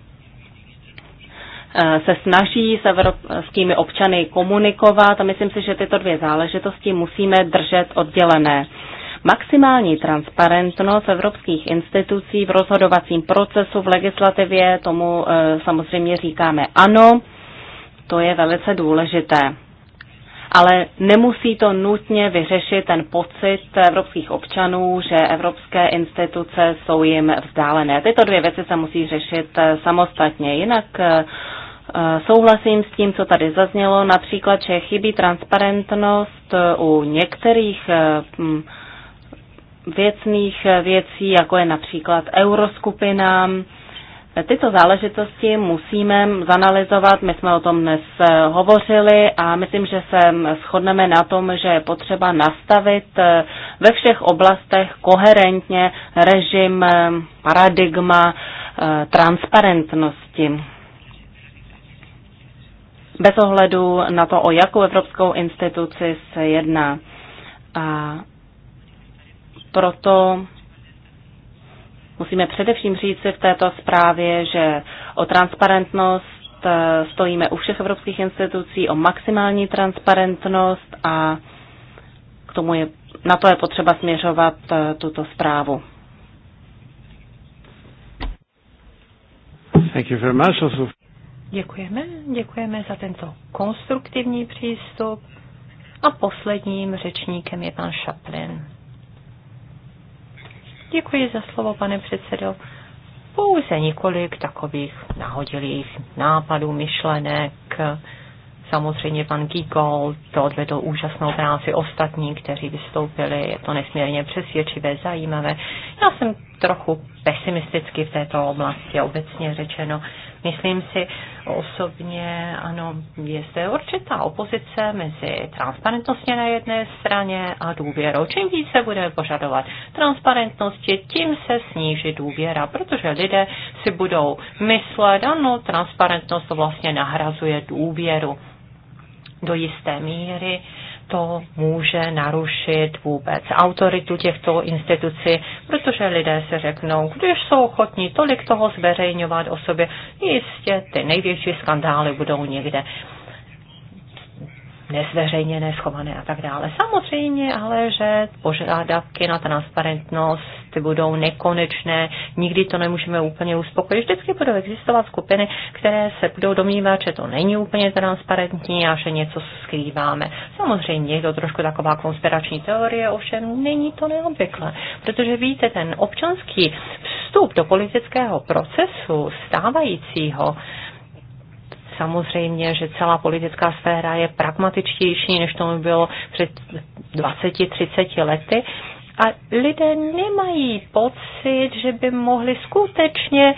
Eh, se snaží s evropskými občany komunikovat a myslím si, že tyto dvě záležitosti musíme držet oddělené. Maximální transparentnost evropských institucí v rozhodovacím procesu, v legislativě, tomu eh, samozřejmě říkáme ano, to je velice důležité. Ale nemusí to nutně vyřešit ten pocit evropských občanů, že evropské instituce jsou jim vzdálené. Tyto dvě věci se musí řešit eh, samostatně, jinak Eh, souhlasím s tím, co tady zaznělo, například, že chybí transparentnost eh, u některých eh, věcných věcí, jako je například euroskupina. Tyto záležitosti musíme zanalizovat, my jsme o tom dnes hovořili a myslím, že se shodneme na tom, že je potřeba nastavit ve všech oblastech koherentně režim, paradigma transparentnosti bez ohledu na to, o jakou evropskou instituci se jedná. A proto musíme především říci v této zprávě, že o transparentnost eh, stojíme u všech evropských institucí, o maximální transparentnost a k tomu je, na to je potřeba směřovat eh, tuto zprávu. Thank you very much. Also... Děkujeme, děkujeme za tento konstruktivní přístup. A posledním řečníkem je pan Šaplin. Děkuji za slovo, pane předsedo. Pouze několik takových nahodilých nápadů, myšlenek. Samozřejmě pan Gigol to odvedl úžasnou práci ostatní, kteří vystoupili. Je to nesmírně přesvědčivé, zajímavé. Já jsem trochu pesimisticky v této oblasti obecně řečeno. Myslím si, osobně, ano, je zde určitá opozice mezi transparentností na jedné straně a důvěrou. Čím více bude požadovat transparentnosti, tím se sníží důvěra, protože lidé si budou myslet, ano, transparentnost vlastně nahrazuje důvěru do jisté míry. Uh, to může narušit vůbec autoritu těchto institucí, protože lidé se řeknou, když jsou ochotní tolik toho zveřejňovat o sobě, jistě ty největší skandály budou někde nezveřejněné, schované a tak dále. Samozřejmě ale, že požádavky na transparentnost budou nekonečné, nikdy to nemůžeme úplně uspokojit. Vždycky budou existovat skupiny, které se budou domnívat, že to není úplně transparentní a že něco skrýváme. Samozřejmě je to trošku taková konspirační teorie, ovšem není to neobvyklé, protože víte, ten občanský vstup do politického procesu stávajícího, samozřejmě, že celá politická sféra je pragmatičtější, než tomu bylo před 20-30 lety. A lidé nemají pocit, že by mohli skutečně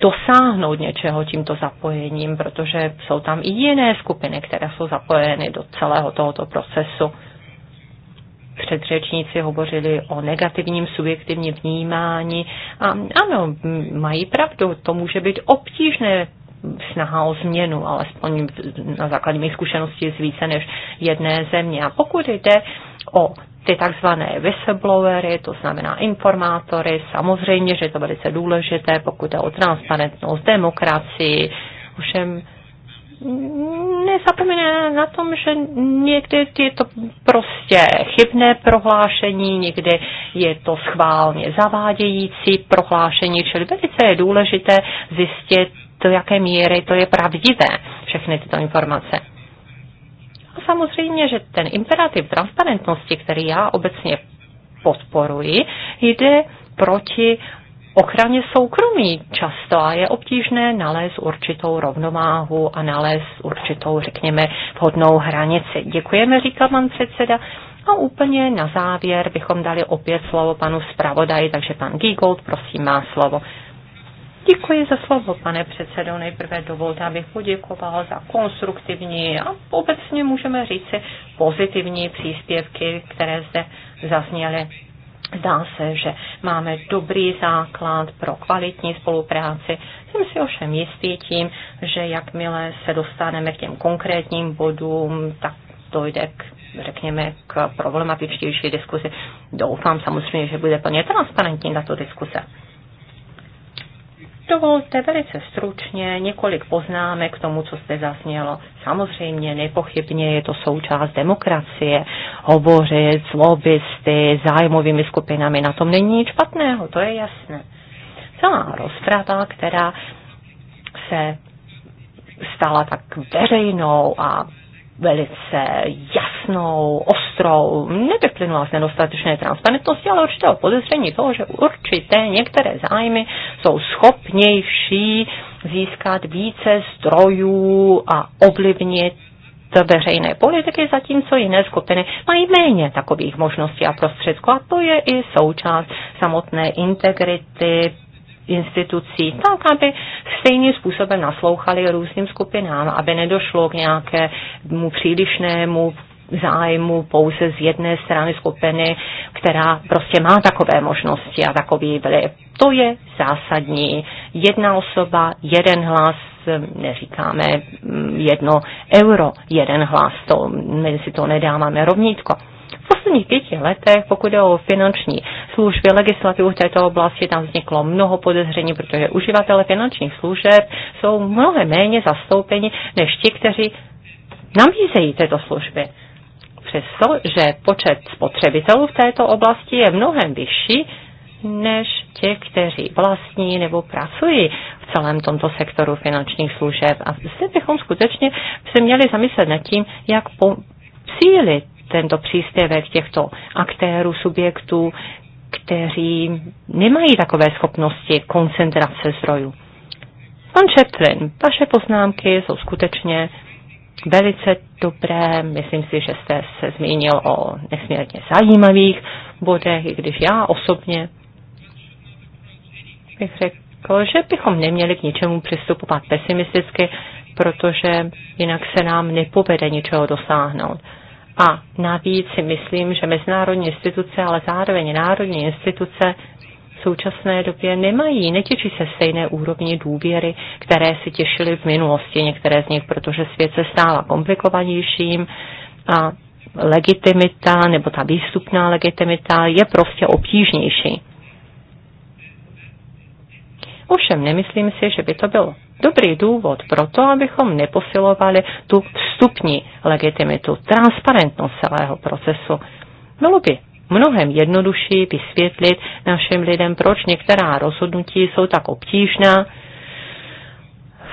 dosáhnout něčeho tímto zapojením, protože jsou tam i jiné skupiny, které jsou zapojeny do celého tohoto procesu. Předřečníci hovořili o negativním subjektivním vnímání a ano, mají pravdu, to může být obtížné snaha o změnu, alespoň na základě mých zkušeností z více než jedné země. A pokud jde o ty takzvané whistleblowery, to znamená informátory, samozřejmě, že je to velice důležité, pokud je o transparentnost, demokracii, ovšem nezapomíná na tom, že někdy je to prostě chybné prohlášení, někdy je to schválně zavádějící prohlášení, čili velice je důležité zjistit, do jaké míry to je pravdivé, všechny tyto informace. A samozřejmě, že ten imperativ transparentnosti, který já obecně podporuji, jde proti ochraně soukromí často a je obtížné nalézt určitou rovnováhu a nalézt určitou, řekněme, vhodnou hranici. Děkujeme, říká pan předseda. A úplně na závěr bychom dali opět slovo panu zpravodaji, takže pan Gigold, prosím, má slovo. Děkuji za slovo, pane předsedo. Nejprve dovolte, abych poděkoval za konstruktivní a obecně můžeme říci pozitivní příspěvky, které zde zazněly. Zdá se, že máme dobrý základ pro kvalitní spolupráci. Jsem si ovšem jistý tím, že jakmile se dostaneme k těm konkrétním bodům, tak dojde k, řekněme, k problematičtější diskuzi. Doufám samozřejmě, že bude plně transparentní tato diskuse. Dovolte velice stručně několik poznámek k tomu, co jste zasnělo. Samozřejmě, nepochybně je to součást demokracie. Hovořit s lobbysty, zájmovými skupinami, na tom není nic špatného, to je jasné. Celá rozprava, která se stala tak veřejnou a velice jasnou, ostrou, nevyplynula z nedostatečné transparentnosti, ale určitého podezření toho, že určité některé zájmy jsou schopnější získat více zdrojů a ovlivnit veřejné politiky, zatímco jiné skupiny mají méně takových možností a prostředků. A to je i součást samotné integrity institucí, tak aby stejným způsobem naslouchali různým skupinám, aby nedošlo k nějakému přílišnému zájmu pouze z jedné strany skupiny, která prostě má takové možnosti a takový vliv. To je zásadní. Jedna osoba, jeden hlas, neříkáme mm, jedno euro, jeden hlas, to, my si to nedáváme rovnítko. V posledních pěti letech, pokud jde o finanční služby, legislativu v této oblasti, tam vzniklo mnoho podezření, protože uživatelé finančních služeb jsou mnohem méně zastoupeni než ti, kteří nabízejí tyto služby. Přesto, že počet spotřebitelů v této oblasti je mnohem vyšší než těch, kteří vlastní nebo pracují v celém tomto sektoru finančních služeb. A zde bychom skutečně se měli zamyslet nad tím, jak posílit tento příspěvek těchto aktérů, subjektů, kteří nemají takové schopnosti koncentrace zdrojů. Pan Chaplin, vaše poznámky jsou skutečně velice dobré. Myslím si, že jste se zmínil o nesmírně zajímavých bodech, i když já osobně bych řekl, že bychom neměli k ničemu přistupovat pesimisticky, protože jinak se nám nepovede ničeho dosáhnout. A navíc si myslím, že mezinárodní instituce, ale zároveň národní instituce v současné době nemají, netěší se stejné úrovni důvěry, které si těšily v minulosti některé z nich, protože svět se stává komplikovanějším a legitimita nebo ta výstupná legitimita je prostě obtížnější. Ovšem, nemyslím si, že by to bylo dobrý důvod pro to, abychom neposilovali tu vstupní legitimitu, transparentnost celého procesu. Bylo by mnohem jednodušší vysvětlit našim lidem, proč některá rozhodnutí jsou tak obtížná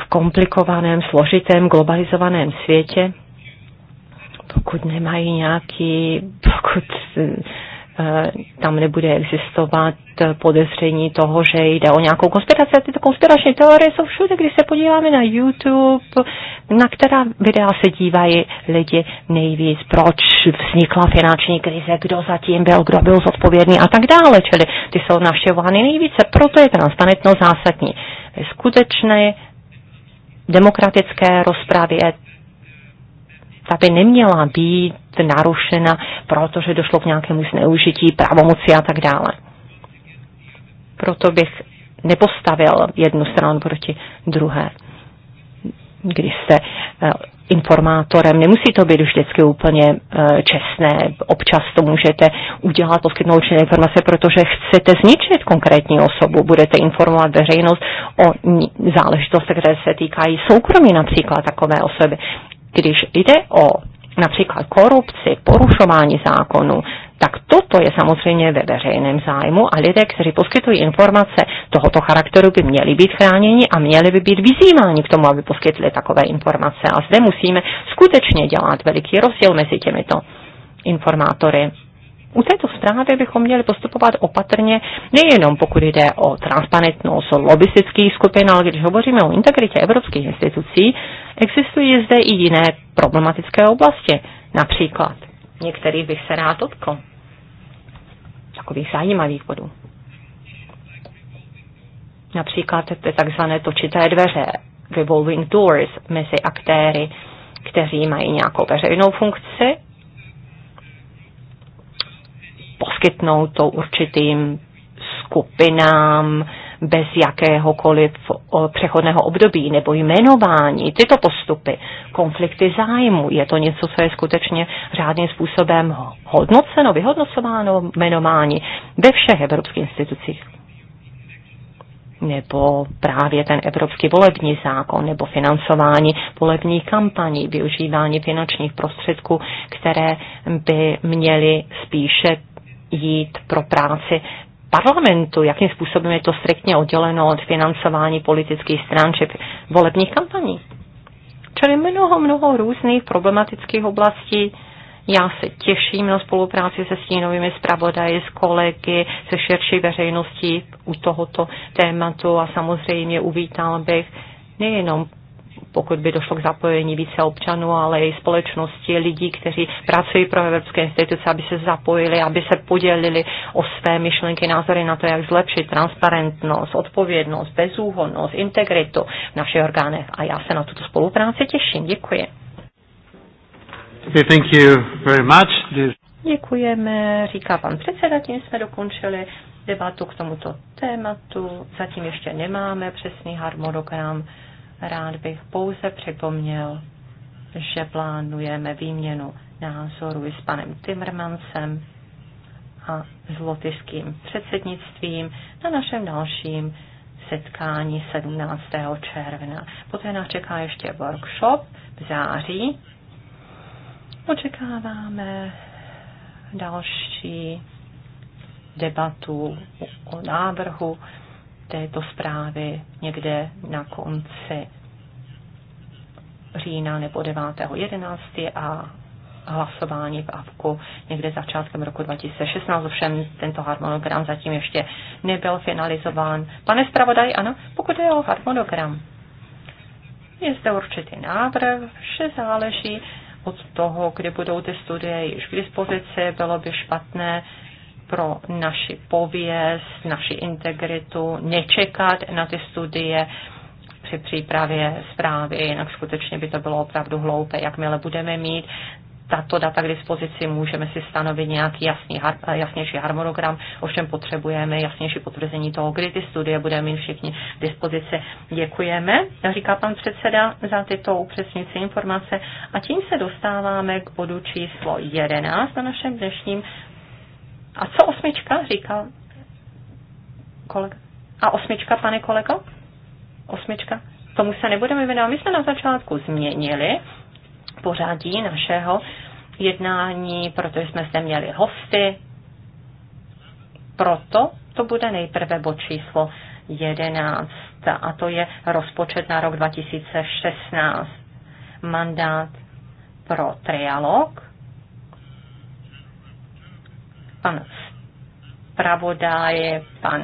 v komplikovaném, složitém, globalizovaném světě, pokud nemají nějaký, *laughs* pokud Eh, tam nebude existovat podezření toho, že jde o nějakou konspiraci. A tyto konspirační teorie jsou všude, když se podíváme na YouTube, na která videa se dívají lidi nejvíc, proč vznikla finanční krize, kdo zatím byl, kdo byl zodpovědný a tak dále. Čili ty jsou navštěvovány nejvíce, proto je transparentnost zásadní. Skutečné demokratické rozpravě ta by neměla být narušena, protože došlo k nějakému zneužití pravomoci a tak dále. Proto bych nepostavil jednu stranu proti druhé. Když jste eh, informátorem, nemusí to být vždycky úplně eh, čestné. Občas to můžete udělat, poskytnout určité informace, protože chcete zničit konkrétní osobu. Budete informovat veřejnost o záležitostech, které se týkají soukromí například takové osoby když jde o například korupci, porušování zákonů, tak toto je samozřejmě ve veřejném zájmu a lidé, kteří poskytují informace tohoto charakteru, by měli být chráněni a měli by být vyzýváni k tomu, aby poskytli takové informace. A zde musíme skutečně dělat veliký rozdíl mezi těmito informátory u této zprávy bychom měli postupovat opatrně, nejenom pokud jde o transparentnost lobbystických skupin, ale když hovoříme o integritě evropských institucí, existují zde i jiné problematické oblasti. Například některý bych se rád dotkl. Takových zajímavých bodů. Například ty takzvané točité dveře, revolving doors mezi aktéry, kteří mají nějakou veřejnou funkci poskytnout to určitým skupinám bez jakéhokoliv přechodného období nebo jmenování. Tyto postupy, konflikty zájmu, je to něco, co je skutečně řádným způsobem hodnoceno, vyhodnocováno, jmenování ve všech evropských institucích nebo právě ten evropský volební zákon, nebo financování volebních kampaní, využívání finančních prostředků, které by měly spíše jít pro práci parlamentu, jakým způsobem je to striktně odděleno od financování politických stran či volebních kampaní. Čili mnoho, mnoho různých problematických oblastí. Já se těším na spolupráci se stínovými zpravodaji, s kolegy, se širší veřejností u tohoto tématu a samozřejmě uvítal bych nejenom pokud by došlo k zapojení více občanů, ale i společnosti, lidí, kteří pracují pro evropské instituce, aby se zapojili, aby se podělili o své myšlenky, názory na to, jak zlepšit transparentnost, odpovědnost, bezúhonnost, integritu v našich orgánech. A já se na tuto spolupráci těším. Děkuji. thank you very much. Děkujeme, říká pan předseda, tím jsme dokončili debatu k tomuto tématu. Zatím ještě nemáme přesný harmonogram. Rád bych pouze připomněl, že plánujeme výměnu názoru i s panem Timmermansem a s lotyským předsednictvím na našem dalším setkání 17. června. Poté nás čeká ještě workshop v září. Očekáváme další debatu o návrhu této zprávy někde na konci října nebo 9.11. a hlasování v AVKu někde začátkem roku 2016. Ovšem tento harmonogram zatím ještě nebyl finalizován. Pane zpravodaj, ano, pokud je o harmonogram, je zde určitý návrh, vše záleží od toho, kdy budou ty studie již k dispozici, bylo by špatné pro naši pověst, naši integritu, nečekat na ty studie při přípravě zprávy, jinak skutečně by to bylo opravdu hloupé. Jakmile budeme mít tato data k dispozici, můžeme si stanovit nějaký jasný, jasnější harmonogram, ovšem potřebujeme jasnější potvrzení toho, kdy ty studie budeme mít všichni k dispozici. Děkujeme, říká pan předseda, za tyto upřesňující informace. A tím se dostáváme k bodu číslo 11 na našem dnešním a co osmička, říkal kolega. A osmička, pane kolego? Osmička. Tomu se nebudeme věnovat. My jsme na začátku změnili pořadí našeho jednání, protože jsme zde měli hosty. Proto to bude nejprve bod číslo 11 a to je rozpočet na rok 2016. Mandát pro trialog Pan je, pan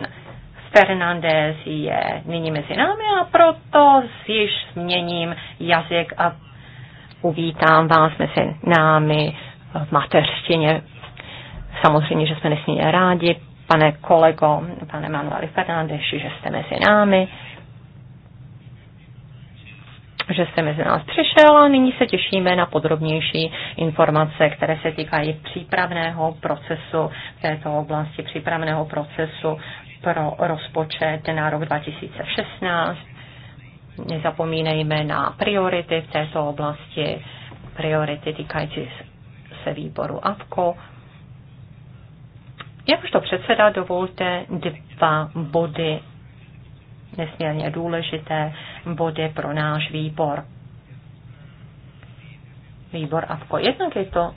Fernandez je nyní mezi námi a proto již změním jazyk a uvítám vás mezi námi v mateřštině. Samozřejmě, že jsme nesmírně rádi, pane kolego, pane Manueli Fernandez, že jste mezi námi že jste mezi nás přišel a nyní se těšíme na podrobnější informace, které se týkají přípravného procesu v této oblasti, přípravného procesu pro rozpočet na rok 2016. Nezapomínejme na priority v této oblasti, priority týkající se výboru APKO. Jakožto předseda dovolte dva body nesmírně důležité body pro náš výbor. Výbor APKO. Jednak je to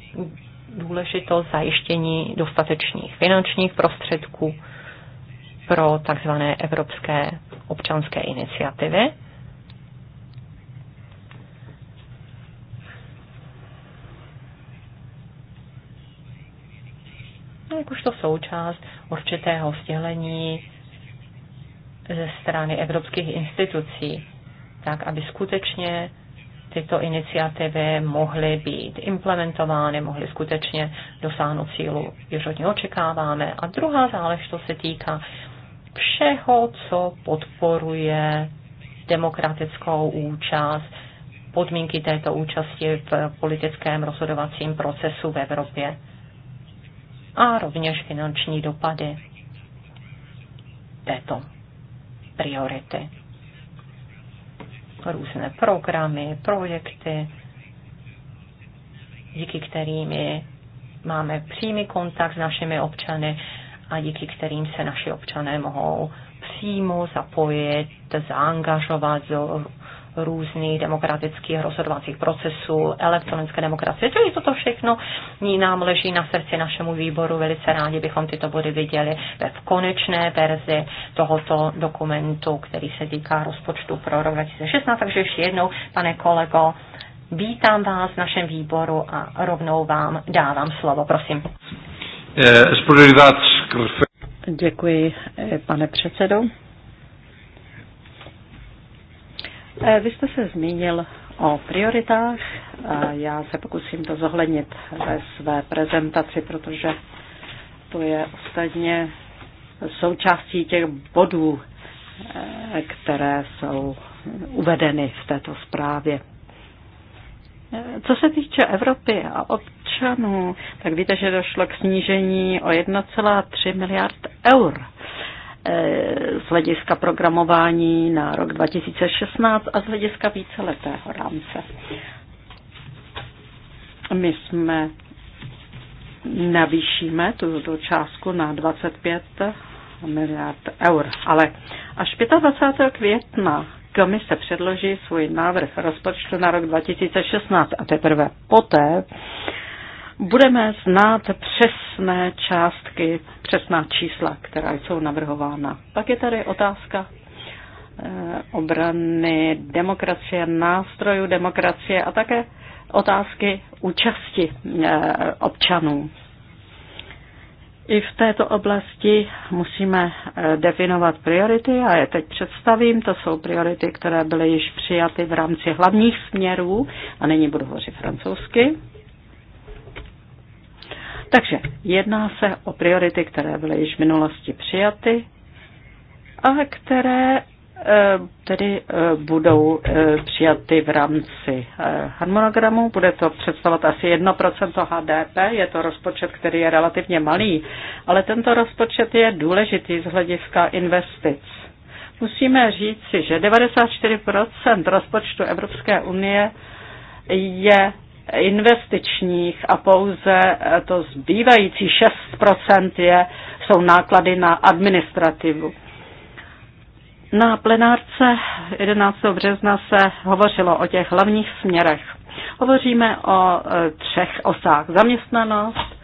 důležitost zajištění dostatečných finančních prostředků pro tzv. evropské občanské iniciativy. Jakožto součást určitého sdělení ze strany evropských institucí, tak aby skutečně tyto iniciativy mohly být implementovány, mohly skutečně dosáhnout cílu, jež od něj očekáváme. A druhá záležitost se týká všeho, co podporuje demokratickou účast, podmínky této účasti v politickém rozhodovacím procesu v Evropě a rovněž finanční dopady této priority. Různé programy, projekty, díky kterými máme přímý kontakt s našimi občany a díky kterým se naši občané mohou přímo zapojit, zaangažovat různých demokratických rozhodovacích procesů, elektronické demokracie. Čili toto všechno ní nám leží na srdci našemu výboru. Velice rádi bychom tyto body viděli ve konečné verzi tohoto dokumentu, který se týká rozpočtu pro rok 2016. Takže ještě jednou, pane kolego, vítám vás v našem výboru a rovnou vám dávám slovo. Prosím. Eh, Děkuji, eh, pane předsedo. Eh, vy jste se zmínil o prioritách. Já se pokusím to zohlednit ve své prezentaci, protože to je ostatně součástí těch bodů, eh, které jsou uvedeny v této zprávě. Eh, co se týče Evropy a občanů, tak víte, že došlo k snížení o 1,3 miliard eur Eh, z hlediska programování na rok 2016 a z hlediska víceletého rámce. My jsme navýšíme tuto částku na 25 miliard eur. Ale až 25. května komise předloží svůj návrh rozpočtu na rok 2016 a teprve poté budeme znát přesné částky přesná čísla, která jsou navrhována. Pak je tady otázka eh, obrany demokracie, nástrojů demokracie a také otázky účasti eh, občanů. I v této oblasti musíme eh, definovat priority a je teď představím. To jsou priority, které byly již přijaty v rámci hlavních směrů a nyní budu hovořit francouzsky. Takže jedná se o priority, které byly již v minulosti přijaty a které e, tedy e, budou e, přijaty v rámci harmonogramu. Bude to představovat asi 1% HDP, je to rozpočet, který je relativně malý, ale tento rozpočet je důležitý z hlediska investic. Musíme říci, že 94% rozpočtu Evropské unie je investičních a pouze eh, to zbývající 6% je, jsou náklady na administrativu. Na plenárce 11. března se hovořilo o těch hlavních směrech. Hovoříme o eh, třech osách. Zaměstnanost,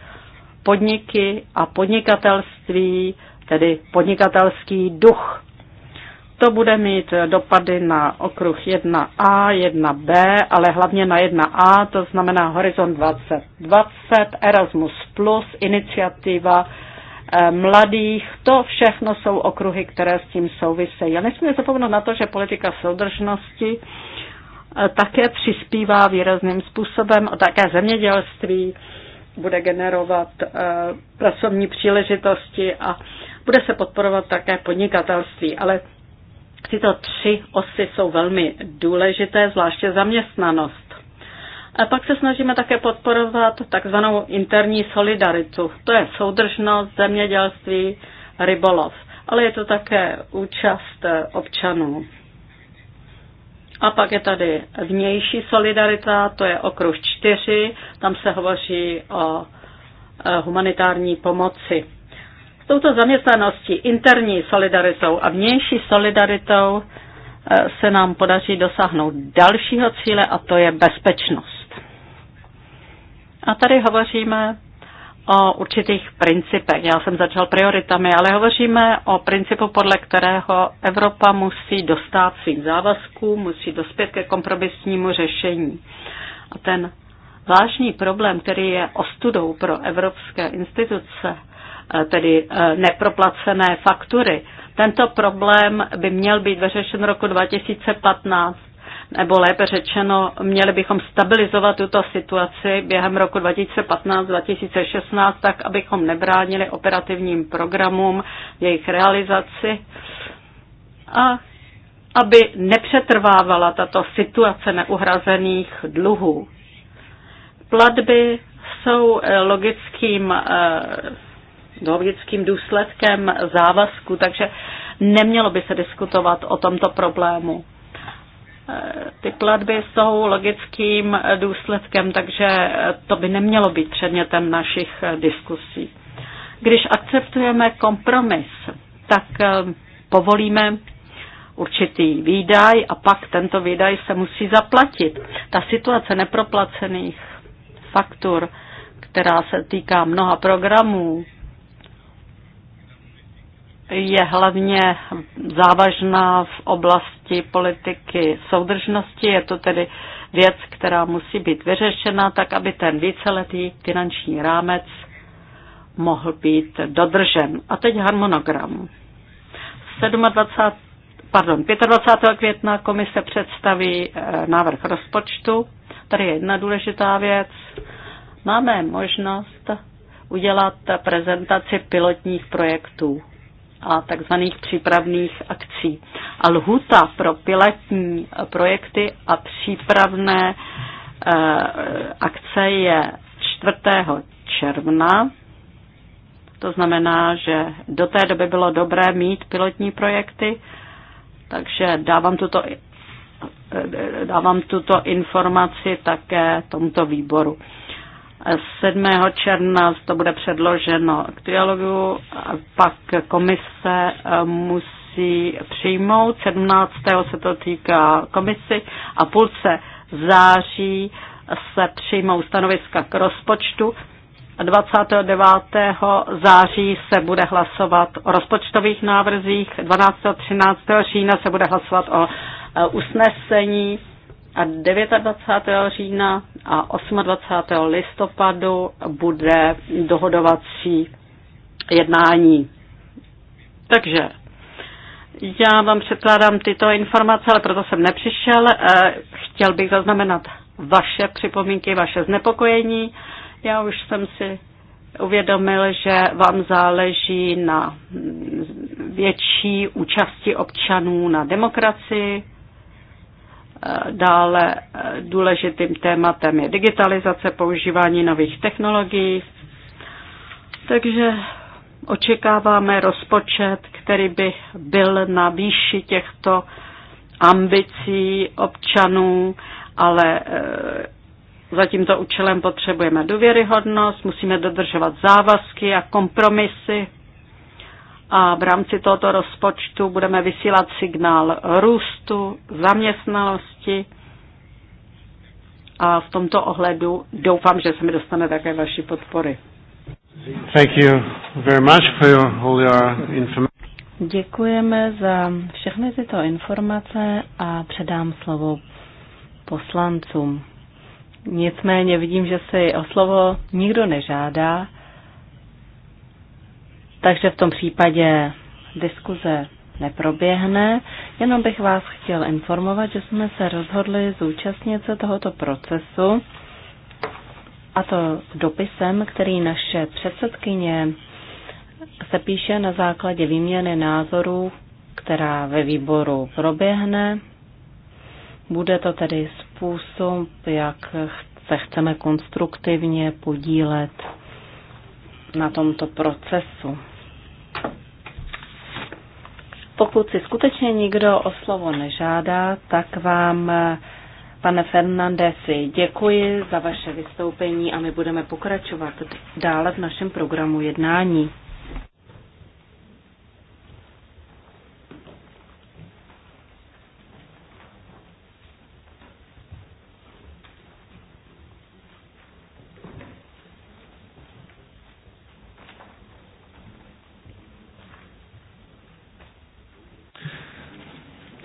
podniky a podnikatelství, tedy podnikatelský duch. To bude mít dopady na okruh 1A, 1B, ale hlavně na 1A, to znamená horizont 2020, Erasmus+, plus iniciativa eh, mladých, to všechno jsou okruhy, které s tím souvisejí. A nesmíme zapomenout na to, že politika soudržnosti eh, také přispívá výrazným způsobem a také zemědělství bude generovat eh, pracovní příležitosti a bude se podporovat také podnikatelství. Ale Tyto tři osy jsou velmi důležité, zvláště zaměstnanost. A pak se snažíme také podporovat takzvanou interní solidaritu. To je soudržnost, zemědělství, rybolov. Ale je to také účast občanů. A pak je tady vnější solidarita, to je okruh čtyři, tam se hovoří o eh, humanitární pomoci touto zaměstnaností, interní solidaritou a vnější solidaritou eh, se nám podaří dosáhnout dalšího cíle a to je bezpečnost. A tady hovoříme o určitých principech. Já jsem začal prioritami, ale hovoříme o principu, podle kterého Evropa musí dostat svým závazkům, musí dospět ke kompromisnímu řešení. A ten vážný problém, který je ostudou pro evropské instituce, Eh, tedy eh, neproplacené faktury. Tento problém by měl být vyřešen roku 2015, nebo lépe řečeno, měli bychom stabilizovat tuto situaci během roku 2015-2016, tak abychom nebránili operativním programům jejich realizaci a aby nepřetrvávala tato situace neuhrazených dluhů. Platby jsou eh, logickým logickým důsledkem závazku, takže nemělo by se diskutovat o tomto problému. E, ty platby jsou logickým důsledkem, takže to by nemělo být předmětem našich diskusí. Když akceptujeme kompromis, tak e, povolíme určitý výdaj a pak tento výdaj se musí zaplatit. Ta situace neproplacených faktur, která se týká mnoha programů, je hlavně závažná v oblasti politiky soudržnosti. Je to tedy věc, která musí být vyřešena, tak aby ten víceletý finanční rámec mohl být dodržen. A teď harmonogram. 27, pardon, 25. května komise představí eh, návrh rozpočtu. Tady je jedna důležitá věc. Máme možnost udělat prezentaci pilotních projektů a takzvaných přípravných akcí. A lhuta pro pilotní projekty a přípravné eh, akce je 4. června. To znamená, že do té doby bylo dobré mít pilotní projekty, takže dávám tuto, eh, dávám tuto informaci také tomuto výboru. 7. června to bude předloženo k dialogu, pak komise eh, musí přijmout, 17. se to týká komisi a půlce září se přijmou stanoviska k rozpočtu. 29. září se bude hlasovat o rozpočtových návrzích, 12. a 13. října se bude hlasovat o eh, usnesení a 29. října a 28. listopadu bude dohodovací jednání. Takže já vám předkládám tyto informace, ale proto jsem nepřišel. Eh, chtěl bych zaznamenat vaše připomínky, vaše znepokojení. Já už jsem si uvědomil, že vám záleží na větší účasti občanů na demokracii, Dále eh, důležitým tématem je digitalizace, používání nových technologií. Takže očekáváme rozpočet, který by byl na výši těchto ambicí občanů, ale eh, za tímto účelem potřebujeme důvěryhodnost, musíme dodržovat závazky a kompromisy a v rámci tohoto rozpočtu budeme vysílat signál růstu, zaměstnanosti a v tomto ohledu doufám, že se mi dostane také vaší podpory. Thank you very much for your, all your Děkujeme za všechny tyto informace a předám slovo poslancům. Nicméně vidím, že si o slovo nikdo nežádá, takže v tom případě diskuze neproběhne. Jenom bych vás chtěl informovat, že jsme se rozhodli zúčastnit se tohoto procesu a to dopisem, který naše předsedkyně se píše na základě výměny názorů, která ve výboru proběhne. Bude to tedy způsob, jak se chceme konstruktivně podílet na tomto procesu. Pokud si skutečně nikdo o slovo nežádá, tak vám, pane Fernandesi, děkuji za vaše vystoupení a my budeme pokračovat dále v našem programu jednání.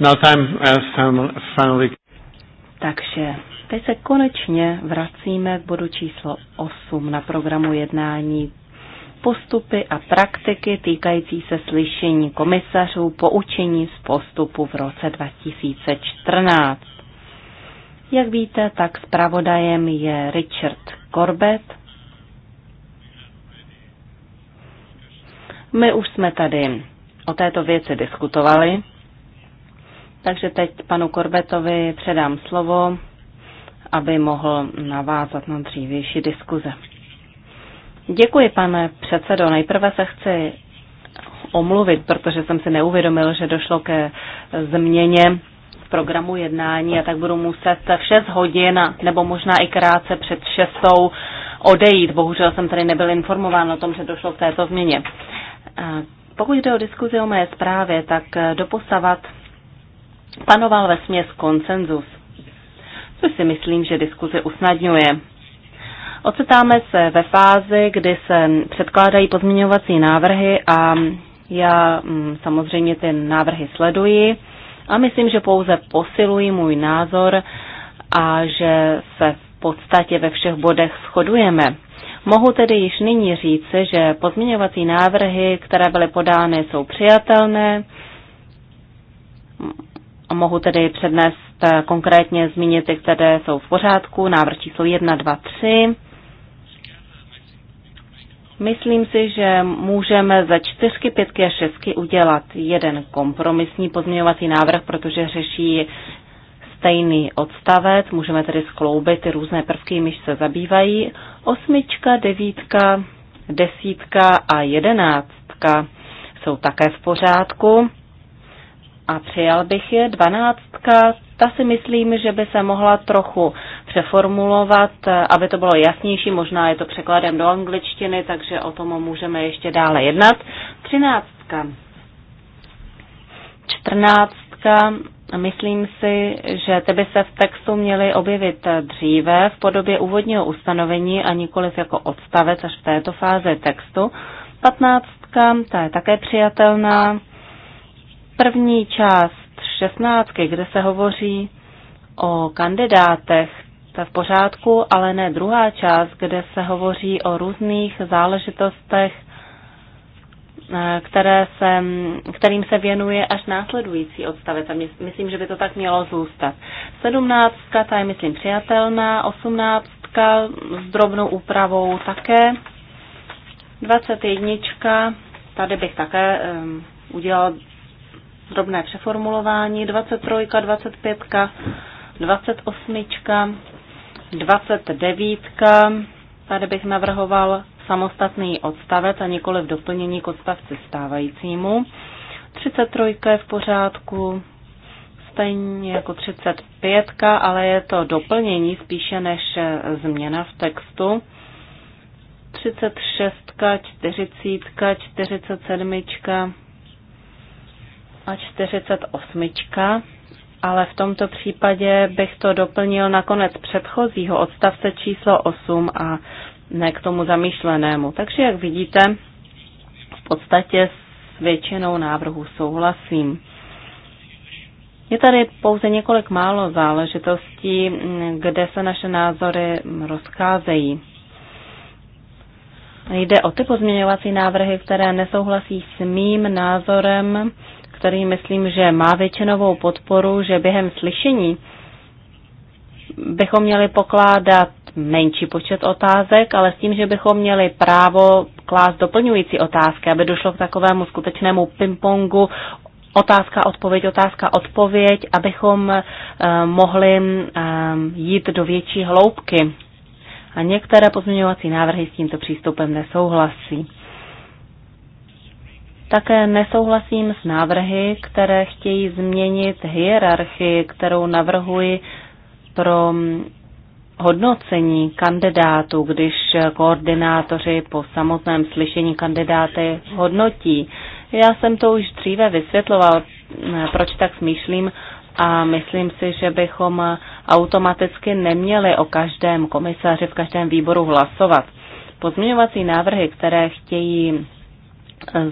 Uh, Takže teď se konečně vracíme k bodu číslo 8 na programu jednání postupy a praktiky týkající se slyšení komisařů poučení z postupu v roce 2014. Jak víte, tak zpravodajem je Richard Corbett. My už jsme tady o této věci diskutovali. Takže teď panu Korbetovi předám slovo, aby mohl navázat na dřívější diskuze. Děkuji, pane předsedo. Nejprve se chci omluvit, protože jsem si neuvědomil, že došlo ke změně v programu jednání a tak budu muset v 6 hodin nebo možná i krátce před 6 odejít. Bohužel jsem tady nebyl informován o tom, že došlo k této změně. Pokud jde o diskuzi o mé zprávě, tak doposavat panoval ve směs konsenzus, což si myslím, že diskuze usnadňuje. Ocitáme se ve fázi, kdy se předkládají pozměňovací návrhy a já mm, samozřejmě ty návrhy sleduji a myslím, že pouze posilují můj názor a že se v podstatě ve všech bodech shodujeme. Mohu tedy již nyní říci, že pozměňovací návrhy, které byly podány, jsou přijatelné a mohu tedy přednést eh, konkrétně zmínit ty, které jsou v pořádku, návrh číslo 1, 2, 3. Myslím si, že můžeme ze čtyřky, pětky a šestky udělat jeden kompromisní pozměňovací návrh, protože řeší stejný odstavec, můžeme tedy skloubit ty různé prvky, jimiž se zabývají. Osmička, devítka, desítka a jedenáctka jsou také v pořádku a přijal bych je. Dvanáctka, ta si myslím, že by se mohla trochu přeformulovat, aby to bylo jasnější, možná je to překladem do angličtiny, takže o tom můžeme ještě dále jednat. Třináctka. Čtrnáctka, myslím si, že ty by se v textu měly objevit dříve v podobě úvodního ustanovení a nikoliv jako odstavec až v této fáze textu. Patnáctka, ta je také přijatelná. První část šestnáctky, kde se hovoří o kandidátech, to je v pořádku, ale ne druhá část, kde se hovoří o různých záležitostech, eh, které se, kterým se věnuje až následující odstavec. A myslím, že by to tak mělo zůstat. Sedmnáctka, ta je, myslím, přijatelná. Osmnáctka s drobnou úpravou také. Dvacet jednička, tady bych také um, ehm, udělal drobné přeformulování, 23, 25, 28, 29. Tady bych navrhoval samostatný odstavec a nikoli v doplnění k odstavci stávajícímu. 33 je v pořádku, stejně jako 35, ale je to doplnění spíše než změna v textu. 36, 40, 47, a 48, ale v tomto případě bych to doplnil na konec předchozího odstavce číslo 8 a ne k tomu zamýšlenému. Takže jak vidíte, v podstatě s většinou návrhu souhlasím. Je tady pouze několik málo záležitostí, kde se naše názory rozcházejí. Jde o ty pozměňovací návrhy, které nesouhlasí s mým názorem který myslím, že má většinovou podporu, že během slyšení bychom měli pokládat menší počet otázek, ale s tím, že bychom měli právo klást doplňující otázky, aby došlo k takovému skutečnému pingpongu otázka, odpověď, otázka, odpověď, abychom eh, mohli eh, jít do větší hloubky. A některé pozměňovací návrhy s tímto přístupem nesouhlasí. Také nesouhlasím s návrhy, které chtějí změnit hierarchii, kterou navrhuji pro hodnocení kandidátů, když koordinátoři po samotném slyšení kandidáty hodnotí. Já jsem to už dříve vysvětloval, proč tak smýšlím a myslím si, že bychom automaticky neměli o každém komisaři v každém výboru hlasovat. Pozměňovací návrhy, které chtějí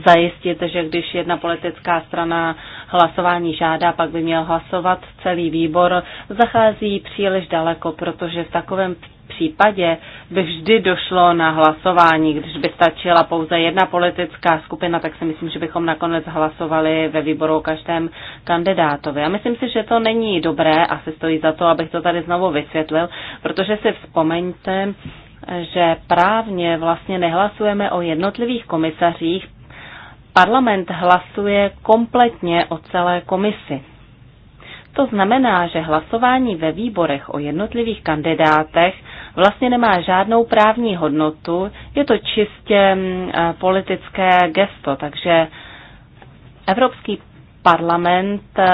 zajistit, že když jedna politická strana hlasování žádá, pak by měl hlasovat celý výbor, zachází příliš daleko, protože v takovém případě by vždy došlo na hlasování. Když by stačila pouze jedna politická skupina, tak si myslím, že bychom nakonec hlasovali ve výboru o každém kandidátovi. A myslím si, že to není dobré, asi stojí za to, abych to tady znovu vysvětlil, protože si vzpomeňte, že právně vlastně nehlasujeme o jednotlivých komisařích, parlament hlasuje kompletně o celé komisi. To znamená, že hlasování ve výborech o jednotlivých kandidátech vlastně nemá žádnou právní hodnotu, je to čistě mm, eh, politické gesto, takže Evropský parlament eh,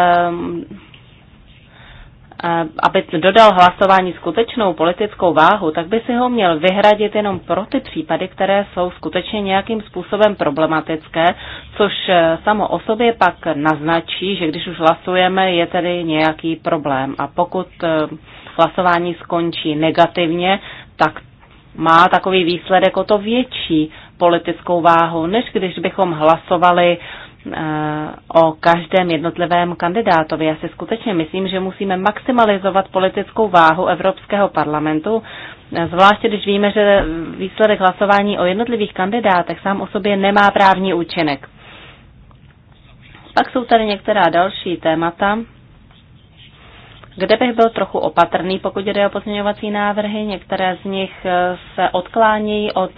Eh, aby dodal hlasování skutečnou politickou váhu, tak by si ho měl vyhradit jenom pro ty případy, které jsou skutečně nějakým způsobem problematické, což eh, samo o sobě pak naznačí, že když už hlasujeme, je tedy nějaký problém. A pokud eh, hlasování skončí negativně, tak má takový výsledek o to větší politickou váhu, než když bychom hlasovali uh, o každém jednotlivém kandidátovi. Já si skutečně myslím, že musíme maximalizovat politickou váhu Evropského parlamentu, zvláště když víme, že výsledek hlasování o jednotlivých kandidátech sám o sobě nemá právní účinek. Pak jsou tady některá další témata, kde bych byl trochu opatrný, pokud jde o pozměňovací návrhy. Některé z nich se odklánějí od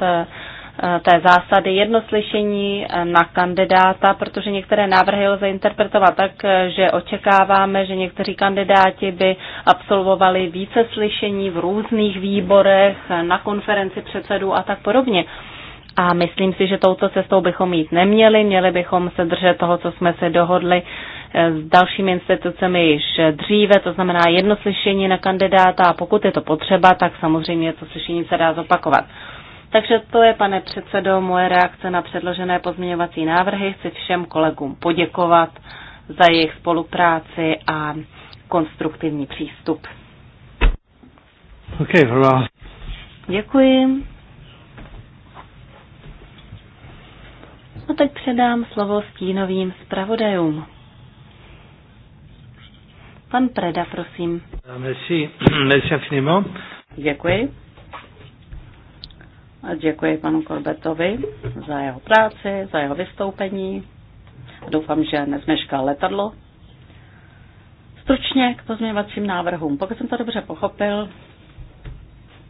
Eh, té zásady jednoslyšení eh, na kandidáta, protože některé návrhy lze interpretovat tak, eh, že očekáváme, že někteří kandidáti by absolvovali více slyšení v různých výborech, na konferenci předsedů a tak podobně. A myslím si, že touto cestou bychom jít neměli, měli bychom se držet toho, co jsme se dohodli s dalšími institucemi již dříve, to znamená jedno slyšení na kandidáta a pokud je to potřeba, tak samozřejmě to slyšení se dá zopakovat. Takže to je, pane předsedo, moje reakce na předložené pozměňovací návrhy. Chci všem kolegům poděkovat za jejich spolupráci a konstruktivní přístup. Okay, all. Děkuji. A teď předám slovo stínovým zpravodajům. Pan Preda, prosím. Merci, merci infiniment. Děkuji. A děkuji panu Korbetovi za jeho práci, za jeho vystoupení. Doufám, že nezmešká letadlo. Stručně k pozměňovacím návrhům. Pokud jsem to dobře pochopil,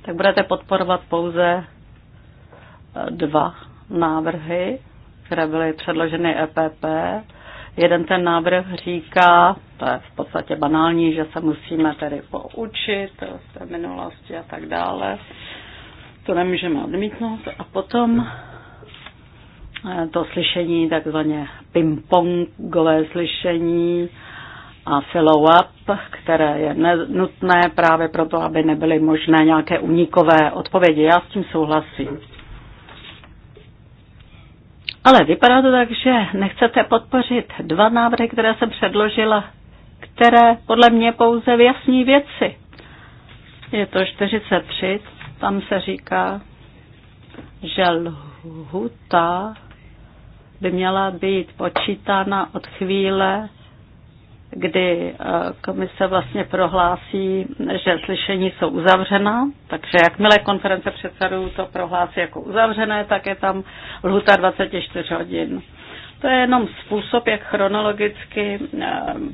tak budete podporovat pouze eh, dva návrhy, které byly předloženy EPP. Jeden ten návrh říká, to je v podstatě banální, že se musíme tedy poučit z té minulosti a tak dále to nemůžeme odmítnout. A potom eh, to slyšení, takzvané pingpongové slyšení a follow-up, které je nutné právě proto, aby nebyly možné nějaké unikové odpovědi. Já s tím souhlasím. Ale vypadá to tak, že nechcete podpořit dva návrhy, které jsem předložila, které podle mě pouze vyjasní věci. Je to 43, tam se říká, že lhuta by měla být počítána od chvíle, kdy eh, komise vlastně prohlásí, že slyšení jsou uzavřena, takže jakmile konference předsedů to prohlásí jako uzavřené, tak je tam lhuta 24 hodin. To je jenom způsob, jak chronologicky eh,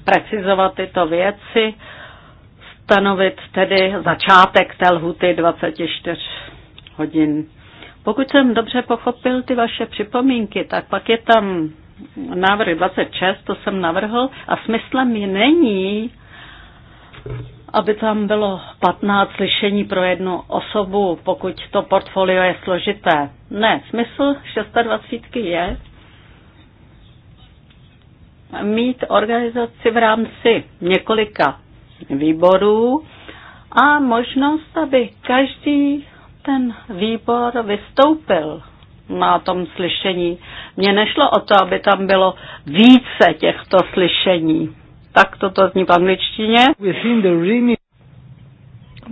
precizovat tyto věci stanovit tedy začátek té lhuty 24 hodin. Pokud jsem dobře pochopil ty vaše připomínky, tak pak je tam návrh 26, to jsem navrhl, a smyslem je není, aby tam bylo 15 slyšení pro jednu osobu, pokud to portfolio je složité. Ne, smysl 26 je mít organizaci v rámci několika výborů a možnost, aby každý ten výbor vystoupil na tom slyšení. Mně nešlo o to, aby tam bylo více těchto slyšení. Tak toto zní v angličtině.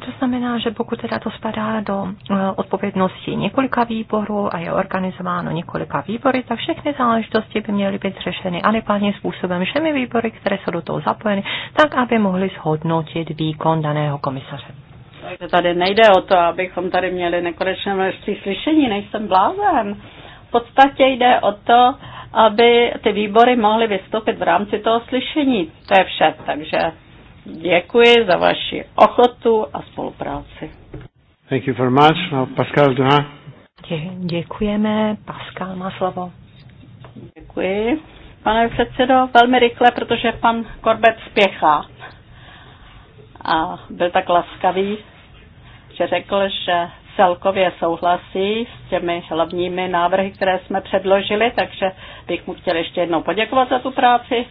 To znamená, že pokud teda to spadá do eh, odpovědnosti několika výborů a je organizováno několika výbory, tak všechny záležitosti by měly být řešeny adekvátním způsobem všemi výbory, které jsou do toho zapojeny, tak aby mohli shodnotit výkon daného komisaře. Takže tady nejde o to, abychom tady měli nekonečné množství slyšení, nejsem blázen. V podstatě jde o to, aby ty výbory mohly vystoupit v rámci toho slyšení. To je vše, takže Děkuji za vaši ochotu a spolupráci. Thank you very much. No, Pascal Dě- děkujeme. Pascal má slovo. Děkuji. Pane předsedo, velmi rychle, protože pan Korbet spěchá. A byl tak laskavý, že řekl, že celkově souhlasí s těmi hlavními návrhy, které jsme předložili, takže bych mu chtěl ještě jednou poděkovat za tu práci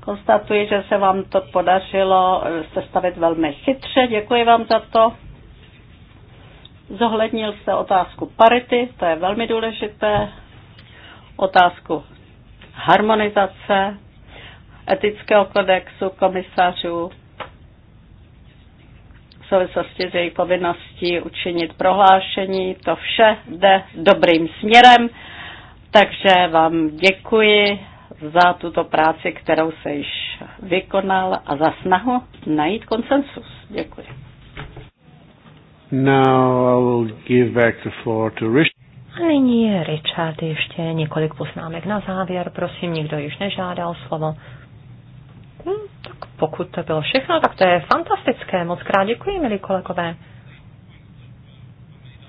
Konstatuji, že se vám to podařilo eh, sestavit velmi chytře. Děkuji vám za to. Zohlednil jste otázku parity, to je velmi důležité. Otázku harmonizace, etického kodexu komisařů v souvislosti s jejich povinností učinit prohlášení. To vše jde dobrým směrem, takže vám děkuji za tuto práci, kterou se již vykonal a za snahu najít konsensus. Děkuji. Now I will give back the floor to Richard. A nyní Richard ještě několik poznámek na závěr. Prosím, nikdo již nežádal slovo. Hm, tak pokud to bylo všechno, tak to je fantastické. Moc krát děkuji, milí kolegové.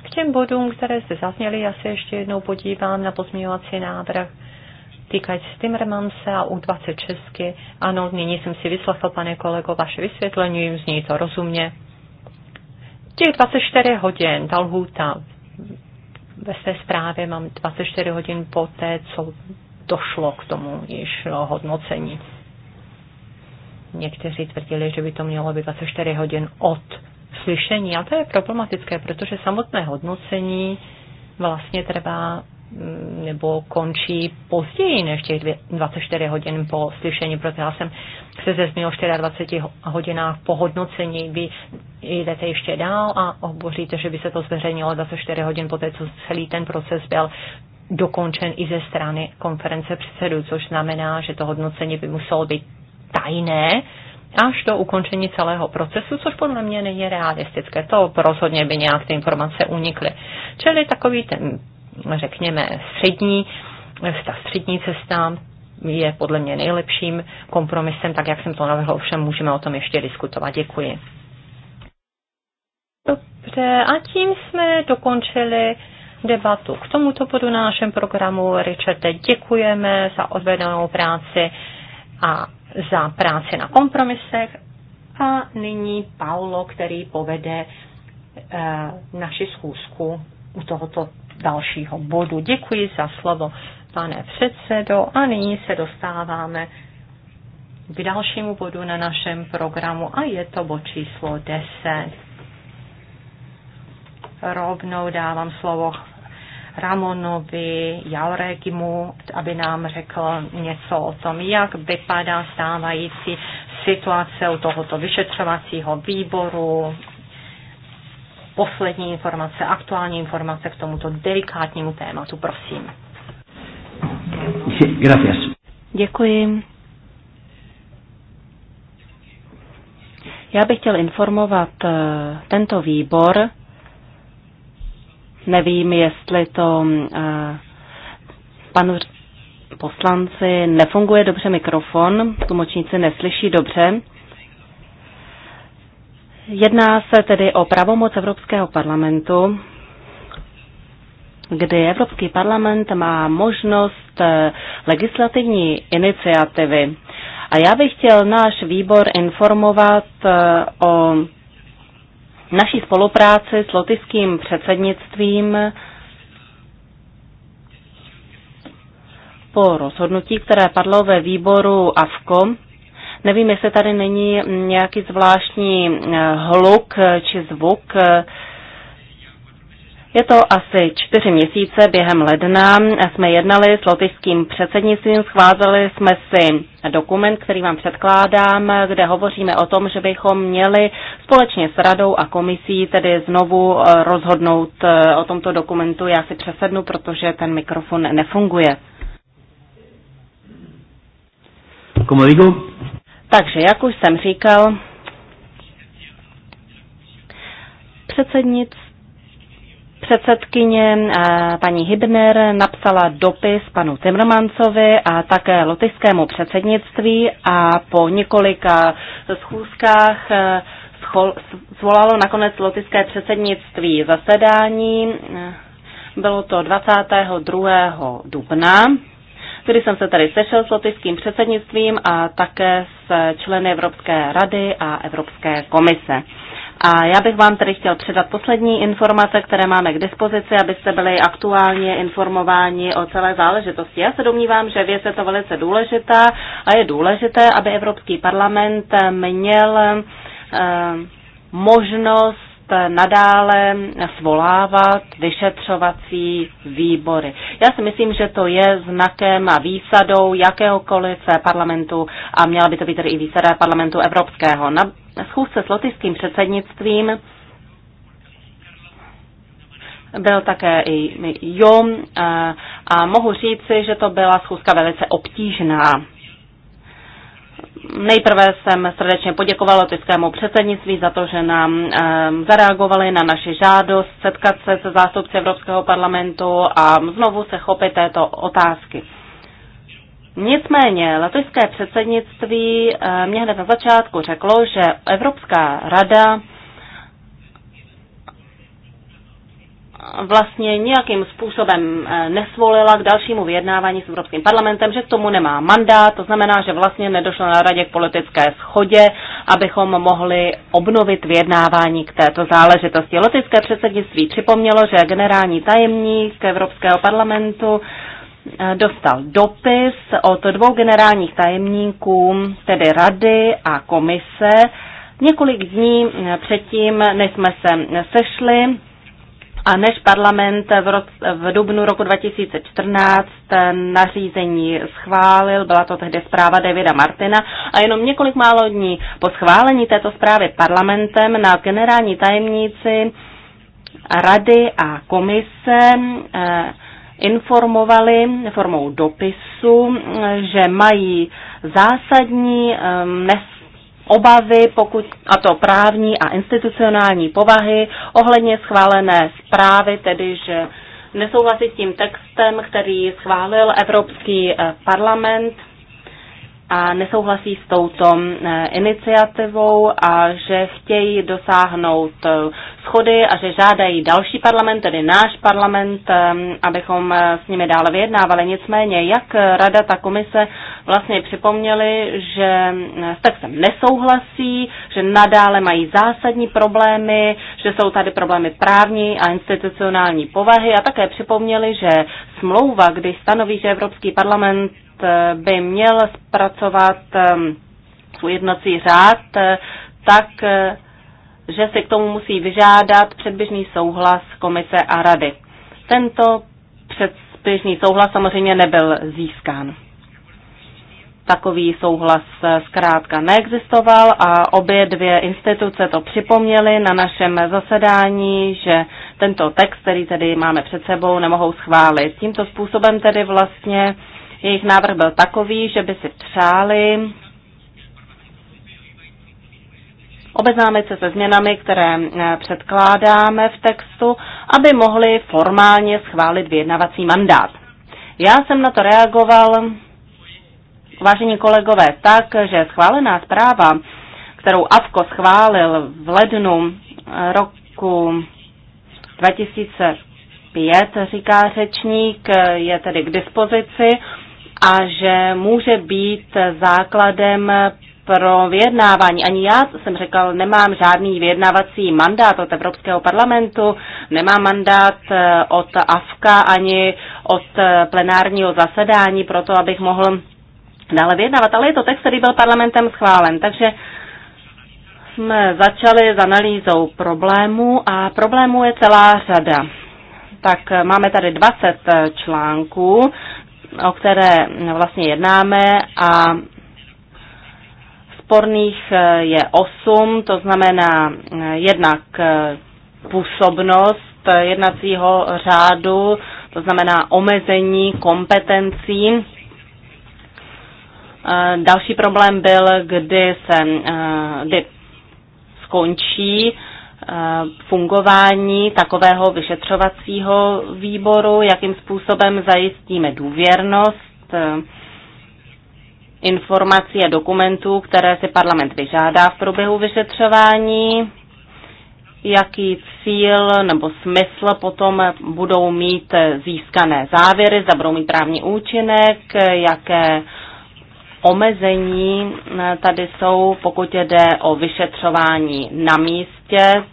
K těm bodům, které jste zazněli, já se ještě jednou podívám na pozměňovací návrh týkající remance a U26. Ano, nyní jsem si vyslechl, pane kolego, vaše vysvětlení, zní to rozumně. Těch 24 hodin, ta lhůta, ve své zprávě mám 24 hodin po té, co došlo k tomu již hodnocení. Někteří tvrdili, že by to mělo být 24 hodin od slyšení, A to je problematické, protože samotné hodnocení vlastně trvá Mm, nebo končí později než těch 24 hodin po slyšení, protože já jsem se ze zmínil 24 hodinách po hodnocení. Vy jdete ještě dál a hovoříte, že by se to zveřejnilo 24 hodin po té, co celý ten proces byl dokončen i ze strany konference předsedů, což znamená, že to hodnocení by muselo být tajné až do ukončení celého procesu, což podle mě není realistické. To rozhodně by nějak ty informace unikly. Čili takový ten řekněme, střední, ta střední cesta je podle mě nejlepším kompromisem, tak jak jsem to navrhl, ovšem můžeme o tom ještě diskutovat. Děkuji. Dobře, a tím jsme dokončili debatu k tomuto bodu na našem programu. Richarde, děkujeme za odvedenou práci a za práci na kompromisech. A nyní Paulo, který povede e, naši schůzku u tohoto dalšího bodu. Děkuji za slovo, pane předsedo. A nyní se dostáváme k dalšímu bodu na našem programu a je to bod číslo 10. Rovnou dávám slovo Ramonovi Jauregimu, aby nám řekl něco o tom, jak vypadá stávající situace u tohoto vyšetřovacího výboru, poslední informace, aktuální informace k tomuto delikátnímu tématu. Prosím. Gracias. Děkuji. Já bych chtěl informovat eh, tento výbor. Nevím, jestli to eh, panu poslanci nefunguje dobře mikrofon, tlumočníci neslyší dobře. Jedná se tedy o pravomoc Evropského parlamentu, kdy Evropský parlament má možnost eh, legislativní iniciativy. A já bych chtěl náš výbor informovat eh, o naší spolupráci s lotyským předsednictvím po rozhodnutí, které padlo ve výboru AFKO Nevím, jestli tady není nějaký zvláštní eh, hluk eh, či zvuk. Eh, je to asi čtyři měsíce během ledna. Jsme jednali s lotyšským předsednictvím, schvázeli jsme si dokument, který vám předkládám, kde hovoříme o tom, že bychom měli společně s radou a komisí tedy znovu rozhodnout o tomto dokumentu. Já si přesednu, protože ten mikrofon nefunguje. Como digo, takže, jak už jsem říkal, předsednic, předsedkyně eh, paní Hibner napsala dopis panu Timmermansovi a také lotyskému předsednictví a po několika schůzkách eh, zvolalo nakonec lotické předsednictví zasedání. Bylo to 22. dubna kdy jsem se tady sešel s lotyským předsednictvím a také s členy Evropské rady a Evropské komise. A já bych vám tedy chtěl předat poslední informace, které máme k dispozici, abyste byli aktuálně informováni o celé záležitosti. Já se domnívám, že věc je to velice důležitá a je důležité, aby Evropský parlament měl eh, možnost nadále svolávat vyšetřovací výbory. Já si myslím, že to je znakem a výsadou jakéhokoliv parlamentu a měla by to být tedy i výsada parlamentu evropského. Na schůzce s lotyským předsednictvím byl také i Jom a mohu říci, že to byla schůzka velice obtížná. Nejprve jsem srdečně poděkoval lotyšskému předsednictví za to, že nám ehm, zareagovali na naši žádost setkat se se zástupci Evropského parlamentu a znovu se chopit této otázky. Nicméně letyšské předsednictví ehm, mě hned na začátku řeklo, že Evropská rada vlastně nějakým způsobem eh, nesvolila k dalšímu vyjednávání s Evropským parlamentem, že k tomu nemá mandát, to znamená, že vlastně nedošlo na radě k politické schodě, abychom mohli obnovit vyjednávání k této záležitosti. Lotické předsednictví připomnělo, že generální tajemník Evropského parlamentu eh, dostal dopis od dvou generálních tajemníků, tedy rady a komise, několik dní eh, předtím, než jsme se sešli a než parlament v, roc, v dubnu roku 2014 eh, nařízení schválil, byla to tehdy zpráva Davida Martina a jenom několik málo dní po schválení této zprávy parlamentem na generální tajemníci rady a komise eh, informovali formou dopisu, eh, že mají zásadní nes obavy, pokud, a to právní a institucionální povahy, ohledně schválené zprávy, tedy že nesouhlasit s tím textem, který schválil Evropský eh, parlament a nesouhlasí s touto eh, iniciativou a že chtějí dosáhnout eh, schody a že žádají další parlament, tedy náš parlament, eh, abychom s nimi dále vyjednávali. Nicméně, jak rada ta komise vlastně připomněli, že s textem nesouhlasí, že nadále mají zásadní problémy, že jsou tady problémy právní a institucionální povahy a také připomněli, že smlouva, když stanoví, že Evropský parlament by měl zpracovat um, svůj jednací řád eh, tak, eh, že si k tomu musí vyžádat předběžný souhlas komise a rady. Tento předběžný souhlas samozřejmě nebyl získán. Takový souhlas eh, zkrátka neexistoval a obě dvě instituce to připomněly na našem zasedání, že tento text, který tedy máme před sebou, nemohou schválit. Tímto způsobem tedy vlastně jejich návrh byl takový, že by si přáli obeznámit se se změnami, které eh, předkládáme v textu, aby mohli formálně schválit vyjednavací mandát. Já jsem na to reagoval, vážení kolegové, tak, že schválená zpráva, kterou AVKO schválil v lednu eh, roku 2005, říká řečník, eh, je tedy k dispozici a že může být základem pro vyjednávání. Ani já jsem řekl, nemám žádný vyjednávací mandát od Evropského parlamentu, nemám mandát eh, od AFKA ani od eh, plenárního zasedání pro to, abych mohl dále vyjednávat. Ale je to text, který byl parlamentem schválen. Takže jsme začali s analýzou problému a problémů je celá řada. Tak eh, máme tady 20 článků, o které vlastně jednáme a sporných eh, je osm. to znamená eh, jednak eh, působnost jednacího řádu, to znamená omezení kompetencí. Další problém byl, kdy se kdy skončí Eh, fungování takového vyšetřovacího výboru, jakým způsobem zajistíme důvěrnost eh, informací a dokumentů, které si parlament vyžádá v průběhu vyšetřování, jaký cíl nebo smysl potom budou mít získané závěry, zda budou mít právní účinek, jaké omezení eh, tady jsou, pokud jde o vyšetřování na místě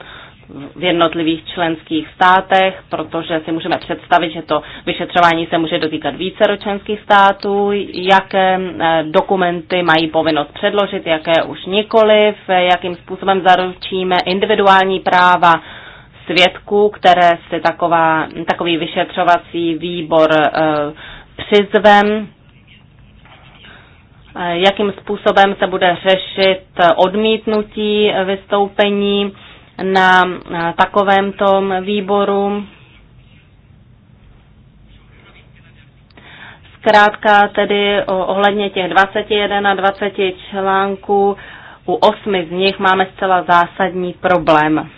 v jednotlivých členských státech, protože si můžeme představit, že to vyšetřování se může dotýkat více do členských států, jaké eh, dokumenty mají povinnost předložit, jaké už nikoliv, eh, jakým způsobem zaručíme individuální práva svědků, které si taková, takový vyšetřovací výbor přizvem Eh, jakým způsobem se bude řešit eh, odmítnutí vystoupení na eh, takovémto výboru. Zkrátka tedy ohledně těch 21 a 20 článků, u osmi z nich máme zcela zásadní problém.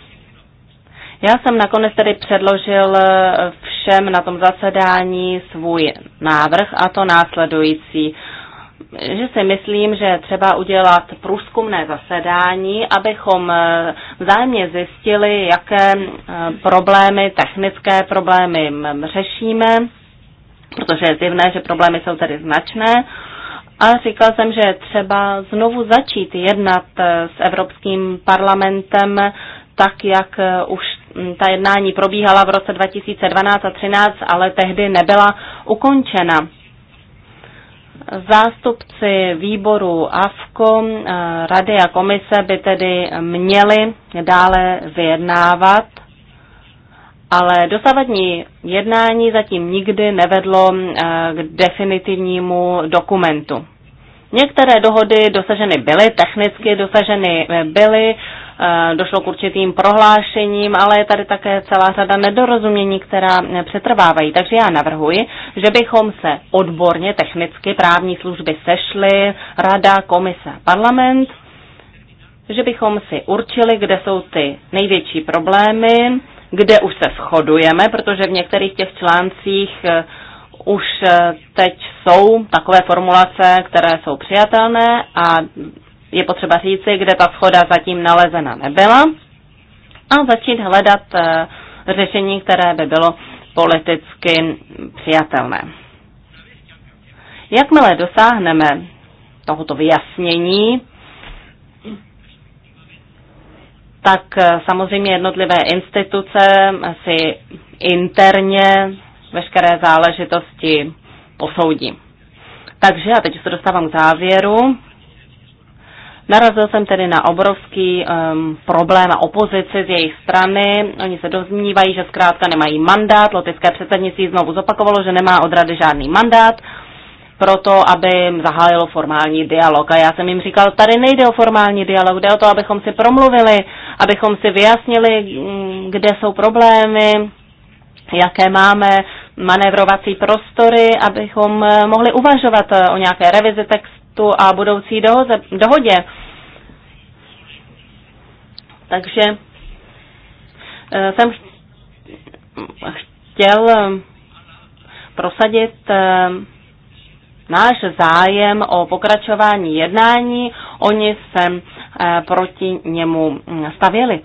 Já jsem nakonec tedy předložil všem na tom zasedání svůj návrh a to následující že si myslím, že třeba udělat průzkumné zasedání, abychom eh, vzájemně zjistili, jaké eh, problémy, technické problémy mm, řešíme, protože je zjevné, že problémy jsou tedy značné. A říkal jsem, že třeba znovu začít jednat eh, s Evropským parlamentem tak, jak už mm, ta jednání probíhala v roce 2012 a 2013, ale tehdy nebyla ukončena. Zástupci výboru AFKO, eh, rady a komise by tedy měli dále vyjednávat, ale dosavadní jednání zatím nikdy nevedlo eh, k definitivnímu dokumentu. Některé dohody dosaženy byly, technicky dosaženy eh, byly, Eh, došlo k určitým prohlášením, ale je tady také celá řada nedorozumění, která přetrvávají. Takže já navrhuji, že bychom se odborně, technicky, právní služby sešly, rada, komise, parlament, že bychom si určili, kde jsou ty největší problémy, kde už se shodujeme, protože v některých těch článcích eh, už eh, teď jsou takové formulace, které jsou přijatelné a je potřeba říci, kde ta schoda zatím nalezena nebyla a začít hledat eh, řešení, které by bylo politicky přijatelné. Jakmile dosáhneme tohoto vyjasnění, tak eh, samozřejmě jednotlivé instituce si interně veškeré záležitosti posoudí. Takže, a teď se dostávám k závěru, Narazil jsem tedy na obrovský um, problém a opozici z jejich strany. Oni se dozmívají, že zkrátka nemají mandát. Lotické předsednictví znovu zopakovalo, že nemá od rady žádný mandát proto, aby zahájilo formální dialog. A já jsem jim říkal, tady nejde o formální dialog, jde o to, abychom si promluvili, abychom si vyjasnili, mm, kde jsou problémy, jaké máme manévrovací prostory, abychom eh, mohli uvažovat eh, o nějaké revizi textu tu a budoucí dohoze, dohodě. Takže eh, jsem chtěl eh, prosadit eh, náš zájem o pokračování jednání. Oni se proti němu hm, stavěli.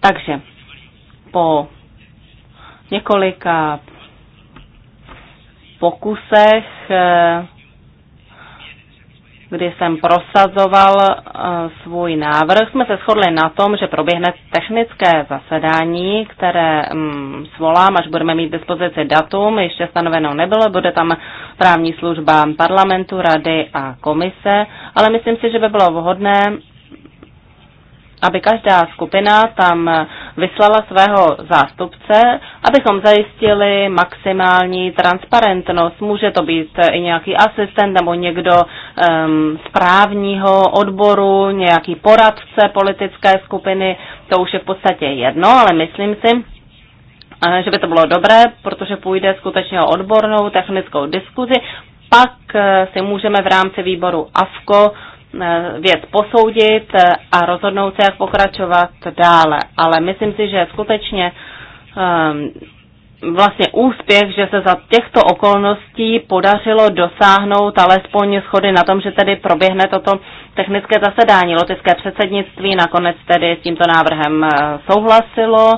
Takže po několika pokusech kdy jsem prosazoval eh, svůj návrh, jsme se shodli na tom, že proběhne technické zasedání, které mm, svolám, až budeme mít dispozici datum, ještě stanoveno nebylo, bude tam právní služba parlamentu, rady a komise, ale myslím si, že by bylo vhodné aby každá skupina tam vyslala svého zástupce, abychom zajistili maximální transparentnost. Může to být i nějaký asistent nebo někdo um, z právního odboru, nějaký poradce politické skupiny, to už je v podstatě jedno, ale myslím si, eh, že by to bylo dobré, protože půjde skutečně o odbornou technickou diskuzi. Pak eh, si můžeme v rámci výboru AFKO Eh, věc posoudit eh, a rozhodnout se, jak pokračovat dále. Ale myslím si, že skutečně ehm, vlastně úspěch, že se za těchto okolností podařilo dosáhnout alespoň schody na tom, že tedy proběhne toto technické zasedání. lotické předsednictví nakonec tedy s tímto návrhem eh, souhlasilo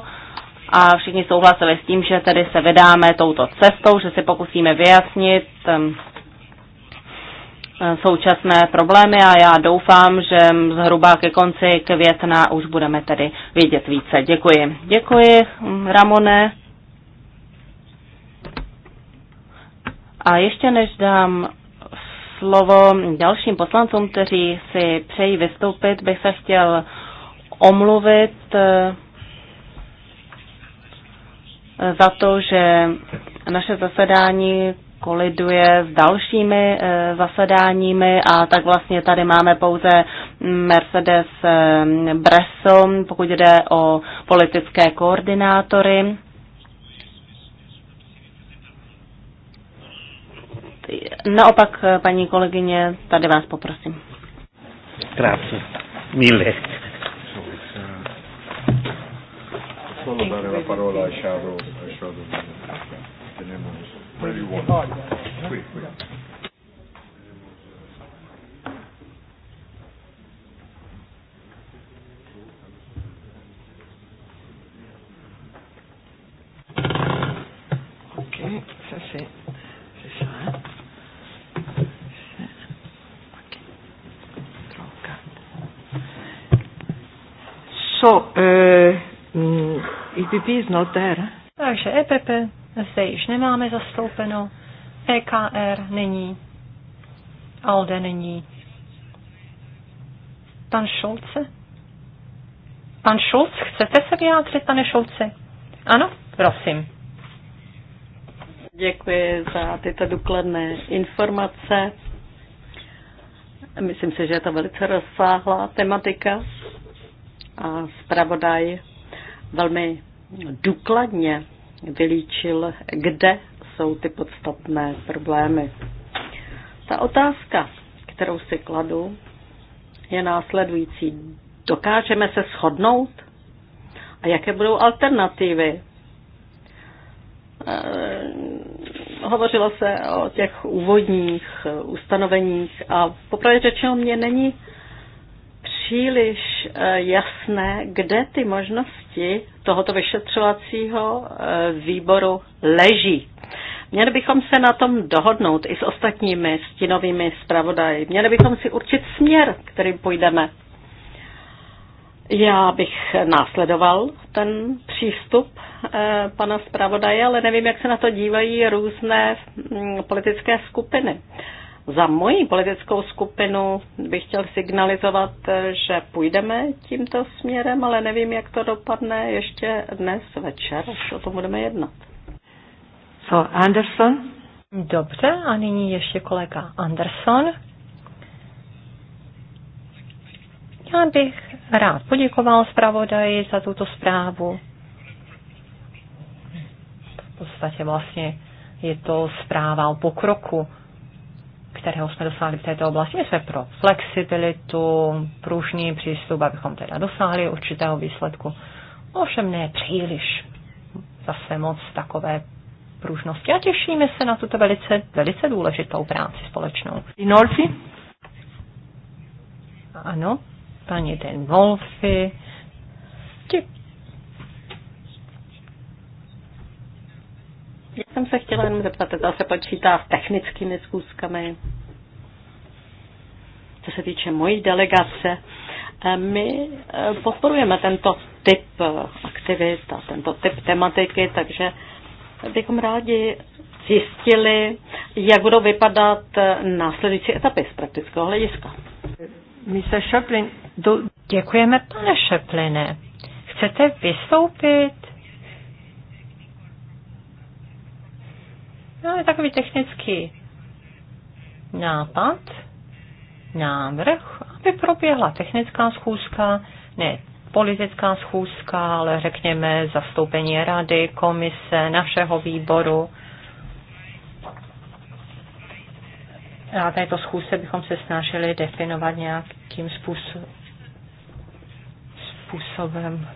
a všichni souhlasili s tím, že tedy se vydáme touto cestou, že si pokusíme vyjasnit ehm, Eh, současné problémy a já doufám, že zhruba ke konci května už budeme tedy vědět více. Děkuji. Děkuji, Ramone. A ještě než dám slovo dalším poslancům, kteří si přejí vystoupit, bych se chtěl omluvit eh, za to, že naše zasedání koliduje s dalšími eh, zasedáními a tak vlastně tady máme pouze Mercedes eh, Bresso, pokud jde o politické koordinátory. Naopak, eh, paní kolegyně, tady vás poprosím. Krásně, milé. Solo dare la parola a shadow, Maybe one. Quick, euh, quick. So, uh, hmm, EPP is not there. Takže ah, EPP zde již nemáme zastoupeno, EKR není, ALDE není. Pan Šulce? Pan Šulc, chcete se vyjádřit, pane Šulci? Ano, prosím. Děkuji za tyto důkladné informace. Myslím si, že je to velice rozsáhlá tematika a zpravodaj velmi důkladně vylíčil, kde jsou ty podstatné problémy. Ta otázka, kterou si kladu, je následující. Dokážeme se shodnout? A jaké budou alternativy? Eh, hovořilo se o těch úvodních ustanoveních a popravdě řečeno mě není příliš eh, jasné, kde ty možnosti tohoto vyšetřovacího eh, výboru leží. Měli bychom se na tom dohodnout i s ostatními stinovými zpravodaji. Měli bychom si určit směr, kterým půjdeme. Já bych následoval ten přístup eh, pana zpravodaje, ale nevím, jak se na to dívají různé mm, politické skupiny. Za moji politickou skupinu bych chtěl signalizovat, že půjdeme tímto směrem, ale nevím, jak to dopadne ještě dnes večer, až o tom budeme jednat. So, Anderson? Dobře, a nyní ještě kolega Anderson. Já bych rád poděkoval zpravodaji za tuto zprávu. V podstatě vlastně je to zpráva o pokroku kterého jsme dosáhli v této oblasti. My jsme pro flexibilitu, pružný přístup, abychom teda dosáhli určitého výsledku. Ovšem ne příliš zase moc takové pružnosti a těšíme se na tuto velice, velice důležitou práci společnou. Dinolfi? Ano, paní Den Wolfi. Děkuji Já jsem se chtěla jenom zeptat, to se počítá s technickými zkouškami, co se týče mojí delegace. Eh, my eh, podporujeme tento typ eh, aktivit a tento typ tematiky, takže bychom rádi zjistili, jak budou vypadat následující etapy z praktického hlediska. Děkujeme, pane Šepline. Chcete vystoupit? No, je takový technický nápad, návrh, aby proběhla technická schůzka, ne politická schůzka, ale řekněme zastoupení rady, komise, našeho výboru. Na této schůzce bychom se snažili definovat nějakým způsobem, způsobem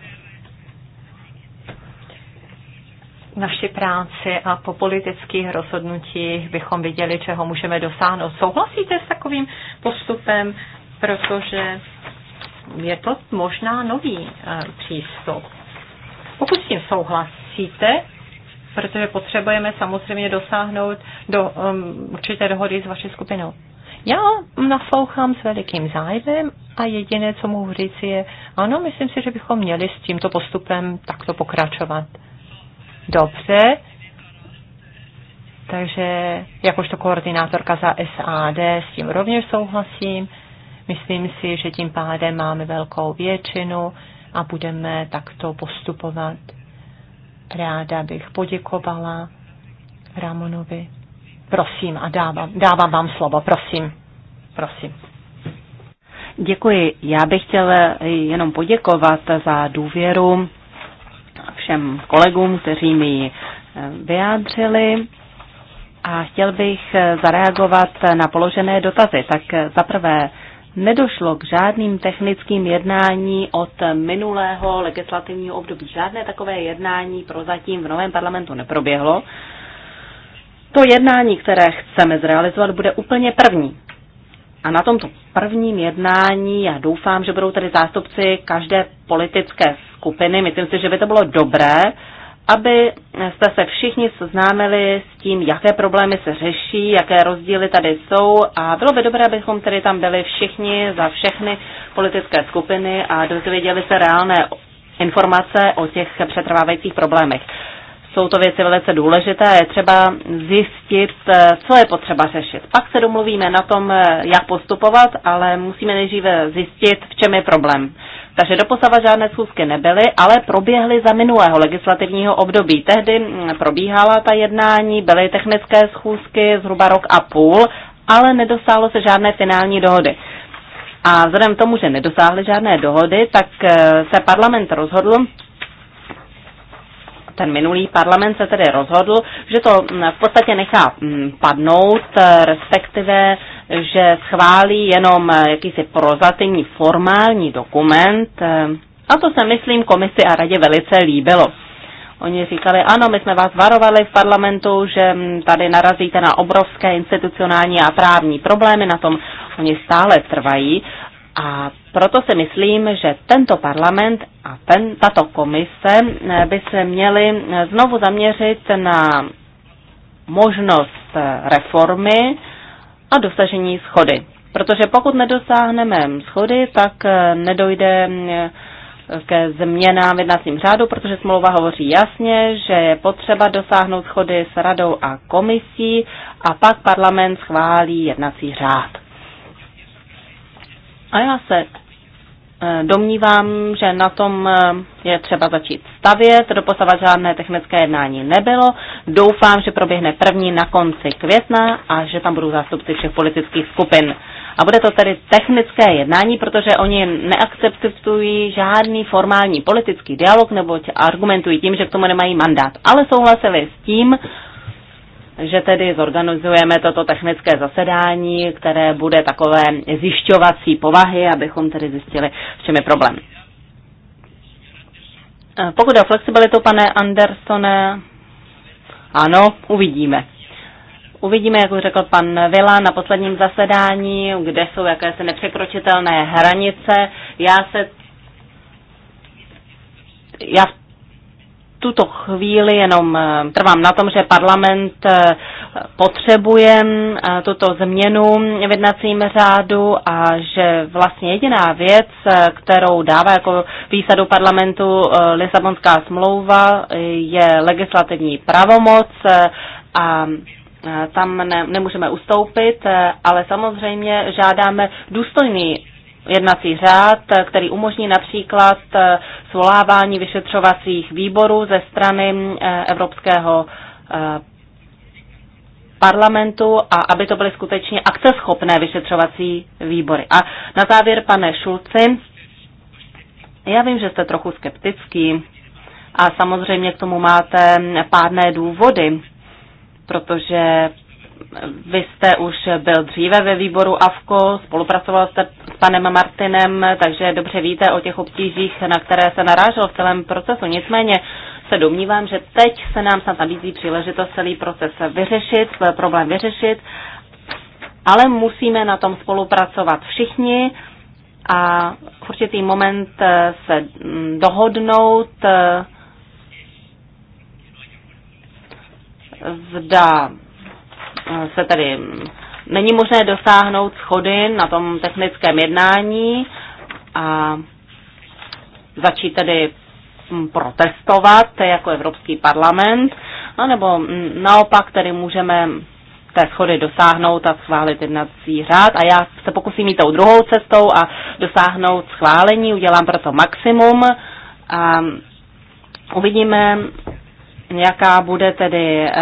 naši práci a po politických rozhodnutích bychom viděli, čeho můžeme dosáhnout. Souhlasíte s takovým postupem, protože je to možná nový eh, přístup. Pokud s tím souhlasíte, protože potřebujeme samozřejmě dosáhnout do um, určité dohody s vaší skupinou. Já naslouchám s velikým zájmem a jediné, co mohu říct, je, ano, myslím si, že bychom měli s tímto postupem takto pokračovat dobře. Takže jakožto koordinátorka za SAD s tím rovněž souhlasím. Myslím si, že tím pádem máme velkou většinu a budeme takto postupovat. Ráda bych poděkovala Ramonovi. Prosím a dávám, dávám vám slovo, prosím. Prosím. Děkuji. Já bych chtěla jenom poděkovat za důvěru všem kolegům, kteří mi ji eh, vyjádřili. A chtěl bych eh, zareagovat na položené dotazy. Tak eh, zaprvé nedošlo k žádným technickým jednání od minulého legislativního období. Žádné takové jednání prozatím v novém parlamentu neproběhlo. To jednání, které chceme zrealizovat, bude úplně první. A na tomto prvním jednání já doufám, že budou tady zástupci každé politické skupiny. Myslím si, že by to bylo dobré, aby jste se všichni seznámili s tím, jaké problémy se řeší, jaké rozdíly tady jsou a bylo by dobré, abychom tady tam byli všichni za všechny politické skupiny a dozvěděli se reálné informace o těch přetrvávajících problémech. Jsou to věci velice důležité a je třeba zjistit, eh, co je potřeba řešit. Pak se domluvíme na tom, eh, jak postupovat, ale musíme nejdříve zjistit, v čem je problém. Takže doposava žádné schůzky nebyly, ale proběhly za minulého legislativního období. Tehdy mm, probíhala ta jednání, byly technické schůzky zhruba rok a půl, ale nedosáhlo se žádné finální dohody. A vzhledem k tomu, že nedosáhly žádné dohody, tak eh, se parlament rozhodl, ten minulý parlament se tedy rozhodl, že to mm, v podstatě nechá mm, padnout, eh, respektive, že schválí jenom eh, jakýsi prozatímní formální dokument. Eh, a to se, myslím, komisi a radě velice líbilo. Oni říkali, ano, my jsme vás varovali v parlamentu, že mm, tady narazíte na obrovské institucionální a právní problémy, na tom oni stále trvají. A proto si myslím, že tento parlament a ten, tato komise eh, by se měly eh, znovu zaměřit na možnost eh, reformy a dosažení schody. Protože pokud nedosáhneme schody, tak nedojde ke změnám v jednacím řádu, protože smlouva hovoří jasně, že je potřeba dosáhnout schody s radou a komisí a pak parlament schválí jednací řád. A já se Eh, domnívám, že na tom eh, je třeba začít stavět. Doposavat žádné technické jednání nebylo. Doufám, že proběhne první na konci května a že tam budou zástupci všech politických skupin. A bude to tedy technické jednání, protože oni neakceptují žádný formální politický dialog, nebo argumentují tím, že k tomu nemají mandát. Ale souhlasili s tím, že tedy zorganizujeme toto technické zasedání, které bude takové zjišťovací povahy, abychom tedy zjistili, v čem je problém. Eh, pokud je o flexibilitu, pane Andersone, ano, uvidíme. Uvidíme, jak už řekl pan Vila na posledním zasedání, kde jsou jakési nepřekročitelné hranice. Já se já v tuto chvíli jenom eh, trvám na tom, že parlament eh, potřebuje eh, tuto změnu v jednacím řádu a že vlastně jediná věc, kterou dává jako výsadu parlamentu Lisabonská smlouva, je legislativní pravomoc a tam ne, nemůžeme ustoupit, ale samozřejmě žádáme důstojný jednací řád, který umožní například eh, svolávání vyšetřovacích výborů ze strany eh, Evropského eh, parlamentu a aby to byly skutečně akceschopné vyšetřovací výbory. A na závěr, pane Šulci, já vím, že jste trochu skeptický a samozřejmě k tomu máte pádné důvody, protože vy jste už byl dříve ve výboru AVKO, spolupracoval jste s panem Martinem, takže dobře víte o těch obtížích, na které se narážel v celém procesu. Nicméně se domnívám, že teď se nám snad nabízí příležitost celý proces vyřešit, problém vyřešit, ale musíme na tom spolupracovat všichni a v určitý moment se mm, dohodnout, eh, zda se tedy mm, není možné dosáhnout schody na tom technickém jednání a začít tedy mm, protestovat jako Evropský parlament, anebo mm, naopak tedy můžeme té schody dosáhnout a schválit jednací řád. A já se pokusím jít tou druhou cestou a dosáhnout schválení, udělám proto maximum a uvidíme, jaká bude tedy eh,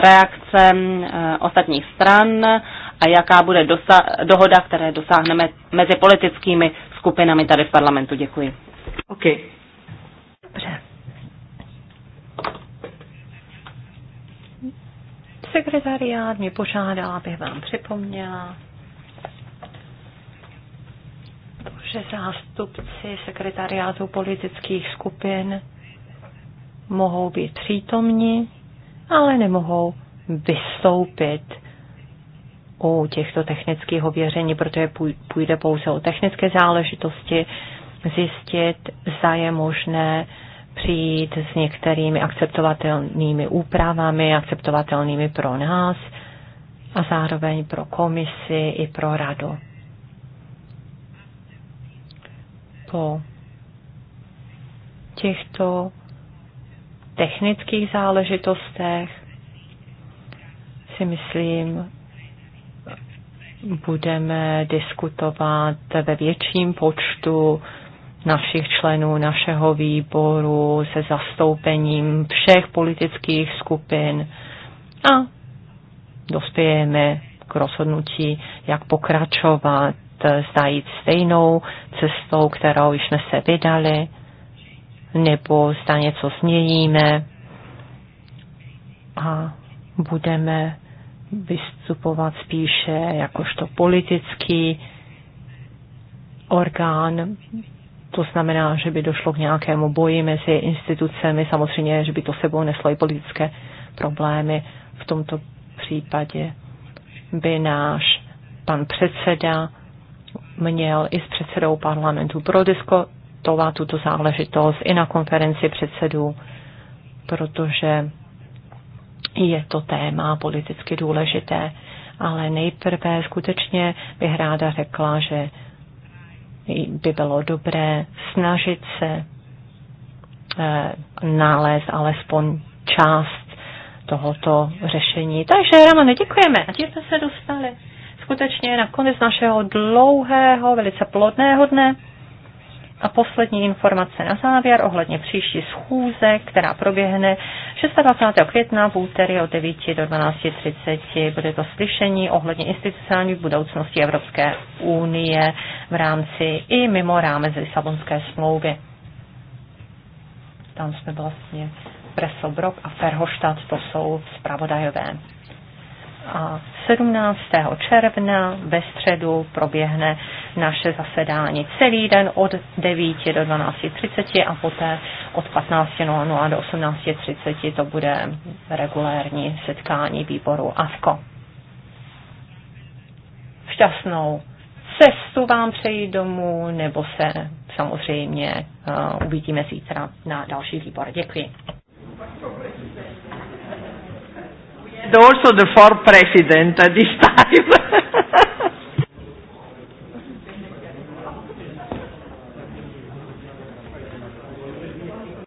reakce eh, ostatních stran a jaká bude dohoda, které dosáhneme mezi politickými skupinami tady v parlamentu. Děkuji. OK. Dobře. Sekretariát mě požádá, abych vám připomněla, že zástupci sekretariátu politických skupin mohou být přítomni, ale nemohou vystoupit u těchto technických ověření, protože půjde pouze o technické záležitosti, zjistit, zda je možné přijít s některými akceptovatelnými úpravami, akceptovatelnými pro nás a zároveň pro komisi i pro radu. Po těchto technických záležitostech si myslím, budeme diskutovat ve větším počtu našich členů, našeho výboru, se zastoupením všech politických skupin a dospějeme k rozhodnutí, jak pokračovat, zda stejnou cestou, kterou jsme se vydali, nebo zda něco změníme a budeme vystupovat spíše jakožto politický orgán. To znamená, že by došlo k nějakému boji mezi institucemi, samozřejmě, že by to sebou neslo i politické problémy. V tomto případě by náš pan předseda měl i s předsedou parlamentu prodisko, komentovat tuto záležitost i na konferenci předsedů, protože je to téma politicky důležité. Ale nejprve skutečně bych ráda řekla, že by bylo dobré snažit se eh, nalézt alespoň část tohoto řešení. Takže Ramone, děkujeme a tím jsme se dostali skutečně na konec našeho dlouhého, velice plodného dne. A poslední informace na závěr ohledně příští schůze, která proběhne 26. května v úterý od 9 do 12.30. Bude to slyšení ohledně institucionální budoucnosti Evropské unie v rámci i mimo rámec Lisabonské smlouvy. Tam jsme vlastně Presobrok a Ferhoštát, to jsou zpravodajové a 17. června ve středu proběhne naše zasedání celý den od 9 do 12.30 a poté od 15.00 do 18.30 to bude regulérní setkání výboru AFKO. Šťastnou cestu vám přeji domů nebo se samozřejmě uh, uvidíme zítra na další výbor. Děkuji also the four president at this time. *laughs*